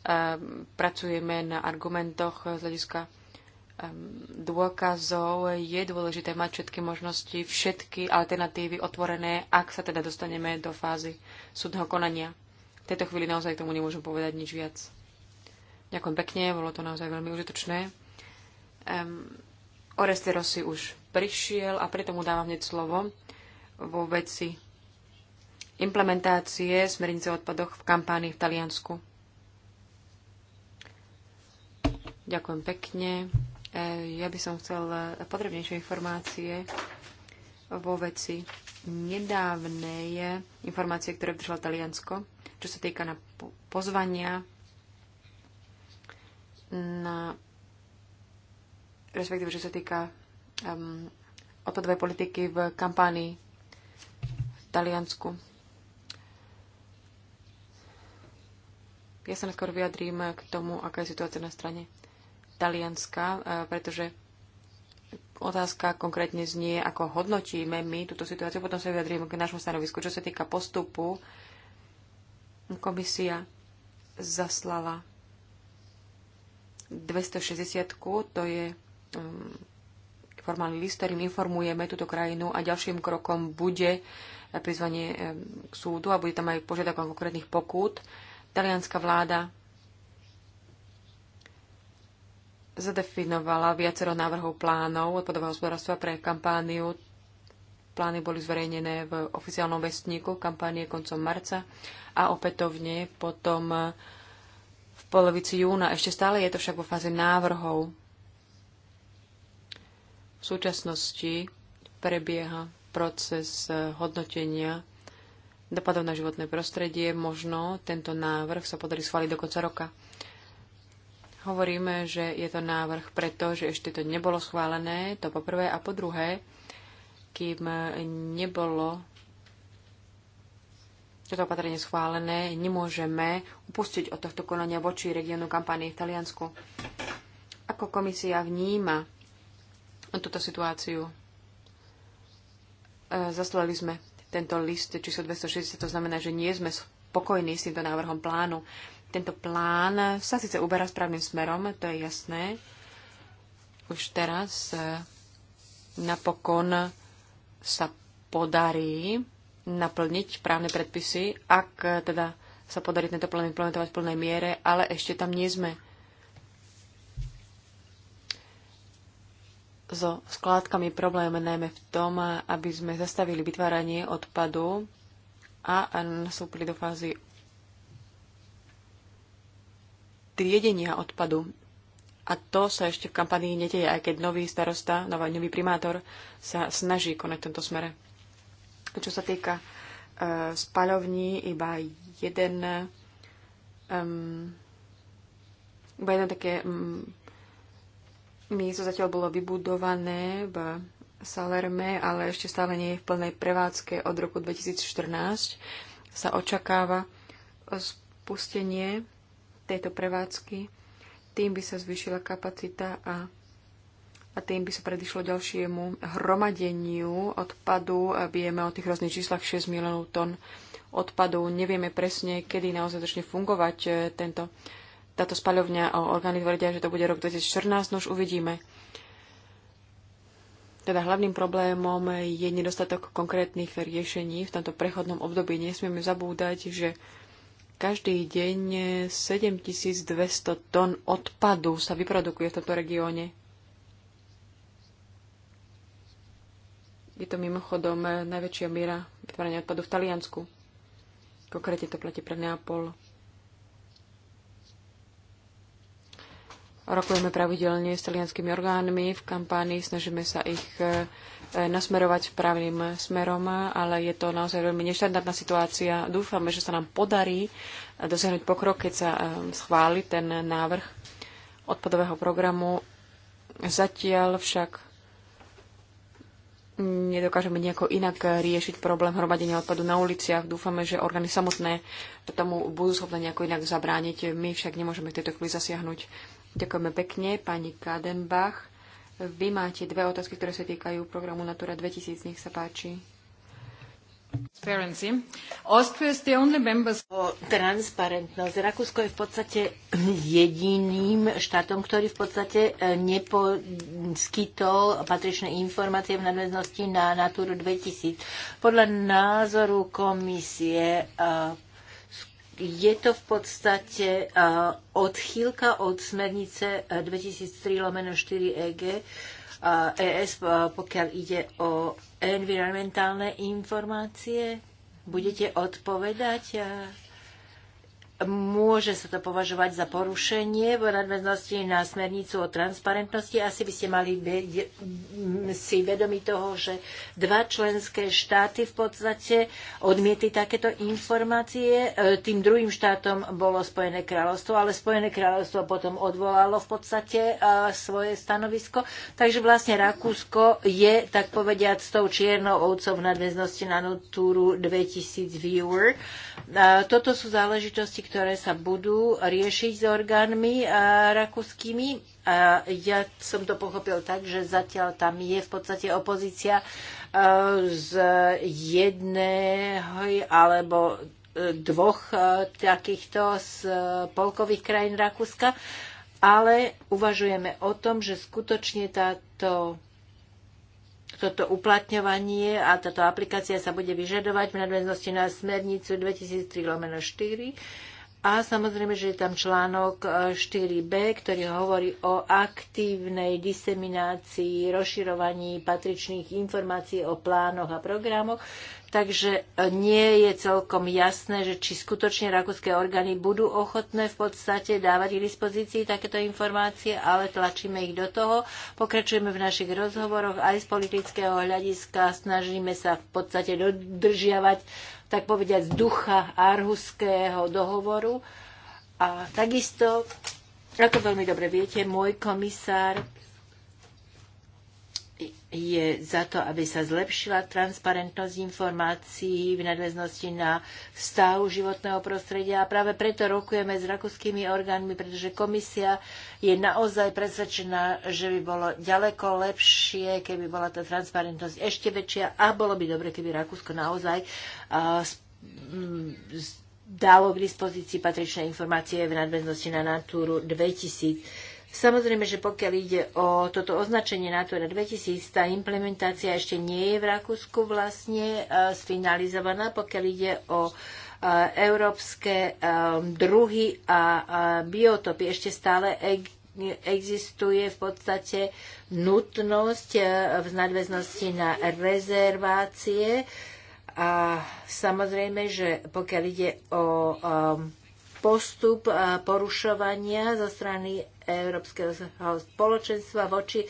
Ehm, pracujeme na argumentoch z hľadiska ehm, dôkazov. Je dôležité mať všetky možnosti, všetky alternatívy otvorené, ak sa teda dostaneme do fázy súdneho konania. V tejto chvíli naozaj k tomu nemôžem povedať nič viac. Ďakujem pekne, bolo to naozaj veľmi užitočné. Um, ehm, Oresteros si už prišiel a preto mu dávam hneď slovo vo veci implementácie smernice o odpadoch v kampánii v Taliansku. Ďakujem pekne. E, ja by som chcel podrobnejšie informácie vo veci nedávnej informácie, ktoré obdržalo Taliansko, čo sa týka na pozvania na respektíve, čo sa týka um, odpadovej politiky v kampánii Taliansku. Ja sa neskôr vyjadrím k tomu, aká je situácia na strane Talianska, e, pretože otázka konkrétne znie, ako hodnotíme my túto situáciu, potom sa vyjadrím k nášmu stanovisku. Čo sa týka postupu, komisia zaslala 260, to je um, formálny list, ktorým informujeme túto krajinu a ďalším krokom bude prizvanie eh, k súdu a bude tam aj požiadavka konkrétnych pokút. Talianská vláda zadefinovala viacero návrhov plánov odpadového hospodárstva pre kampániu. Plány boli zverejnené v oficiálnom vestníku kampánie koncom marca a opätovne potom eh, v polovici júna. Ešte stále je to však vo fáze návrhov. V súčasnosti prebieha proces eh, hodnotenia dopadov na životné prostredie. Možno tento návrh sa podarí schváliť do konca roka. Hovoríme, že je to návrh preto, že ešte to nebolo schválené, to po prvé. A po druhé, kým nebolo toto opatrenie schválené, nemôžeme upustiť od tohto konania voči regiónu kampány v Taliansku. Ako komisia vníma túto situáciu? E, zaslali sme tento list číslo 260, to znamená, že nie sme spokojní s týmto návrhom plánu. Tento plán sa síce uberá správnym smerom, to je jasné. Už teraz e, napokon sa podarí naplniť právne predpisy, ak teda sa podarí tento plán implementovať v plnej miere, ale ešte tam nie sme. so skládkami problém najmä v tom, aby sme zastavili vytváranie odpadu a nastúpili do fázy triedenia odpadu. A to sa ešte v kampanii neteje, aj keď nový starosta, nový primátor sa snaží konať v tomto smere. Čo sa týka uh, spaľovní, iba jeden, um, iba jeden také um, Miesto zatiaľ bolo vybudované v Salerme, ale ešte stále nie je v plnej prevádzke. Od roku 2014 sa očakáva spustenie tejto prevádzky. Tým by sa zvýšila kapacita a, a tým by sa predišlo ďalšiemu hromadeniu odpadu. a Vieme o tých rôznych číslach 6 miliónov tón odpadu. Nevieme presne, kedy naozaj začne fungovať e, tento táto spaľovňa o orgány tvrdia, že to bude rok 2014, no už uvidíme. Teda hlavným problémom je nedostatok konkrétnych riešení v tomto prechodnom období. Nesmieme zabúdať, že každý deň 7200 tón odpadu sa vyprodukuje v tomto regióne. Je to mimochodom najväčšia miera vytvárania odpadu v Taliansku. Konkrétne to platí pre Neapol. Rokujeme pravidelne s talianskými orgánmi v kampánii, snažíme sa ich e, e, nasmerovať pravým smerom, ale je to naozaj veľmi neštandardná situácia. Dúfame, že sa nám podarí dosiahnuť pokrok, keď sa e, schváli ten návrh odpadového programu. Zatiaľ však nedokážeme nejako inak riešiť problém hromadenia odpadu na uliciach. Dúfame, že orgány samotné tomu budú schopné nejako inak zabrániť. My však nemôžeme v tejto chvíli zasiahnuť. Ďakujeme pekne, pani Kadenbach. Vy máte dve otázky, ktoré sa týkajú programu Natura 2000. Nech sa páči. O transparentnosť. Rakúsko je v podstate jediným štátom, ktorý v podstate e, neposkytol patričné informácie v nadväznosti na Natúru 2000. Podľa názoru komisie e, je to v podstate odchýlka od smernice 2003-4EG e ES, pokiaľ ide o environmentálne informácie. Budete odpovedať? môže sa to považovať za porušenie v nadväznosti na smernicu o transparentnosti. Asi by ste mali si vedomi toho, že dva členské štáty v podstate odmietli takéto informácie. E, tým druhým štátom bolo Spojené kráľovstvo, ale Spojené kráľovstvo potom odvolalo v podstate e, svoje stanovisko. Takže vlastne Rakúsko je, tak povediať, s tou čiernou ovcov v nadväznosti na notúru 2000 viewer. E, toto sú záležitosti, ktoré sa budú riešiť s orgánmi rakúskými. A ja som to pochopil tak, že zatiaľ tam je v podstate opozícia e, z jedného alebo e, dvoch e, takýchto z polkových krajín Rakúska, ale uvažujeme o tom, že skutočne táto toto uplatňovanie a táto aplikácia sa bude vyžadovať v nadväznosti na smernicu 2003-4 a samozrejme, že je tam článok 4b, e, ktorý hovorí o aktívnej diseminácii, rozširovaní patričných informácií o plánoch a programoch takže e, nie je celkom jasné, že či skutočne rakúske orgány budú ochotné v podstate dávať k dispozícii takéto informácie, ale tlačíme ich do toho. Pokračujeme v našich rozhovoroch aj z politického hľadiska, snažíme sa v podstate dodržiavať, tak povediať, z ducha Arhuského dohovoru. A takisto, ako veľmi dobre viete, môj komisár je za to, aby sa zlepšila transparentnosť informácií v nadväznosti na stav životného prostredia. A práve preto rokujeme s rakúskými orgánmi, pretože komisia je naozaj presvedčená, že by bolo ďaleko lepšie, keby bola tá transparentnosť ešte väčšia a bolo by dobre, keby Rakúsko naozaj mm, dalo k dispozícii patričné informácie v nadväznosti na Natúru 2000 Samozrejme, že pokiaľ ide o toto označenie Natura 2000, tá implementácia ešte nie je v Rakúsku vlastne e, sfinalizovaná, pokiaľ ide o e, európske e, druhy a biotopy. Ešte stále existuje v podstate nutnosť v nadväznosti na rezervácie a samozrejme, že pokiaľ ide o postup porušovania zo strany Európskeho spoločenstva voči eh,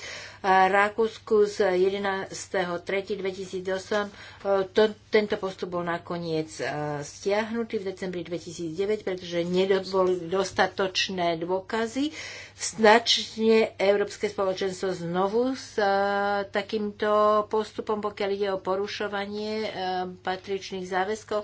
Rakúsku z 11.3.2008. Tento postup bol nakoniec eh, stiahnutý v decembri 2009, pretože neboli dostatočné dôkazy. Značne Európske spoločenstvo znovu s eh, takýmto postupom, pokiaľ ide o porušovanie patričných záväzkov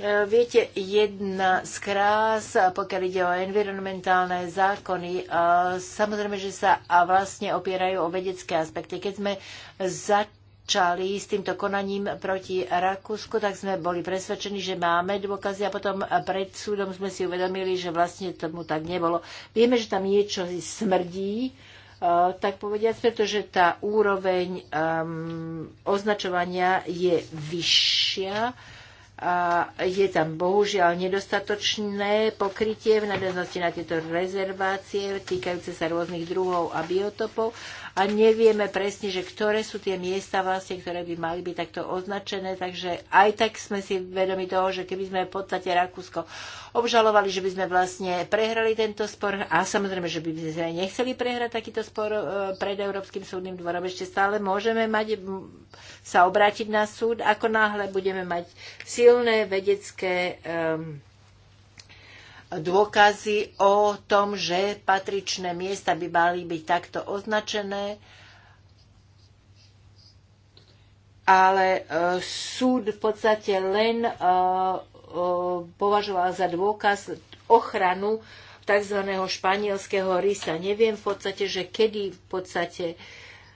E, viete, jedna z krás, pokiaľ ide o environmentálne zákony, samozrejme, že sa a vlastne opierajú o vedecké aspekty. Keď sme začali s týmto konaním proti Rakúsku, tak sme boli presvedčení, že máme dôkazy a potom pred súdom sme si uvedomili, že vlastne tomu tak nebolo. Vieme, že tam niečo smrdí, e, tak povediať, pretože tá úroveň um, označovania je vyššia a je tam bohužiaľ nedostatočné pokrytie v nadväznosti na tieto rezervácie týkajúce sa rôznych druhov a biotopov a nevieme presne, že ktoré sú tie miesta vlastne, ktoré by mali byť takto označené, takže aj tak sme si vedomi toho, že keby sme v podstate Rakúsko obžalovali, že by sme vlastne prehrali tento spor a samozrejme, že by sme aj nechceli prehrať takýto spor e, pred Európskym súdnym dvorom, ešte stále môžeme mať sa obrátiť na súd, ako náhle budeme mať silné vedecké um, dôkazy o tom, že patričné miesta by mali byť takto označené, ale e, súd v podstate len e, e, považoval za dôkaz ochranu tzv. španielského rysa. Neviem v podstate, že kedy v podstate uh,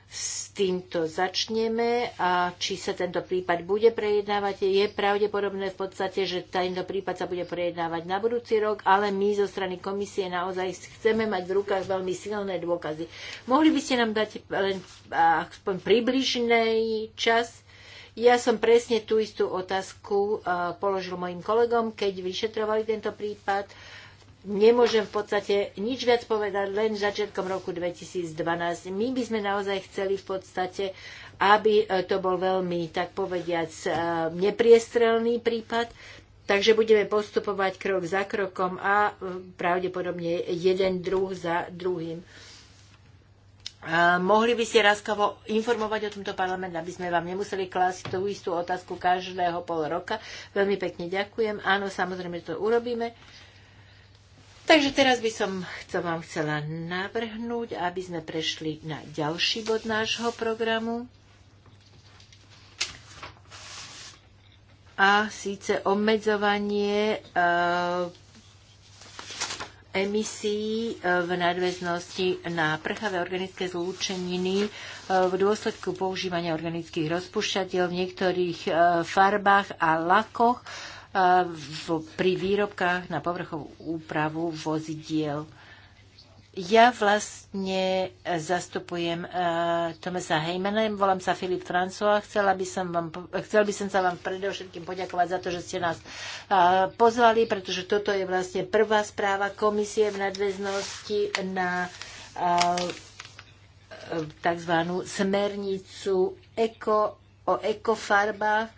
s týmto začneme a či sa tento prípad bude prejednávať. Je pravdepodobné v podstate, že tento prípad sa bude prejednávať na budúci rok, ale my zo strany komisie naozaj chceme mať v rukách veľmi silné dôkazy. Mohli by ste nám dať len aspoň približný čas? Ja som presne tú istú otázku položil mojim kolegom, keď vyšetrovali tento prípad nemôžem v podstate nič viac povedať, len začiatkom roku 2012. My by sme naozaj chceli v podstate, aby e, to bol veľmi, tak povediac, e, nepriestrelný prípad, takže budeme postupovať krok za krokom a e, pravdepodobne jeden druh za druhým. Mohli by ste razkovo informovať o tomto parlament, aby sme vám nemuseli klásť tú istú otázku každého pol roka. Veľmi pekne ďakujem. Áno, samozrejme to urobíme. Takže teraz by som chcel, vám chcela navrhnúť, aby sme prešli na ďalší bod nášho programu. A síce obmedzovanie uh, emisí eh, v nadväznosti na prchavé organické zlúčeniny eh, v dôsledku používania organických rozpušťateľ v niektorých farbách a lakoch pri výrobkách na povrchovú úpravu vozidiel. Ja vlastne e, zastupujem uh, e, Tomasa Heymana, volám sa Filip François. Chcela by som vám, chcel by som sa vám predovšetkým poďakovať za to, že ste nás uh, pozvali, pretože toto je vlastne prvá správa komisie v nadväznosti na uh, tzv. smernicu eko, o ekofarbách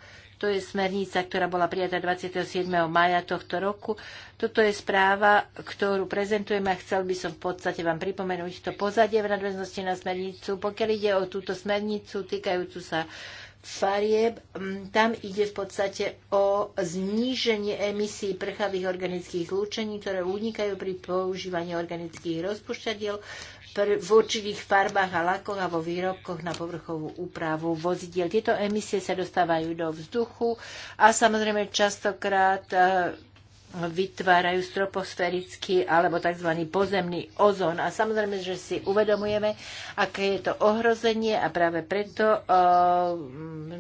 to je smernica, ktorá bola prijatá 27. maja tohto roku. Toto je správa, ktorú prezentujem a chcel by som v podstate vám pripomenúť to pozadie v nadväznosti na smernicu. Pokiaľ ide o túto smernicu týkajúcu sa farieb, tam ide v podstate o zníženie emisí prchavých organických zlúčení, ktoré unikajú pri používaní organických rozpušťadiel v určitých farbách a lakoch a vo výrobkoch na povrchovú úpravu vozidiel. Tieto emisie sa dostávajú do vzduchu a samozrejme častokrát e, vytvárajú stroposférický alebo tzv. pozemný ozon. A samozrejme, že si uvedomujeme, aké je to ohrozenie a práve preto uh,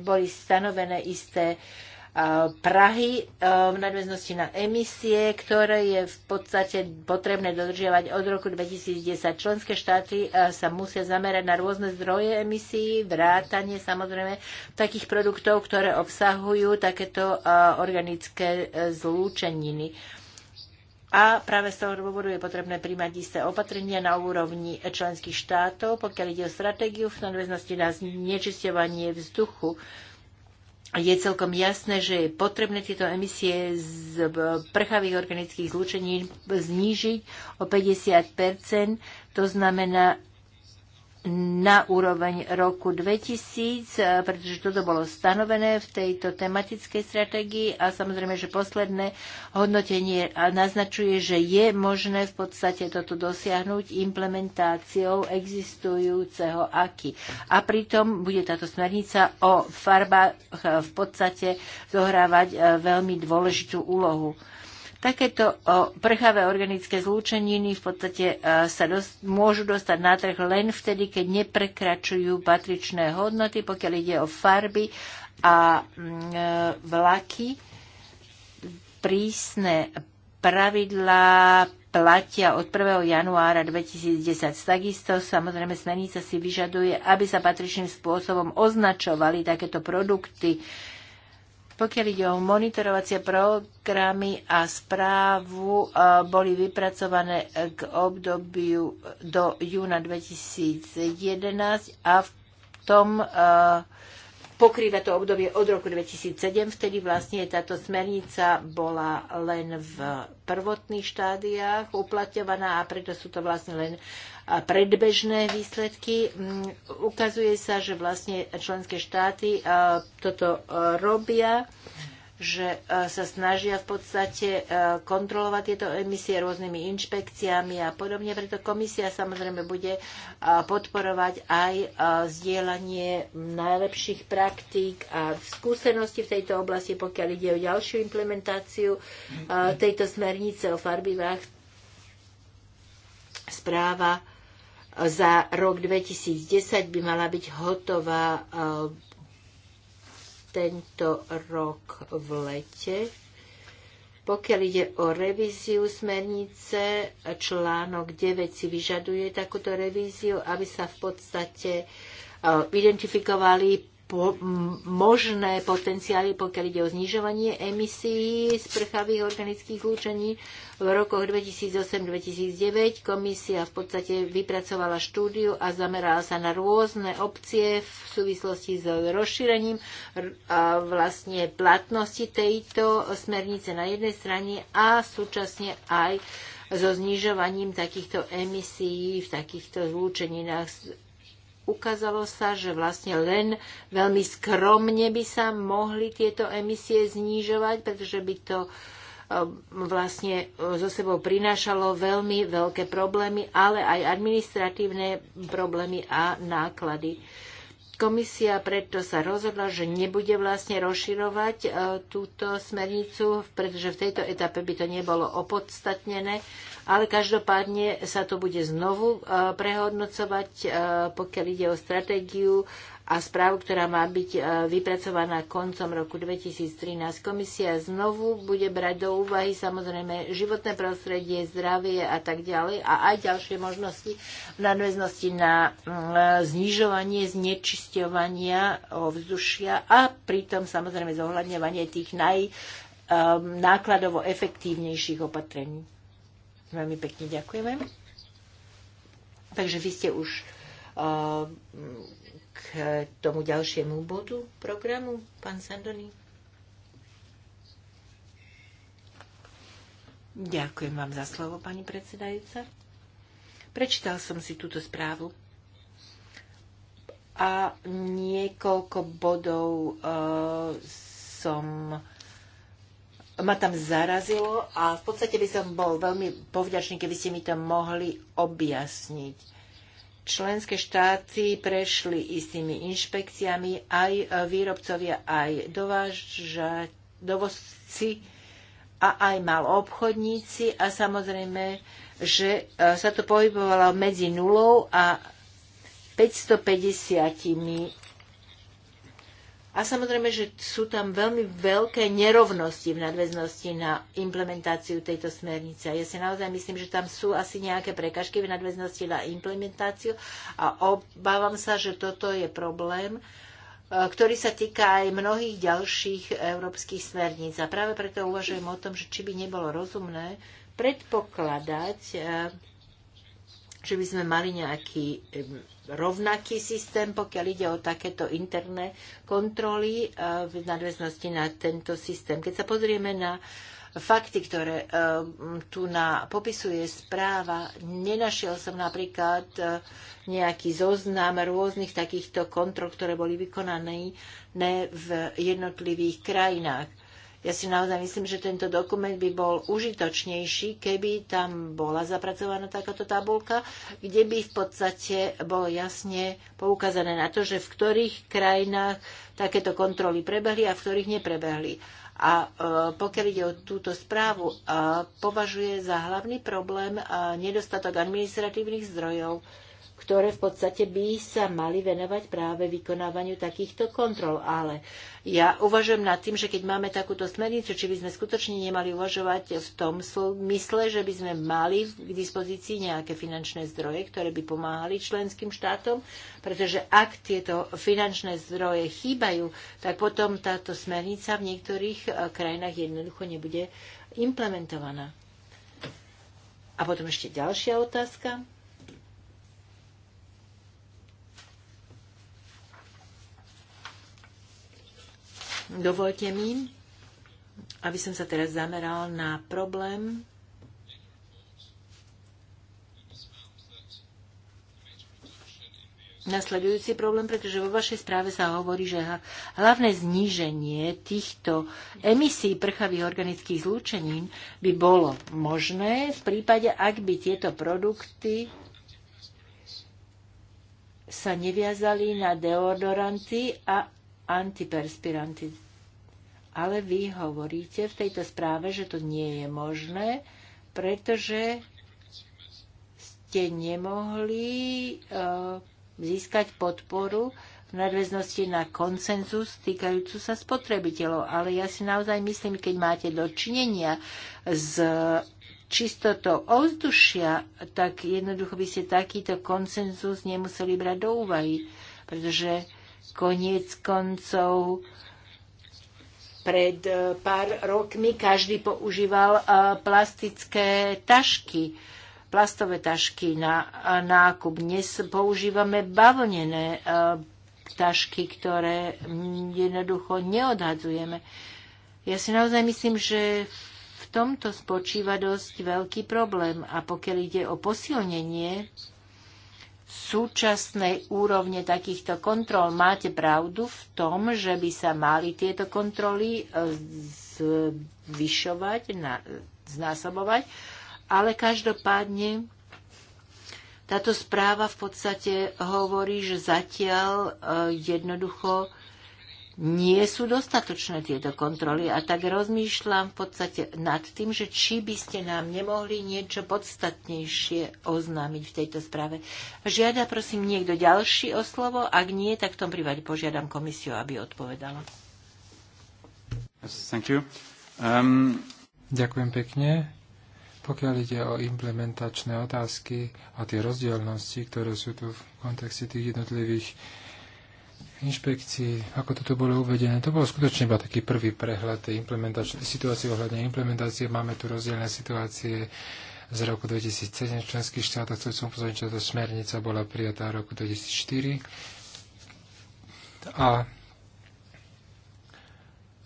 boli stanovené isté uh, E, Prahy e, v nadväznosti na emisie, ktoré je v podstate potrebné dodržiavať od roku 2010. Členské štáty e, sa musia zamerať na rôzne zdroje emisí, vrátanie samozrejme takých produktov, ktoré obsahujú takéto organické zlúčeniny. A práve z toho dôvodu je potrebné príjmať isté opatrenia na úrovni členských štátov, pokiaľ ide o stratégiu v nadväznosti na znečisťovanie vzduchu. Uh, je celkom jasné, že je potrebné tieto emisie z prchavých organických zlúčení znížiť o 50 To znamená, na úroveň roku 2000, eh, pretože toto bolo stanovené v tejto tematickej stratégii a samozrejme, že posledné hodnotenie naznačuje, že je možné v podstate toto dosiahnuť implementáciou existujúceho AKI. A pritom bude táto smernica o farbách eh, v podstate zohrávať eh, veľmi dôležitú úlohu. Takéto prchavé organické zlúčeniny v podstate e, sa dos- môžu dostať na trh len vtedy, keď neprekračujú patričné hodnoty, pokiaľ ide o farby a mm, e, vlaky. Prísne pravidlá platia od 1. januára 2010. Takisto samozrejme smernica si vyžaduje, aby sa patričným spôsobom označovali takéto produkty pokiaľ ide o monitorovacie programy a správu, e, boli vypracované k obdobiu do júna 2011 a v tom e, pokrýva to obdobie od roku 2007, vtedy vlastne táto smernica bola len v prvotných štádiách uplatňovaná a preto sú to vlastne len predbežné výsledky. Mm, ukazuje sa, že vlastne členské štáty e, toto e, robia že e, sa snažia v podstate kontrolovať tieto emisie rôznymi inšpekciami a podobne. Preto komisia samozrejme bude podporovať aj zdieľanie najlepších praktík a skúseností v tejto oblasti, pokiaľ ide o ďalšiu implementáciu tejto smernice o farbivách. Správa za rok 2010 by mala byť hotová e, tento rok v lete. Pokiaľ ide o revíziu smernice, článok 9 si vyžaduje takúto revíziu, aby sa v podstate e, identifikovali po, možné potenciály, pokiaľ ide o znižovanie emisí z prchavých organických zlúčení. V rokoch 2008-2009 komisia v podstate vypracovala štúdiu a zamerala sa na rôzne opcie v súvislosti s rozšírením a vlastne platnosti tejto smernice na jednej strane a súčasne aj so znižovaním takýchto emisí v takýchto zlúčeninách ukázalo sa, že vlastne len veľmi skromne by sa mohli tieto emisie znižovať, pretože by to um, vlastne so uh, sebou prinášalo veľmi veľké problémy, ale aj administratívne problémy a náklady. Komisia preto sa rozhodla, že nebude vlastne rozširovať uh, túto smernicu, pretože v tejto etape by to nebolo opodstatnené ale každopádne sa to bude znovu e, prehodnocovať, e, pokiaľ ide o stratégiu a správu, ktorá má byť e, vypracovaná koncom roku 2013. Komisia znovu bude brať do úvahy samozrejme životné prostredie, zdravie a tak ďalej a aj ďalšie možnosti v nadväznosti na mm, znižovanie znečisťovania ovzdušia a pritom samozrejme zohľadňovanie tých najnákladovo efektívnejších opatrení. Veľmi pekne ďakujeme. Takže vy ste už uh, k tomu ďalšiemu bodu programu, pán Sandoni. Ďakujem vám za slovo, pani predsedajúca. Prečítal som si túto správu a niekoľko bodov uh, som uh, ma tam zarazilo a v podstate by som bol veľmi povďačný, keby ste mi to mohli objasniť členské štáty prešli istými inšpekciami, aj výrobcovia, aj dováža, dovozci a aj mal obchodníci a samozrejme, že e, sa to pohybovalo medzi nulou a 550 a samozrejme, že sú tam veľmi veľké nerovnosti v nadväznosti na implementáciu tejto smernice. ja si naozaj myslím, že tam sú asi nejaké prekažky v nadväznosti na implementáciu a obávam sa, že toto je problém, e, ktorý sa týka aj mnohých ďalších európskych smerníc. A práve preto uvažujem o tom, že či by nebolo rozumné predpokladať, e, že by sme mali nejaký rovnaký systém, pokiaľ ide o takéto interné kontroly e, v nadväznosti na tento systém. Keď sa pozrieme na fakty, ktoré e, tu na, popisuje správa, nenašiel som napríklad e, nejaký zoznam rôznych takýchto kontrol, ktoré boli vykonané ne v jednotlivých krajinách. Ja si naozaj myslím, že tento dokument by bol užitočnejší, keby tam bola zapracovaná takáto tabulka, kde by v podstate bolo jasne poukázané na to, že v ktorých krajinách takéto kontroly prebehli a v ktorých neprebehli. A e, pokiaľ ide o túto správu, e, považuje za hlavný problém e, nedostatok administratívnych zdrojov ktoré v podstate by sa mali venovať práve vykonávaniu takýchto kontrol. Ale ja uvažujem nad tým, že keď máme takúto smernicu, či by sme skutočne nemali uvažovať v tom mysle, že by sme mali k dispozícii nejaké finančné zdroje, ktoré by pomáhali členským štátom, pretože ak tieto finančné zdroje chýbajú, tak potom táto smernica v niektorých eh, krajinách jednoducho nebude implementovaná. A potom ešte ďalšia otázka. Dovolte mi, aby som sa teraz zameral na problém, Nasledujúci problém, pretože vo vašej správe sa hovorí, že hlavné zníženie týchto emisí prchavých organických zlúčenín by bolo možné v prípade, ak by tieto produkty sa neviazali na deodoranty a antiperspiranty. Ale vy hovoríte v tejto správe, že to nie je možné, pretože ste nemohli uh, získať podporu v nadväznosti na koncenzus týkajúcu sa spotrebiteľov. Ale ja si naozaj myslím, keď máte dočinenia s čistotou ovzdušia, tak jednoducho by ste takýto koncenzus nemuseli brať do úvahy, pretože Koniec koncov pred eh, pár rokmi každý používal eh, plastické tašky, plastové tašky na eh, nákup. Dnes používame bavlnené tašky, ktoré jednoducho neodhadzujeme. Ja si naozaj myslím, že v tomto spočíva dosť veľký problém. A pokiaľ ide o posilnenie súčasnej úrovne takýchto kontrol. Máte pravdu v tom, že by sa mali tieto kontroly e, zvyšovať, znásobovať, ale každopádne táto správa v podstate hovorí, že zatiaľ e, jednoducho nie sú dostatočné tieto kontroly a tak rozmýšľam v podstate nad tým, že či by ste nám nemohli niečo podstatnejšie oznámiť v tejto správe. Žiada prosím niekto ďalší o slovo, ak nie, tak v tom prípade požiadam komisiu, aby odpovedala. Yes, thank you. Um... Ďakujem pekne. Pokiaľ ide o implementačné otázky a tie rozdielnosti, ktoré sú tu v kontexte tých jednotlivých inšpekcií, ako toto bolo uvedené. To bol skutočne iba taký prvý prehľad tej implementačnej situácie ohľadne implementácie. Máme tu rozdielne situácie z roku 2007 v členských štátoch. Chcel som upozorniť, že táto smernica bola prijatá v roku 2004. A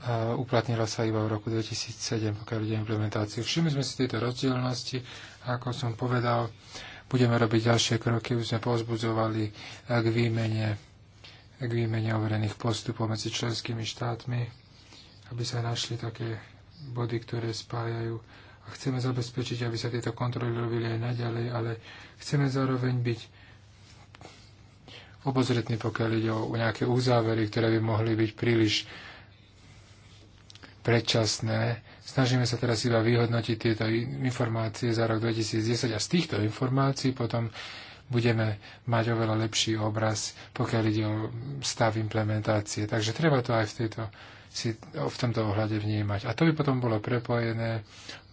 a uplatnila sa iba v roku 2007, pokiaľ ide implementáciu. Všimli sme si tejto rozdielnosti ako som povedal, budeme robiť ďalšie kroky, už sme pozbudzovali k výmene k výmene overených postupov medzi členskými štátmi, aby sa našli také body, ktoré spájajú. A chceme zabezpečiť, aby sa tieto kontroly robili aj naďalej, ale chceme zároveň byť obozretní, pokiaľ ide o nejaké uzávery, ktoré by mohli byť príliš predčasné. Snažíme sa teraz iba vyhodnotiť tieto informácie za rok 2010 a z týchto informácií potom budeme mať oveľa lepší obraz, pokiaľ ide o stav implementácie. Takže treba to aj v, tejto, si, v tomto ohľade vnímať. A to by potom bolo prepojené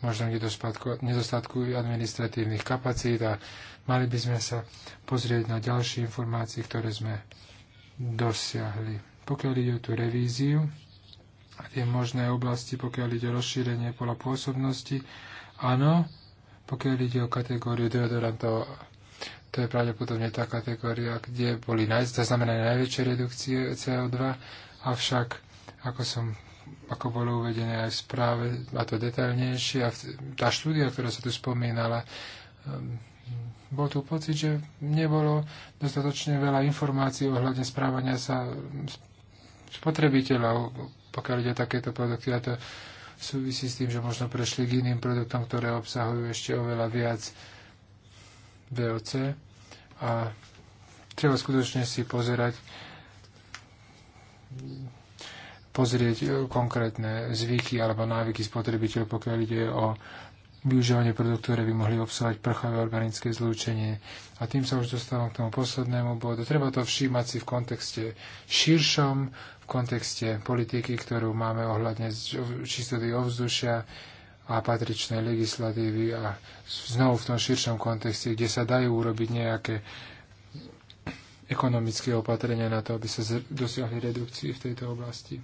možno k nedostatku administratívnych kapacít a mali by sme sa pozrieť na ďalšie informácie, ktoré sme dosiahli. Pokiaľ ide o tú revíziu, a tie možné oblasti, pokiaľ ide o rozšírenie pola pôsobnosti. Áno, pokiaľ ide o kategóriu deodorantov to je pravdepodobne tá kategória, kde boli naj, zaznamenané najväčšie redukcie CO2, avšak, ako som ako bolo uvedené aj v správe, a to detailnejšie, a tá štúdia, ktorá sa tu spomínala, ehm, bol tu pocit, že nebolo dostatočne veľa informácií ohľadne správania sa spotrebiteľov, pokiaľ ide takéto produkty. A to súvisí s tým, že možno prešli k iným produktom, ktoré obsahujú ešte oveľa viac VOC a treba skutočne si pozerať pozrieť e, konkrétne zvyky alebo návyky spotrebiteľov, pokiaľ ide o využívanie produktov, ktoré by mohli obsahovať prchové organické zlúčenie. A tým sa už dostávam k tomu poslednému bodu. Treba to všímať si v kontexte širšom, v kontexte politiky, ktorú máme ohľadne čistoty ovzdušia, a patričnej legislatívy a znovu v tom širšom kontexte, kde sa dajú urobiť nejaké ekonomické opatrenia na to, aby sa dosiahli redukcie v tejto oblasti.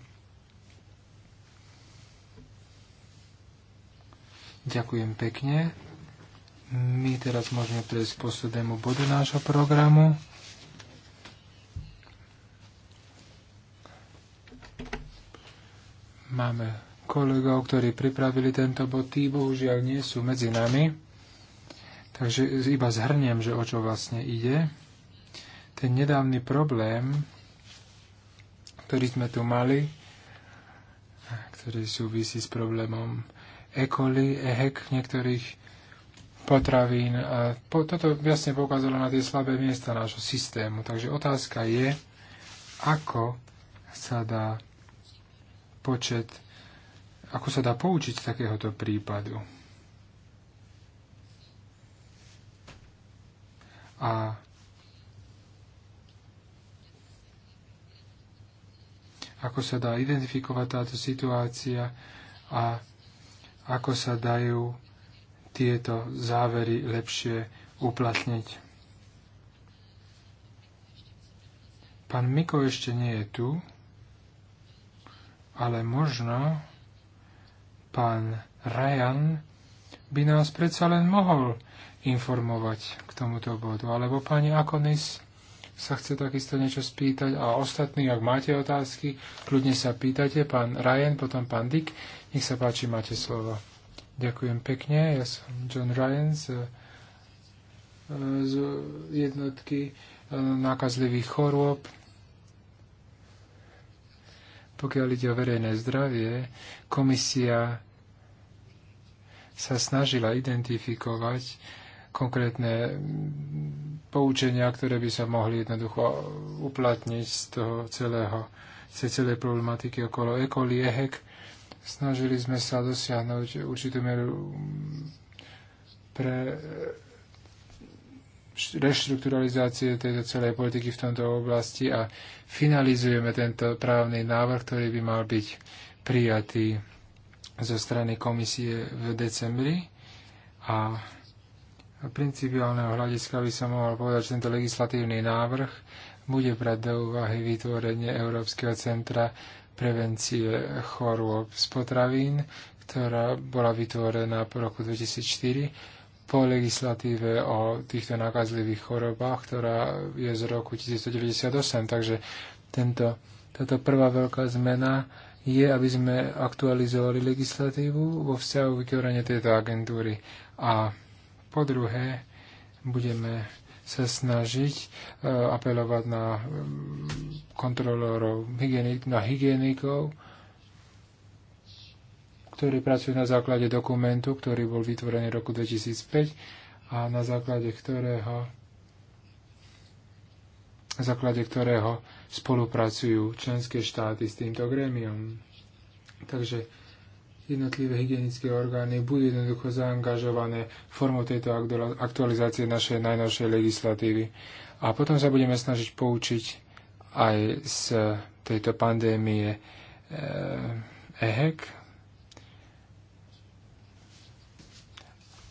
Ďakujem pekne. My teraz môžeme prejsť k poslednému bodu nášho programu. Máme kolegov, ktorí pripravili tento bod, tí bohužiaľ nie sú medzi nami. Takže iba zhrniem, že o čo vlastne ide. Ten nedávny problém, ktorý sme tu mali, ktorý súvisí s problémom E. coli, niektorých potravín. A po, toto jasne poukázalo na tie slabé miesta nášho systému. Takže otázka je, ako sa dá počet ako sa dá poučiť z takéhoto prípadu? A ako sa dá identifikovať táto situácia a ako sa dajú tieto závery lepšie uplatniť. Pán Miko ešte nie je tu, ale možno pán Ryan by nás predsa len mohol informovať k tomuto bodu. Alebo pani Akonis sa chce takisto niečo spýtať a ostatní, ak máte otázky, kľudne sa pýtate. Pán Ryan, potom pán Dick. Nech sa páči, máte slovo. Ďakujem pekne. Ja som John Ryan z, z jednotky e, nákazlivých chorôb. Pokiaľ ide o verejné zdravie, komisia sa snažila identifikovať konkrétne poučenia, ktoré by sa mohli jednoducho uplatniť z toho celého, z celej problematiky okolo ekoliehek. Snažili sme sa dosiahnuť určitú mieru mm, pre e, reštrukturalizácie tejto celej politiky v tomto oblasti a finalizujeme tento právny návrh, ktorý by mal byť prijatý zo strany komisie v decembri a principiálneho hľadiska by som mohol povedať, že tento legislatívny návrh bude brať do úvahy vytvorenie Európskeho centra prevencie chorôb z potravín, ktorá bola vytvorená po roku 2004 po legislatíve o týchto nákazlivých chorobách, ktorá je z roku 1998. Takže tento, táto prvá veľká zmena je, aby sme aktualizovali legislatívu vo vzťahu vytvorenia tejto agentúry. A po druhé, budeme sa snažiť uh, apelovať na um, kontrolórov, na hygienikov, ktorí pracujú na základe dokumentu, ktorý bol vytvorený v roku 2005 a na základe ktorého na základe ktorého spolupracujú členské štáty s týmto grémiom. Takže jednotlivé hygienické orgány budú jednoducho zaangažované formou tejto aktualizácie našej najnovšej legislatívy. A potom sa budeme snažiť poučiť aj z tejto pandémie EHEC, e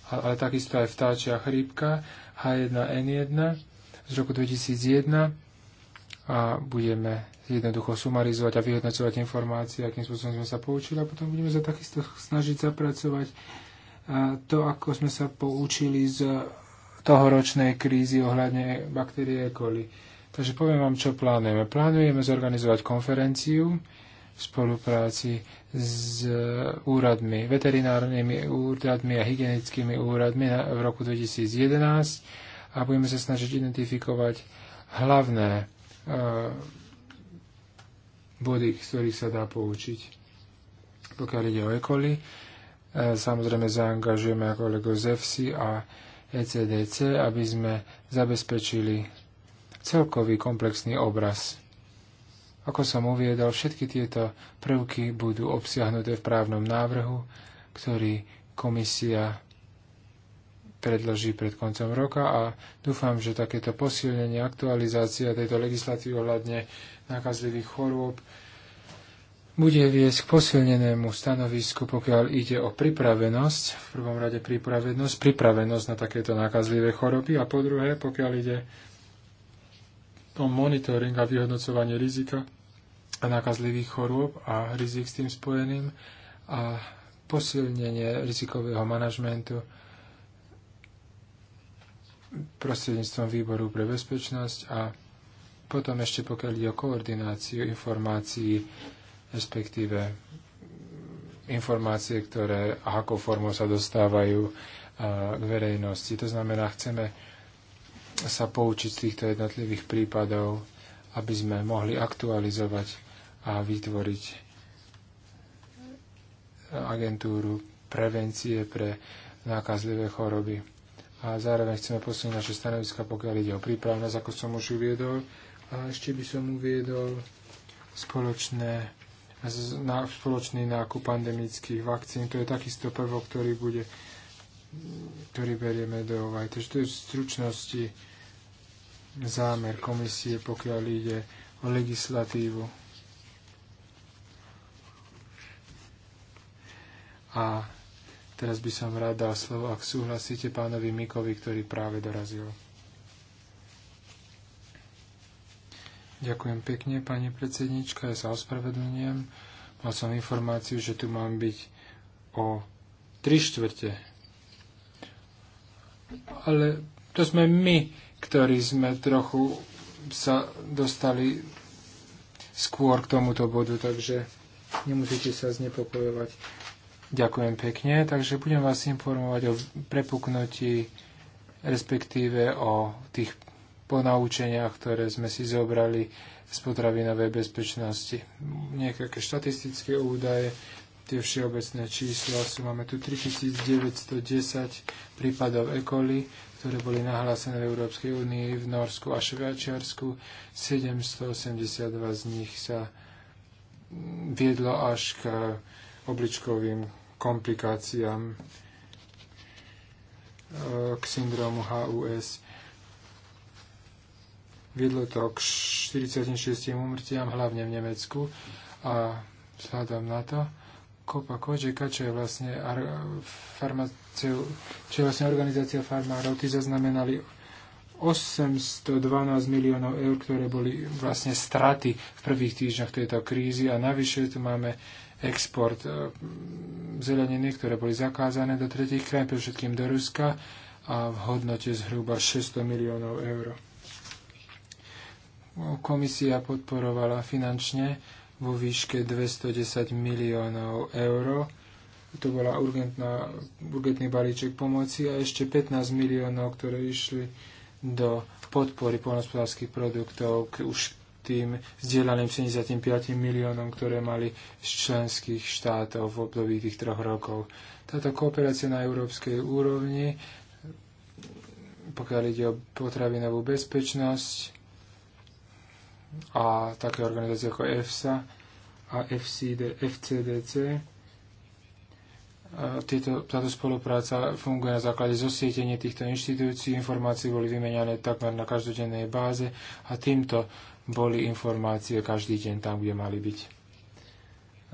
ale takisto aj vtáčia chrípka H1N1 z roku 2001 a budeme jednoducho sumarizovať a vyhodnocovať informácie, akým spôsobom sme sa poučili a potom budeme sa takisto snažiť zapracovať e, to, ako sme sa poučili z tohoročnej krízy ohľadne baktérie E. coli. Takže poviem vám, čo plánujeme. Plánujeme zorganizovať konferenciu v spolupráci s úradmi, veterinárnymi úradmi a hygienickými úradmi v roku 2011 a budeme sa snažiť identifikovať hlavné body, z ktorých sa dá poučiť. Pokiaľ ide o ekoly, e, samozrejme zaangažujeme kolegov z EFSI a ECDC, aby sme zabezpečili celkový komplexný obraz. Ako som uviedol, všetky tieto prvky budú obsiahnuté v právnom návrhu, ktorý komisia predloží pred koncom roka a dúfam, že takéto posilnenie, aktualizácia tejto legislatívy ohľadne nakazlivých chorôb bude viesť k posilnenému stanovisku, pokiaľ ide o pripravenosť, v prvom rade pripravenosť, pripravenosť na takéto nákazlivé choroby a po druhé, pokiaľ ide o monitoring a vyhodnocovanie rizika a nákazlivých chorôb a rizik s tým spojeným a posilnenie rizikového manažmentu prostredníctvom výboru pre bezpečnosť a potom ešte pokiaľ ide o koordináciu informácií, respektíve informácie, ktoré a akou formou sa dostávajú k verejnosti. To znamená, chceme sa poučiť z týchto jednotlivých prípadov, aby sme mohli aktualizovať a vytvoriť agentúru prevencie pre nákazlivé choroby a zároveň chceme posunúť naše stanoviska, pokiaľ ide o prípravnosť, ako som už uviedol. A ešte by som uviedol spoločné, na, spoločný nákup pandemických vakcín. To je takisto prvok, ktorý bude ktorý berieme do ovaj. Takže to je v stručnosti zámer komisie, pokiaľ ide o legislatívu. A Teraz by som rád dal slovo, ak súhlasíte, pánovi Mikovi, ktorý práve dorazil. Ďakujem pekne, pani predsednička, ja sa ospravedlňujem. Mal som informáciu, že tu mám byť o tri štvrte. Ale to sme my, ktorí sme trochu sa dostali skôr k tomuto bodu, takže nemusíte sa znepokojovať. Ďakujem pekne, takže budem vás informovať o prepuknutí, respektíve o tých ponaučeniach, ktoré sme si zobrali z potravinovej bezpečnosti. Nejaké štatistické údaje, tie všeobecné čísla sú, máme tu 3910 prípadov e. coli, ktoré boli nahlásené v Európskej únii, v Norsku a Švajčiarsku. 782 z nich sa viedlo až k obličkovým komplikáciám e, k syndromu HUS. Viedlo to k 46 umrtiam, hlavne v Nemecku. A vzhľadom na to, Kopa kočeka, čo je vlastne, farmaceu, čo je vlastne organizácia farmárov, tí zaznamenali 812 miliónov eur, ktoré boli vlastne straty v prvých týždňoch tejto krízy a navyše tu máme export e, zeleniny, ktoré boli zakázané do tretich krajín, všetkým do Ruska a v hodnote zhruba 600 miliónov eur. Komisia podporovala finančne vo výške 210 miliónov eur. To bola urgentná, urgentný balíček pomoci a ešte 15 miliónov, ktoré išli do podpory polnospodárských produktov k už tým zdieľaným 75 miliónom, ktoré mali z členských štátov v období tých troch rokov. Táto kooperácia na európskej úrovni, pokiaľ ide o potravinovú bezpečnosť a také organizácie ako EFSA a FCD, FCDC, e, tieto, táto spolupráca funguje na základe zosietenia týchto inštitúcií. Informácie boli vymenané takmer na každodennej báze a týmto boli informácie každý deň tam, kde mali byť.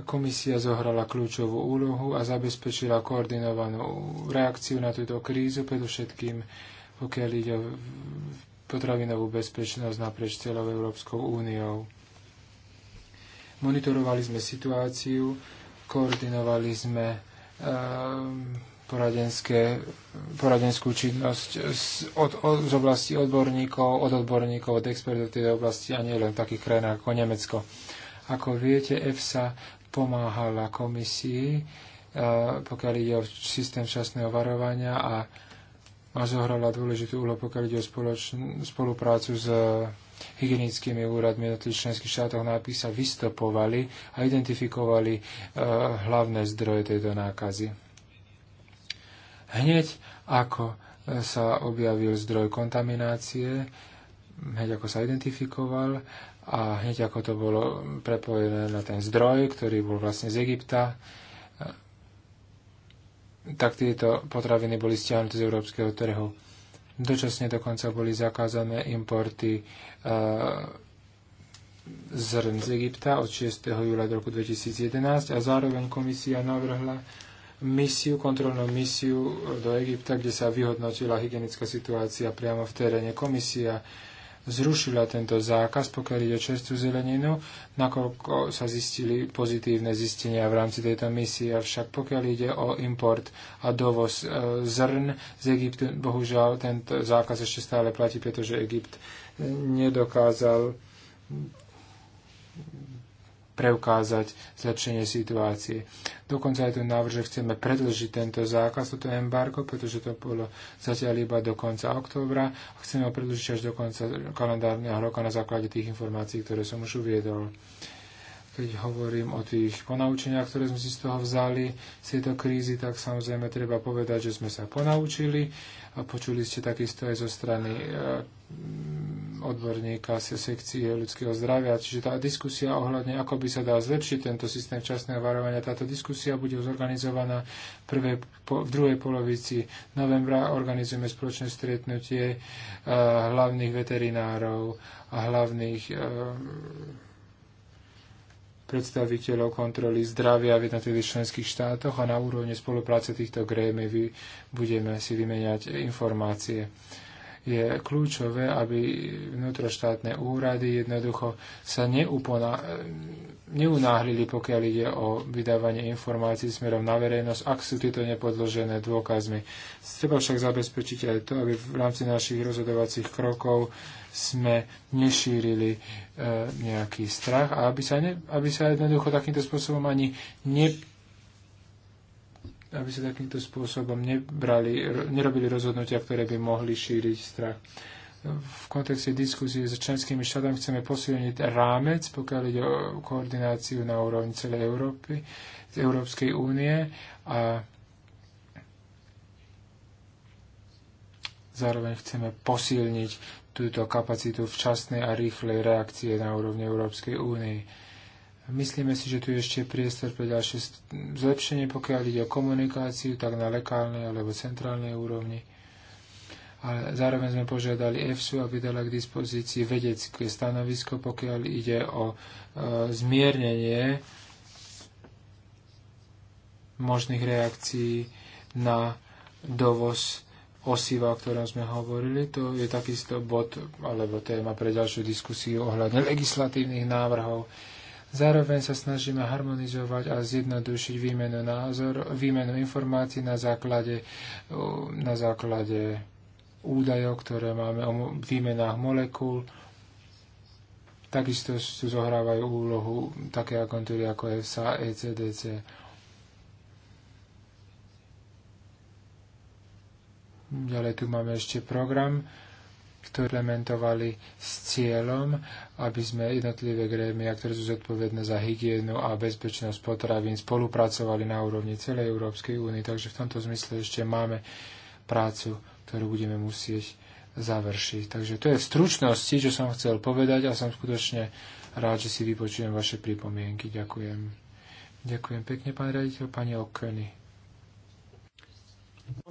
Komisia zohrala kľúčovú úlohu a zabezpečila koordinovanú reakciu na túto krízu, predovšetkým pokiaľ ide o potravinovú bezpečnosť naprieč celou Európskou úniou. Monitorovali sme situáciu, koordinovali sme um, poradenské, poradenskú činnosť z, od, od, z oblasti odborníkov, od odborníkov, od expertov tej oblasti a nie len v takých krajinách ako Nemecko. Ako viete, EFSA pomáhala komisii, pokiaľ ide o systém včasného varovania a zohrala dôležitú úlohu, pokiaľ ide o spoločn- spoluprácu s e, hygienickými úradmi tých členských štátoch nápisa vystopovali a identifikovali e, hlavné zdroje tejto nákazy. Hneď ako e, sa objavil zdroj kontaminácie, hneď ako sa identifikoval a hneď ako to bolo prepojené na ten zdroj, ktorý bol vlastne z Egypta, e, tak tieto potraviny boli stiahnuté z európskeho trhu. Dočasne dokonca boli zakázané importy e, zrn z Egypta od 6. júla roku 2011 a zároveň komisia navrhla misiu, kontrolnú misiu do Egypta, kde sa vyhodnotila hygienická situácia priamo v teréne. Komisia zrušila tento zákaz, pokiaľ ide o čerstvú zeleninu, nakoľko sa zistili pozitívne zistenia v rámci tejto misie. Avšak pokiaľ ide o import a dovoz e, zrn z Egyptu, bohužiaľ tento zákaz ešte stále platí, pretože Egypt nedokázal preukázať zlepšenie situácie. Dokonca je tu návrh, že chceme predlžiť tento zákaz, toto embargo, pretože to bolo zatiaľ iba do konca októbra a chceme ho predlžiť až do konca kalendárneho roka na základe tých informácií, ktoré som už uviedol keď hovorím o tých ponaučeniach, ktoré sme si z toho vzali, z tejto krízy, tak samozrejme treba povedať, že sme sa ponaučili a počuli ste takisto aj zo strany e, mm, odborníka z sekcie ľudského zdravia. Čiže tá diskusia ohľadne, ako by sa dal zlepšiť tento systém včasného varovania, táto diskusia bude zorganizovaná v, po, v druhej polovici novembra. Organizujeme spoločné stretnutie uh, hlavných veterinárov a hlavných uh, predstaviteľov kontroly zdravia v jednotlivých členských štátoch a na úrovni spolupráce týchto grémy budeme si vymeniať informácie. Je kľúčové, aby vnútroštátne úrady jednoducho sa neupona, neunáhlili, pokiaľ ide o vydávanie informácií smerom na verejnosť, ak sú tieto nepodložené dôkazmi. Treba však zabezpečiť aj to, aby v rámci našich rozhodovacích krokov sme nešírili e, nejaký strach a aby sa, ne, aby sa jednoducho takýmto spôsobom ani ne, aby sa takýmto spôsobom nebrali, nerobili rozhodnutia, ktoré by mohli šíriť strach. V kontexte diskusie s členskými štátami chceme posilniť rámec, pokiaľ ide o koordináciu na úrovni celej Európy, z Európskej únie a zároveň chceme posilniť túto kapacitu včasnej a rýchlej reakcie na úrovni Európskej únie. Myslíme si, že tu je ešte priestor pre ďalšie zlepšenie, pokiaľ ide o komunikáciu, tak na lokálnej alebo centrálnej úrovni. Ale zároveň sme požiadali EFSU, aby dala k dispozícii vedecké stanovisko, pokiaľ ide o e, zmiernenie možných reakcií na dovoz osiva, o ktorom sme hovorili, to je takisto bod alebo téma pre ďalšiu diskusiu ohľadne legislatívnych návrhov. Zároveň sa snažíme harmonizovať a zjednodušiť výmenu názor, výmenu informácií na základe, na základe údajov, ktoré máme o výmenách molekúl. Takisto sú zohrávajú úlohu také agentúry ako EFSA, ECDC. Ďalej tu máme ešte program, ktorý implementovali s cieľom, aby sme jednotlivé grémia, ktoré sú zodpovedné za hygienu a bezpečnosť potravín, spolupracovali na úrovni celej Európskej únie. Takže v tomto zmysle ešte máme prácu, ktorú budeme musieť završiť. Takže to je v stručnosti, čo som chcel povedať a som skutočne rád, že si vypočujem vaše pripomienky. Ďakujem. Ďakujem pekne, pán raditeľ, pani Okeny.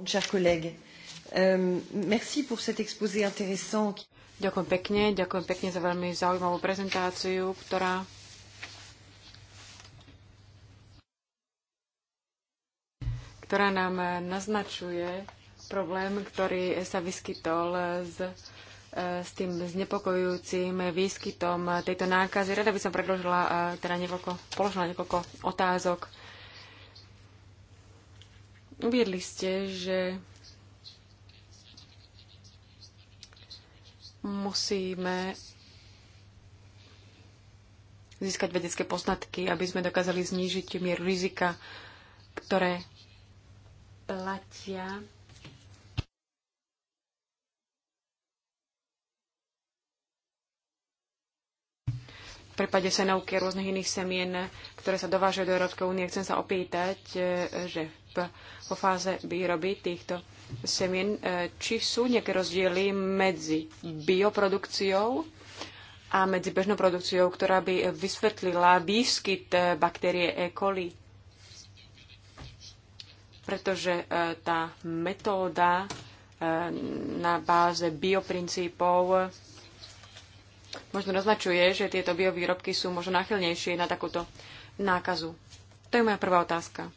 Chers collègues, Euh, merci pour cet exposé intéressant. Ďakujem pekne, ďakujem pekne za veľmi zaujímavú prezentáciu, ktorá ktorá nám naznačuje problém, ktorý sa vyskytol s, e, s tým znepokojujúcim výskytom tejto nákazy. Rada by som predložila, e, teda niekoľko, položila niekoľko otázok. Uviedli ste, že Musíme získať vedecké poznatky, aby sme dokázali znížiť mieru rizika, ktoré platia v prípade senovky a rôznych iných semien, ktoré sa dovážajú do Európskej únie. Chcem sa opýtať, eh, že v, po fáze výroby týchto semien, e, či sú nejaké rozdiely medzi bioprodukciou a medzi bežnou produkciou, ktorá by vysvetlila výskyt e, baktérie E. coli. Pretože e, tá metóda na báze bioprincípov možno naznačuje, že tieto biovýrobky sú možno náchylnejšie na takúto nákazu. To je moja prvá otázka.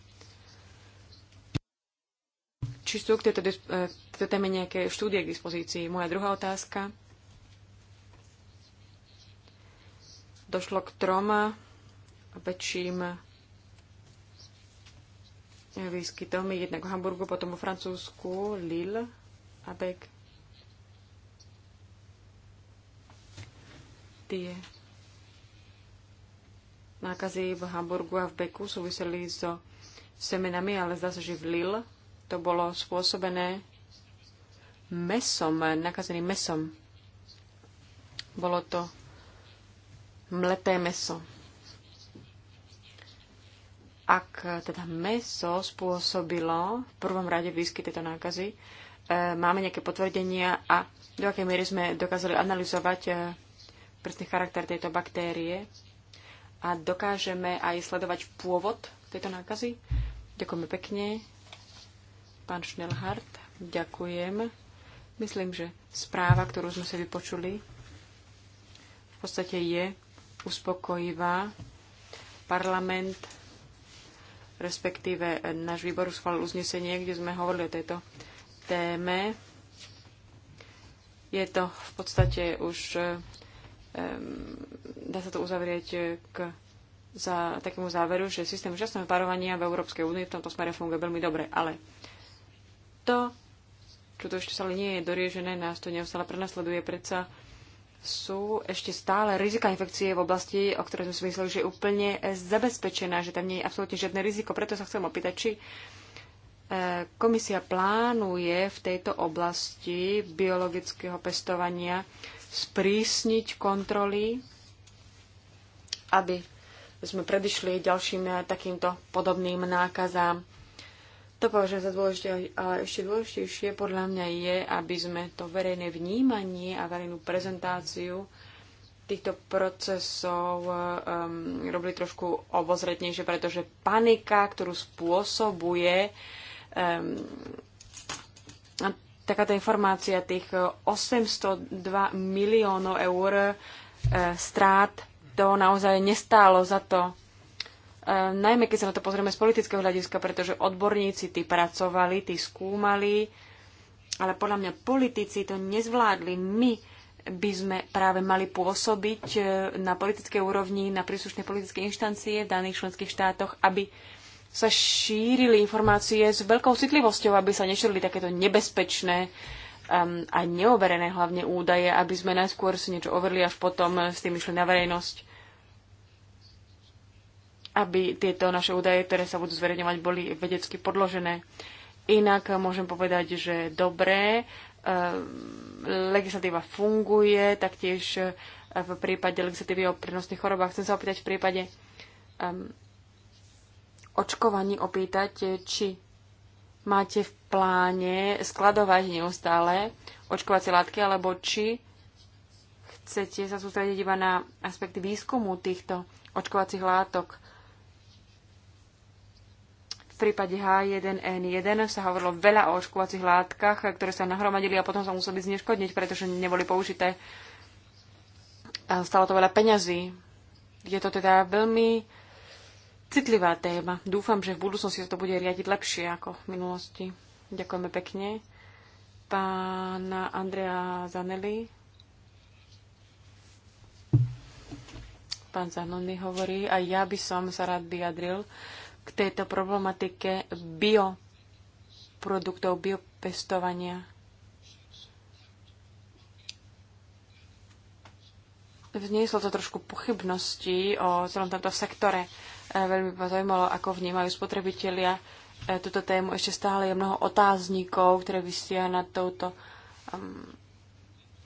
Či sú k tejto, e, tejto téme nejaké štúdie k dispozícii? Moja druhá otázka. Došlo k troma väčším výskytom, jednak v Hamburgu, potom vo Francúzsku, Lille a Bek. Tie nákazy v Hamburgu a v Beku súviseli so semenami, ale zase že v Lille to bolo spôsobené mesom, nakazeným mesom. Bolo to mleté meso. Ak teda meso spôsobilo v prvom rade výsky tejto nákazy, e, máme nejaké potvrdenia a do akej miery sme dokázali analyzovať e, presný charakter tejto baktérie a dokážeme aj sledovať pôvod tejto nákazy. Ďakujeme pekne. Pán Schnellhardt, ďakujem. Myslím, že správa, ktorú sme si vypočuli, v podstate je uspokojivá. Parlament, respektíve náš výbor schválil uznesenie, kde sme hovorili o tejto téme. Je to v podstate už, um, dá sa to uzavrieť k za takému záveru, že systém včasného párovania v Európskej únii v tomto smere funguje veľmi dobre, ale to, čo to ešte stále nie je doriežené, nás to neustále prenasleduje, predsa sú ešte stále rizika infekcie v oblasti, o ktorej sme si mysleli, že je úplne zabezpečená, že tam nie je absolútne žiadne riziko. Preto sa chcem opýtať, či e, komisia plánuje v tejto oblasti biologického pestovania sprísniť kontroly, aby sme predišli ďalším takýmto podobným nákazám. To považujem za dôležité, ale ešte dôležitejšie podľa mňa je, aby sme to verejné vnímanie a verejnú prezentáciu týchto procesov um, robili trošku obozretnejšie, pretože panika, ktorú spôsobuje um, ehm, takáto informácia tých 802 miliónov eur e, strát, to naozaj nestálo za to najmä keď sa na to pozrieme z politického hľadiska, pretože odborníci tí pracovali, tí skúmali, ale podľa mňa politici to nezvládli. My by sme práve mali pôsobiť e, na politickej úrovni, na príslušné politické inštancie v daných členských štátoch, aby sa šírili informácie s veľkou citlivosťou, aby sa nešírili takéto nebezpečné um, a neoverené hlavne údaje, aby sme najskôr si niečo overili, až potom s tým išli na verejnosť aby tieto naše údaje, ktoré sa budú zverejňovať, boli vedecky podložené. Inak môžem povedať, že dobré, eh, legislatíva funguje, taktiež eh, v prípade legislatívy o prenosných chorobách. Chcem sa opýtať v prípade um, očkovaní opýtať, či máte v pláne skladovať neustále očkovacie látky, alebo či chcete sa sústrediť iba na aspekty výskumu týchto očkovacích látok. V prípade H1N1 sa hovorilo veľa o očkovacích látkach, ktoré sa nahromadili a potom sa museli zneškodniť, pretože neboli použité. A stalo to veľa peňazí. Je to teda veľmi citlivá téma. Dúfam, že v budúcnosti sa to bude riadiť lepšie ako v minulosti. Ďakujeme pekne. Pána Andrea Zanelli. Pán Zanoni hovorí, a ja by som sa rád vyjadril k tejto problematike bioproduktov, biopestovania. Vznieslo to trošku pochybností o celom tomto sektore. E, veľmi ma zaujímalo, ako vnímajú spotrebitelia e, túto tému. Ešte stále je mnoho otáznikov, ktoré vysia nad touto um,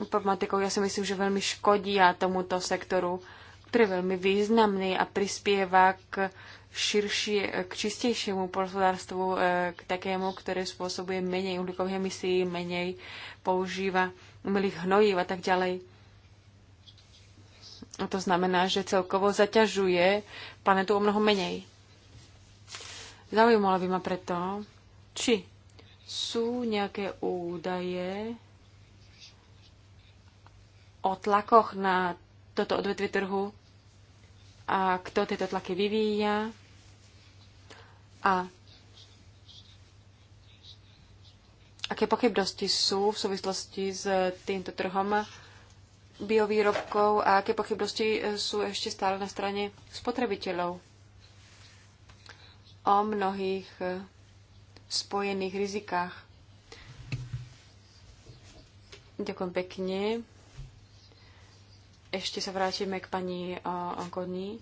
problematikou. Ja si myslím, že veľmi škodia tomuto sektoru, ktorý je veľmi významný a prispieva k širšie, k čistejšiemu hospodárstvu, e, k takému, ktoré spôsobuje menej uhlíkových emisí, menej používa umelých hnojív a tak ďalej. A to znamená, že celkovo zaťažuje planetu o mnoho menej. Zaujímalo by ma preto, či sú nejaké údaje o tlakoch na toto odvetvie trhu a kto tieto tlaky vyvíja a aké pochybnosti sú v súvislosti s týmto trhom biovýrobkov a aké pochybnosti sú ešte stále na strane spotrebiteľov o mnohých spojených rizikách. Ďakujem pekne. Ešte sa vrátime k pani Okodní.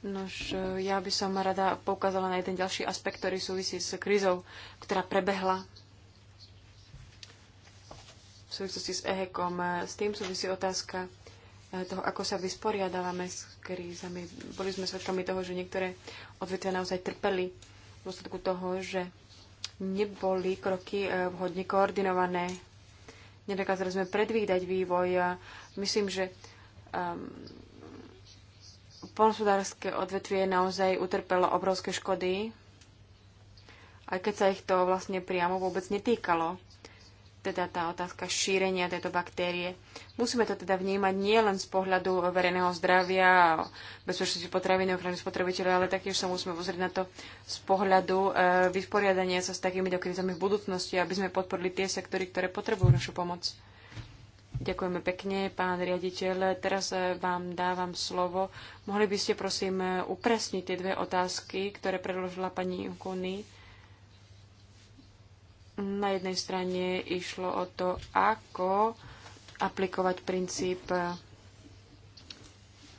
Nož, e, ja by som rada poukázala na jeden ďalší aspekt, ktorý súvisí s krízou, ktorá prebehla v súvislosti s EHEKom. E, s tým súvisí otázka e, toho, ako sa vysporiadávame s krízami. Boli sme svedkami toho, že niektoré odvetvia naozaj trpeli v dôsledku toho, že neboli kroky vhodne koordinované. Nedokázali sme predvídať vývoj. Myslím, že um, Polnospodárske odvetvie naozaj utrpelo obrovské škody, aj keď sa ich to vlastne priamo vôbec netýkalo. Teda tá otázka šírenia tejto baktérie. Musíme to teda vnímať nielen z pohľadu verejného zdravia, a bezpečnosti potraviny, ochrany spotrebiteľov, ale taktiež sa musíme pozrieť na to z pohľadu e, vysporiadania sa s takými krízami v budúcnosti, aby sme podporili tie sektory, ktoré potrebujú našu pomoc. Ďakujeme pekne, pán riaditeľ. Teraz eh, vám dávam slovo. Mohli by ste prosím eh, upresniť tie dve otázky, ktoré predložila pani Kuny. Na jednej strane išlo o to, ako aplikovať princíp eh,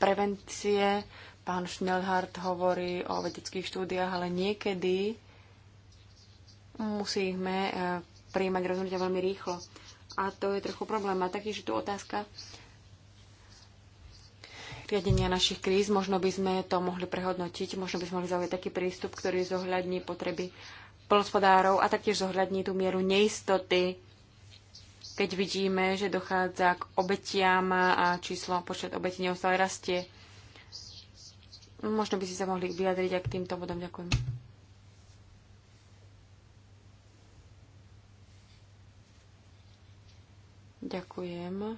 prevencie. Pán Schnellhardt hovorí o vedeckých štúdiách, ale niekedy musíme príjmať rozhodnutia veľmi rýchlo a to je trochu problém. A taktiež je tu otázka riadenia našich kríz. Možno by sme to mohli prehodnotiť, možno by sme mohli zaujať taký prístup, ktorý zohľadní potreby polospodárov a taktiež zohľadní tú mieru neistoty, keď vidíme, že dochádza k obetiam a číslo, počet obetí neustále rastie. Možno by si sa mohli vyjadriť aj k týmto bodom. Ďakujem. Ďakujem.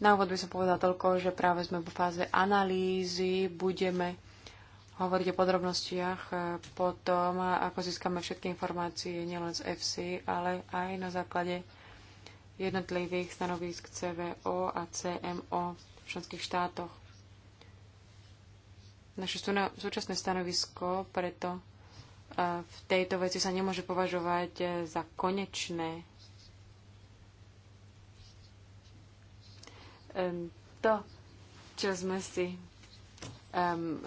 Na úvod by som povedala toľko, že práve sme v fáze analýzy, budeme hovoriť o podrobnostiach e, po tom, ako získame všetky informácie nielen z FC, ale aj na základe jednotlivých stanovisk CVO a CMO v členských štátoch. Naše súčasné stanovisko preto v tejto veci sa nemôže považovať e, za konečné. To, čo sme si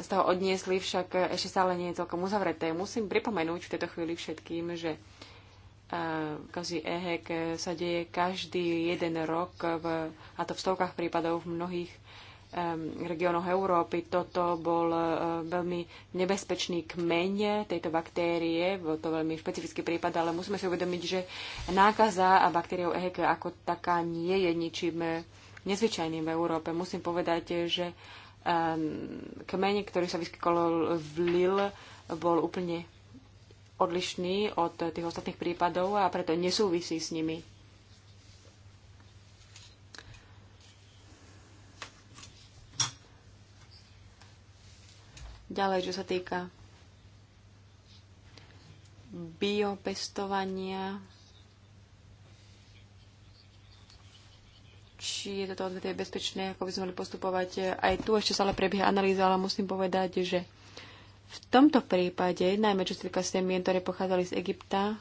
z toho odniesli, však ešte stále nie je celkom uzavreté. Musím pripomenúť v tejto chvíli všetkým, že e, kozí EHek sa deje každý jeden rok, v, a to v stovkách prípadov v mnohých Um, regiónoch Európy. Toto bol uh, veľmi nebezpečný kmeň tejto baktérie, bol to veľmi špecifický prípad, ale musíme si uvedomiť, že nákaza a baktériou EHEC ako taká nie je ničím uh, nezvyčajným v Európe. Musím povedať, že um, kmeň, ktorý sa vyskytol v Lille, bol úplne odlišný od tých ostatných prípadov a preto nesúvisí s nimi Ďalej, čo sa týka biopestovania, či je toto odvetie bezpečné, ako by sme mali postupovať. Aj tu ešte stále prebieha analýza, ale musím povedať, že v tomto prípade, najmä čo sa týka semien, ktoré pochádzali z Egypta,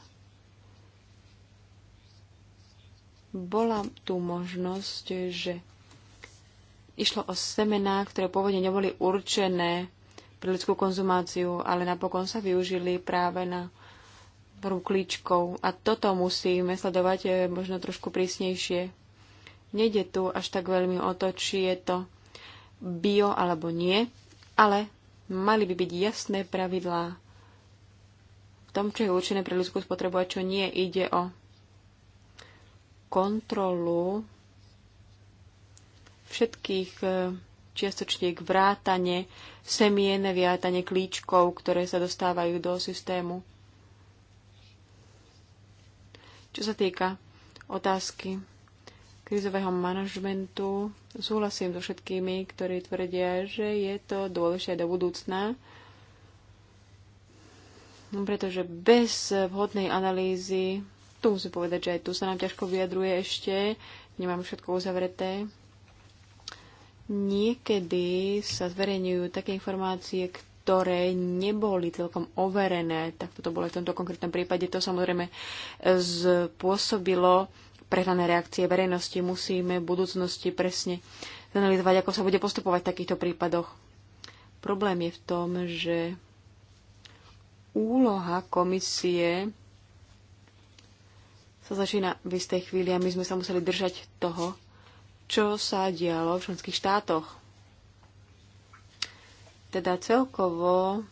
bola tu možnosť, že išlo o semená, ktoré pôvodne neboli určené pre ľudskú konzumáciu, ale napokon sa využili práve na rúkličkov. A toto musíme sledovať e, možno trošku prísnejšie. Nejde tu až tak veľmi o to, či je to bio alebo nie, ale mali by byť jasné pravidlá v tom, čo je určené pre ľudskú spotrebu a čo nie. Ide o kontrolu všetkých e, čiastočne k vrátane semien, vrátane klíčkov, ktoré sa dostávajú do systému. Čo sa týka otázky krizového manažmentu, súhlasím so všetkými, ktorí tvrdia, že je to dôležité do budúcna, pretože bez vhodnej analýzy, tu musím povedať, že aj tu sa nám ťažko vyjadruje ešte, nemám všetko uzavreté, Niekedy sa zverejňujú také informácie, ktoré neboli celkom overené, tak to bolo v tomto konkrétnom prípade. To samozrejme spôsobilo prehnané reakcie verejnosti. Musíme v budúcnosti presne zanalizovať, ako sa bude postupovať v takýchto prípadoch. Problém je v tom, že úloha komisie sa začína v istej chvíli a my sme sa museli držať toho, čo sa dialo v členských štátoch. Teda celkovo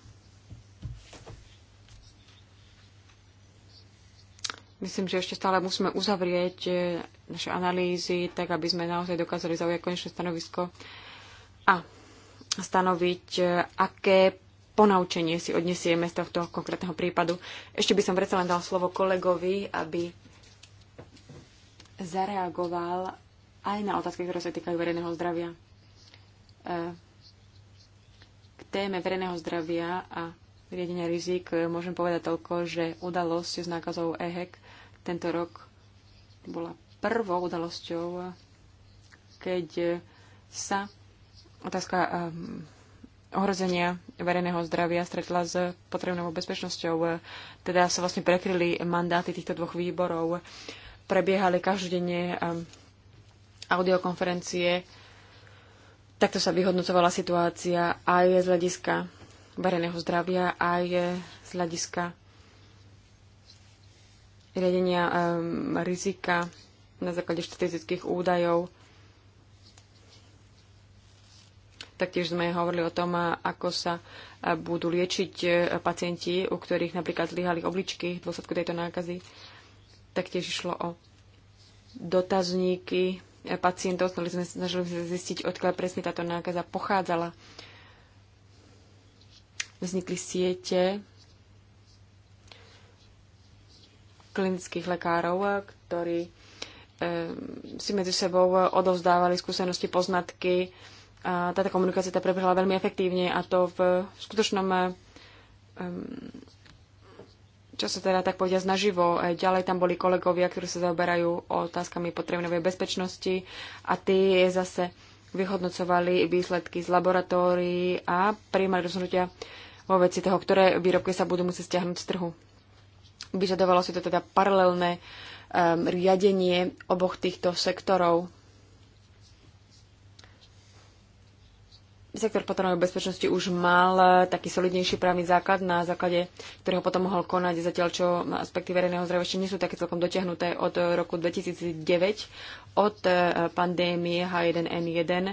myslím, že ešte stále musíme uzavrieť eh, naše analýzy, tak aby sme naozaj dokázali zaujať konečné stanovisko a stanoviť, eh, aké ponaučenie si odniesieme z tohto konkrétneho prípadu. Ešte by som predsa len dal slovo kolegovi, aby zareagoval aj na otázky, ktoré sa týkajú verejného zdravia. E, k téme verejného zdravia a riadenia rizik môžem povedať toľko, že udalosť s nákazou EHEC tento rok bola prvou udalosťou, keď sa otázka ehm, ohrozenia verejného zdravia stretla s potrebnou bezpečnosťou. Teda sa vlastne prekryli mandáty týchto dvoch výborov. Prebiehali každodenne ehm, audiokonferencie. Takto sa vyhodnocovala situácia aj z hľadiska verejného zdravia, aj z hľadiska riadenia um, rizika na základe štatistických údajov. Taktiež sme hovorili o tom, ako sa e, budú liečiť e, pacienti, u ktorých napríklad zlyhali obličky v dôsledku tejto nákazy. Taktiež išlo o dotazníky pacientov. Snažili sme, snažili zistiť, odkiaľ presne táto nákaza pochádzala. Vznikli siete klinických lekárov, ktorí si medzi sebou odovzdávali skúsenosti, poznatky. A táto komunikácia tá prebehla veľmi efektívne a to v skutočnom čo sa teda tak povedia naživo. Ďalej tam boli kolegovia, ktorí sa zaoberajú otázkami potrebnej bezpečnosti a tí zase vyhodnocovali výsledky z laboratórií a prijímali rozhodnutia vo veci toho, ktoré výrobky sa budú musieť stiahnuť z trhu. Vyžadovalo si to teda paralelné um, riadenie oboch týchto sektorov. sektor potravinovej bezpečnosti už mal eh, taký solidnejší právny základ, na základe ktorého potom mohol konať, zatiaľ čo aspekty verejného zdravia ešte nie sú také celkom dotiahnuté od eh, roku 2009, od eh, pandémie H1N1.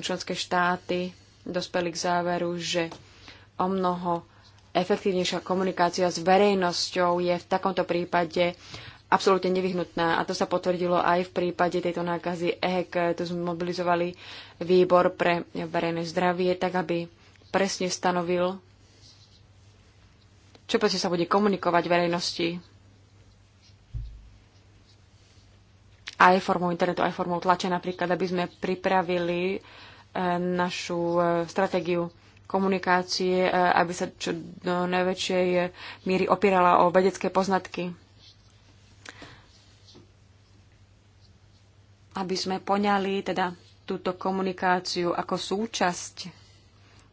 Členské štáty dospeli k záveru, že o mnoho efektívnejšia komunikácia s verejnosťou je v takomto prípade absolútne nevyhnutná. A to sa potvrdilo aj v prípade tejto nákazy EHEC. Tu sme mobilizovali výbor pre verejné zdravie, tak aby presne stanovil, čo presne sa bude komunikovať verejnosti. Aj formou internetu, aj formou tlače napríklad, aby sme pripravili e, našu e, stratégiu komunikácie, e, aby sa čo do najväčšej miery opierala o vedecké poznatky. aby sme poňali teda túto komunikáciu ako súčasť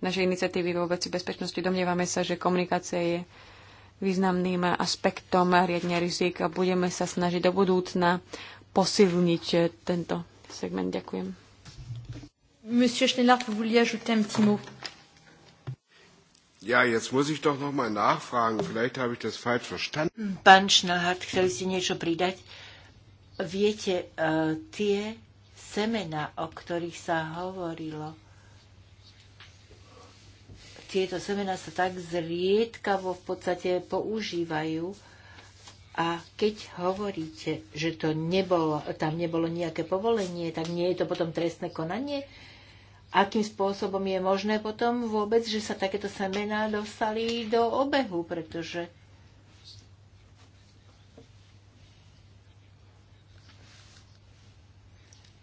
našej iniciatívy vo veci bezpečnosti. Domnievame sa, že komunikácia je významným aspektom riadne rizik a budeme sa snažiť do budúcna posilniť tento segment. Ďakujem. Monsieur Schneller, vous vouliez ajouter un petit mot? Ja, jetzt muss ich doch noch mal nachfragen. Vielleicht habe ich das falsch verstanden. Pán Schneller, chceli si niečo pridať? Uh, Viete, e, tie semena, o ktorých sa hovorilo, tieto semena sa tak zriedkavo v podstate používajú. A keď hovoríte, že to nebolo, tam nebolo nejaké povolenie, tak nie je to potom trestné konanie? Akým spôsobom je možné potom vôbec, že sa takéto semená dostali do obehu? Pretože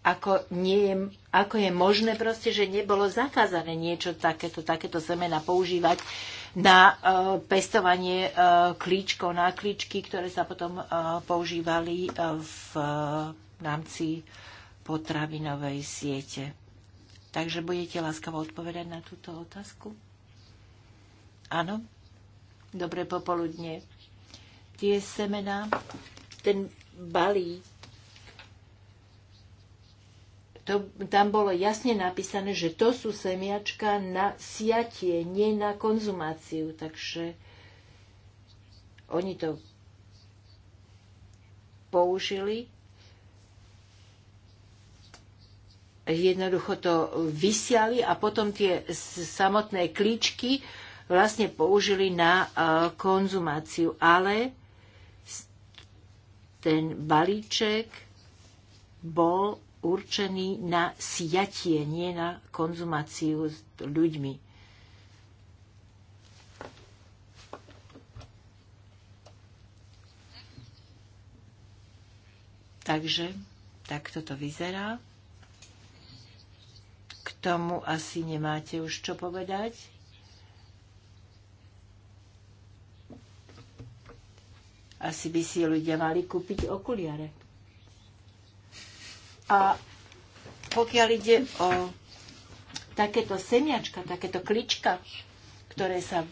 ako, nie je, ako je možné proste, že nebolo zakázané niečo takéto, takéto semena používať na uh, pestovanie uh, e, klíčkov, na klíčky, ktoré sa potom uh, používali uh, v uh, rámci potravinovej siete. Takže budete láskavo odpovedať na túto otázku? Áno? Dobre popoludne. Tie semena, ten balík to, tam bolo jasne napísané, že to sú semiačka na siatie, nie na konzumáciu. Takže oni to použili. Jednoducho to vysiali a potom tie samotné klíčky vlastne použili na e, konzumáciu. Ale ten balíček bol určený na siatie, nie na konzumáciu s ľuďmi. Takže tak toto vyzerá. K tomu asi nemáte už čo povedať. Asi by si ľudia mali kúpiť okuliare. A pokiaľ ide o takéto semiačka, takéto klička, ktoré sa,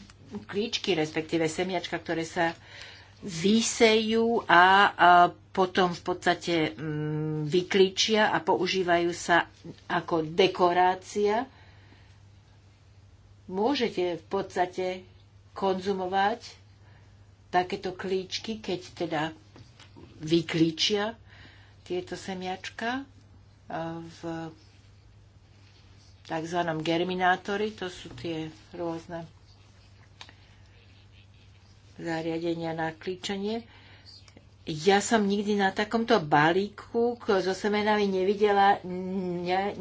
klíčky respektíve semiačka, ktoré sa vysejú a, a potom v podstate mm, vyklíčia a používajú sa ako dekorácia. Môžete v podstate konzumovať takéto klíčky, keď teda vyklíčia tieto semiačka e, v tzv. germinátori, to sú tie rôzne zariadenia na klíčenie. Ja som nikdy na takomto balíku so semenami nevidela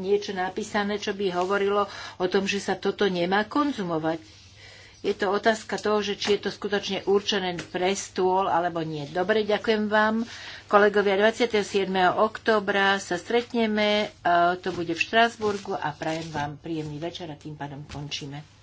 niečo napísané, čo by hovorilo o tom, že sa toto nemá konzumovať je to otázka toho, že či je to skutočne určené pre stôl alebo nie. Dobre, ďakujem vám. Kolegovia, 27. oktobra sa stretneme, e, to bude v Štrásburgu a prajem vám príjemný večer a tým pádom končíme.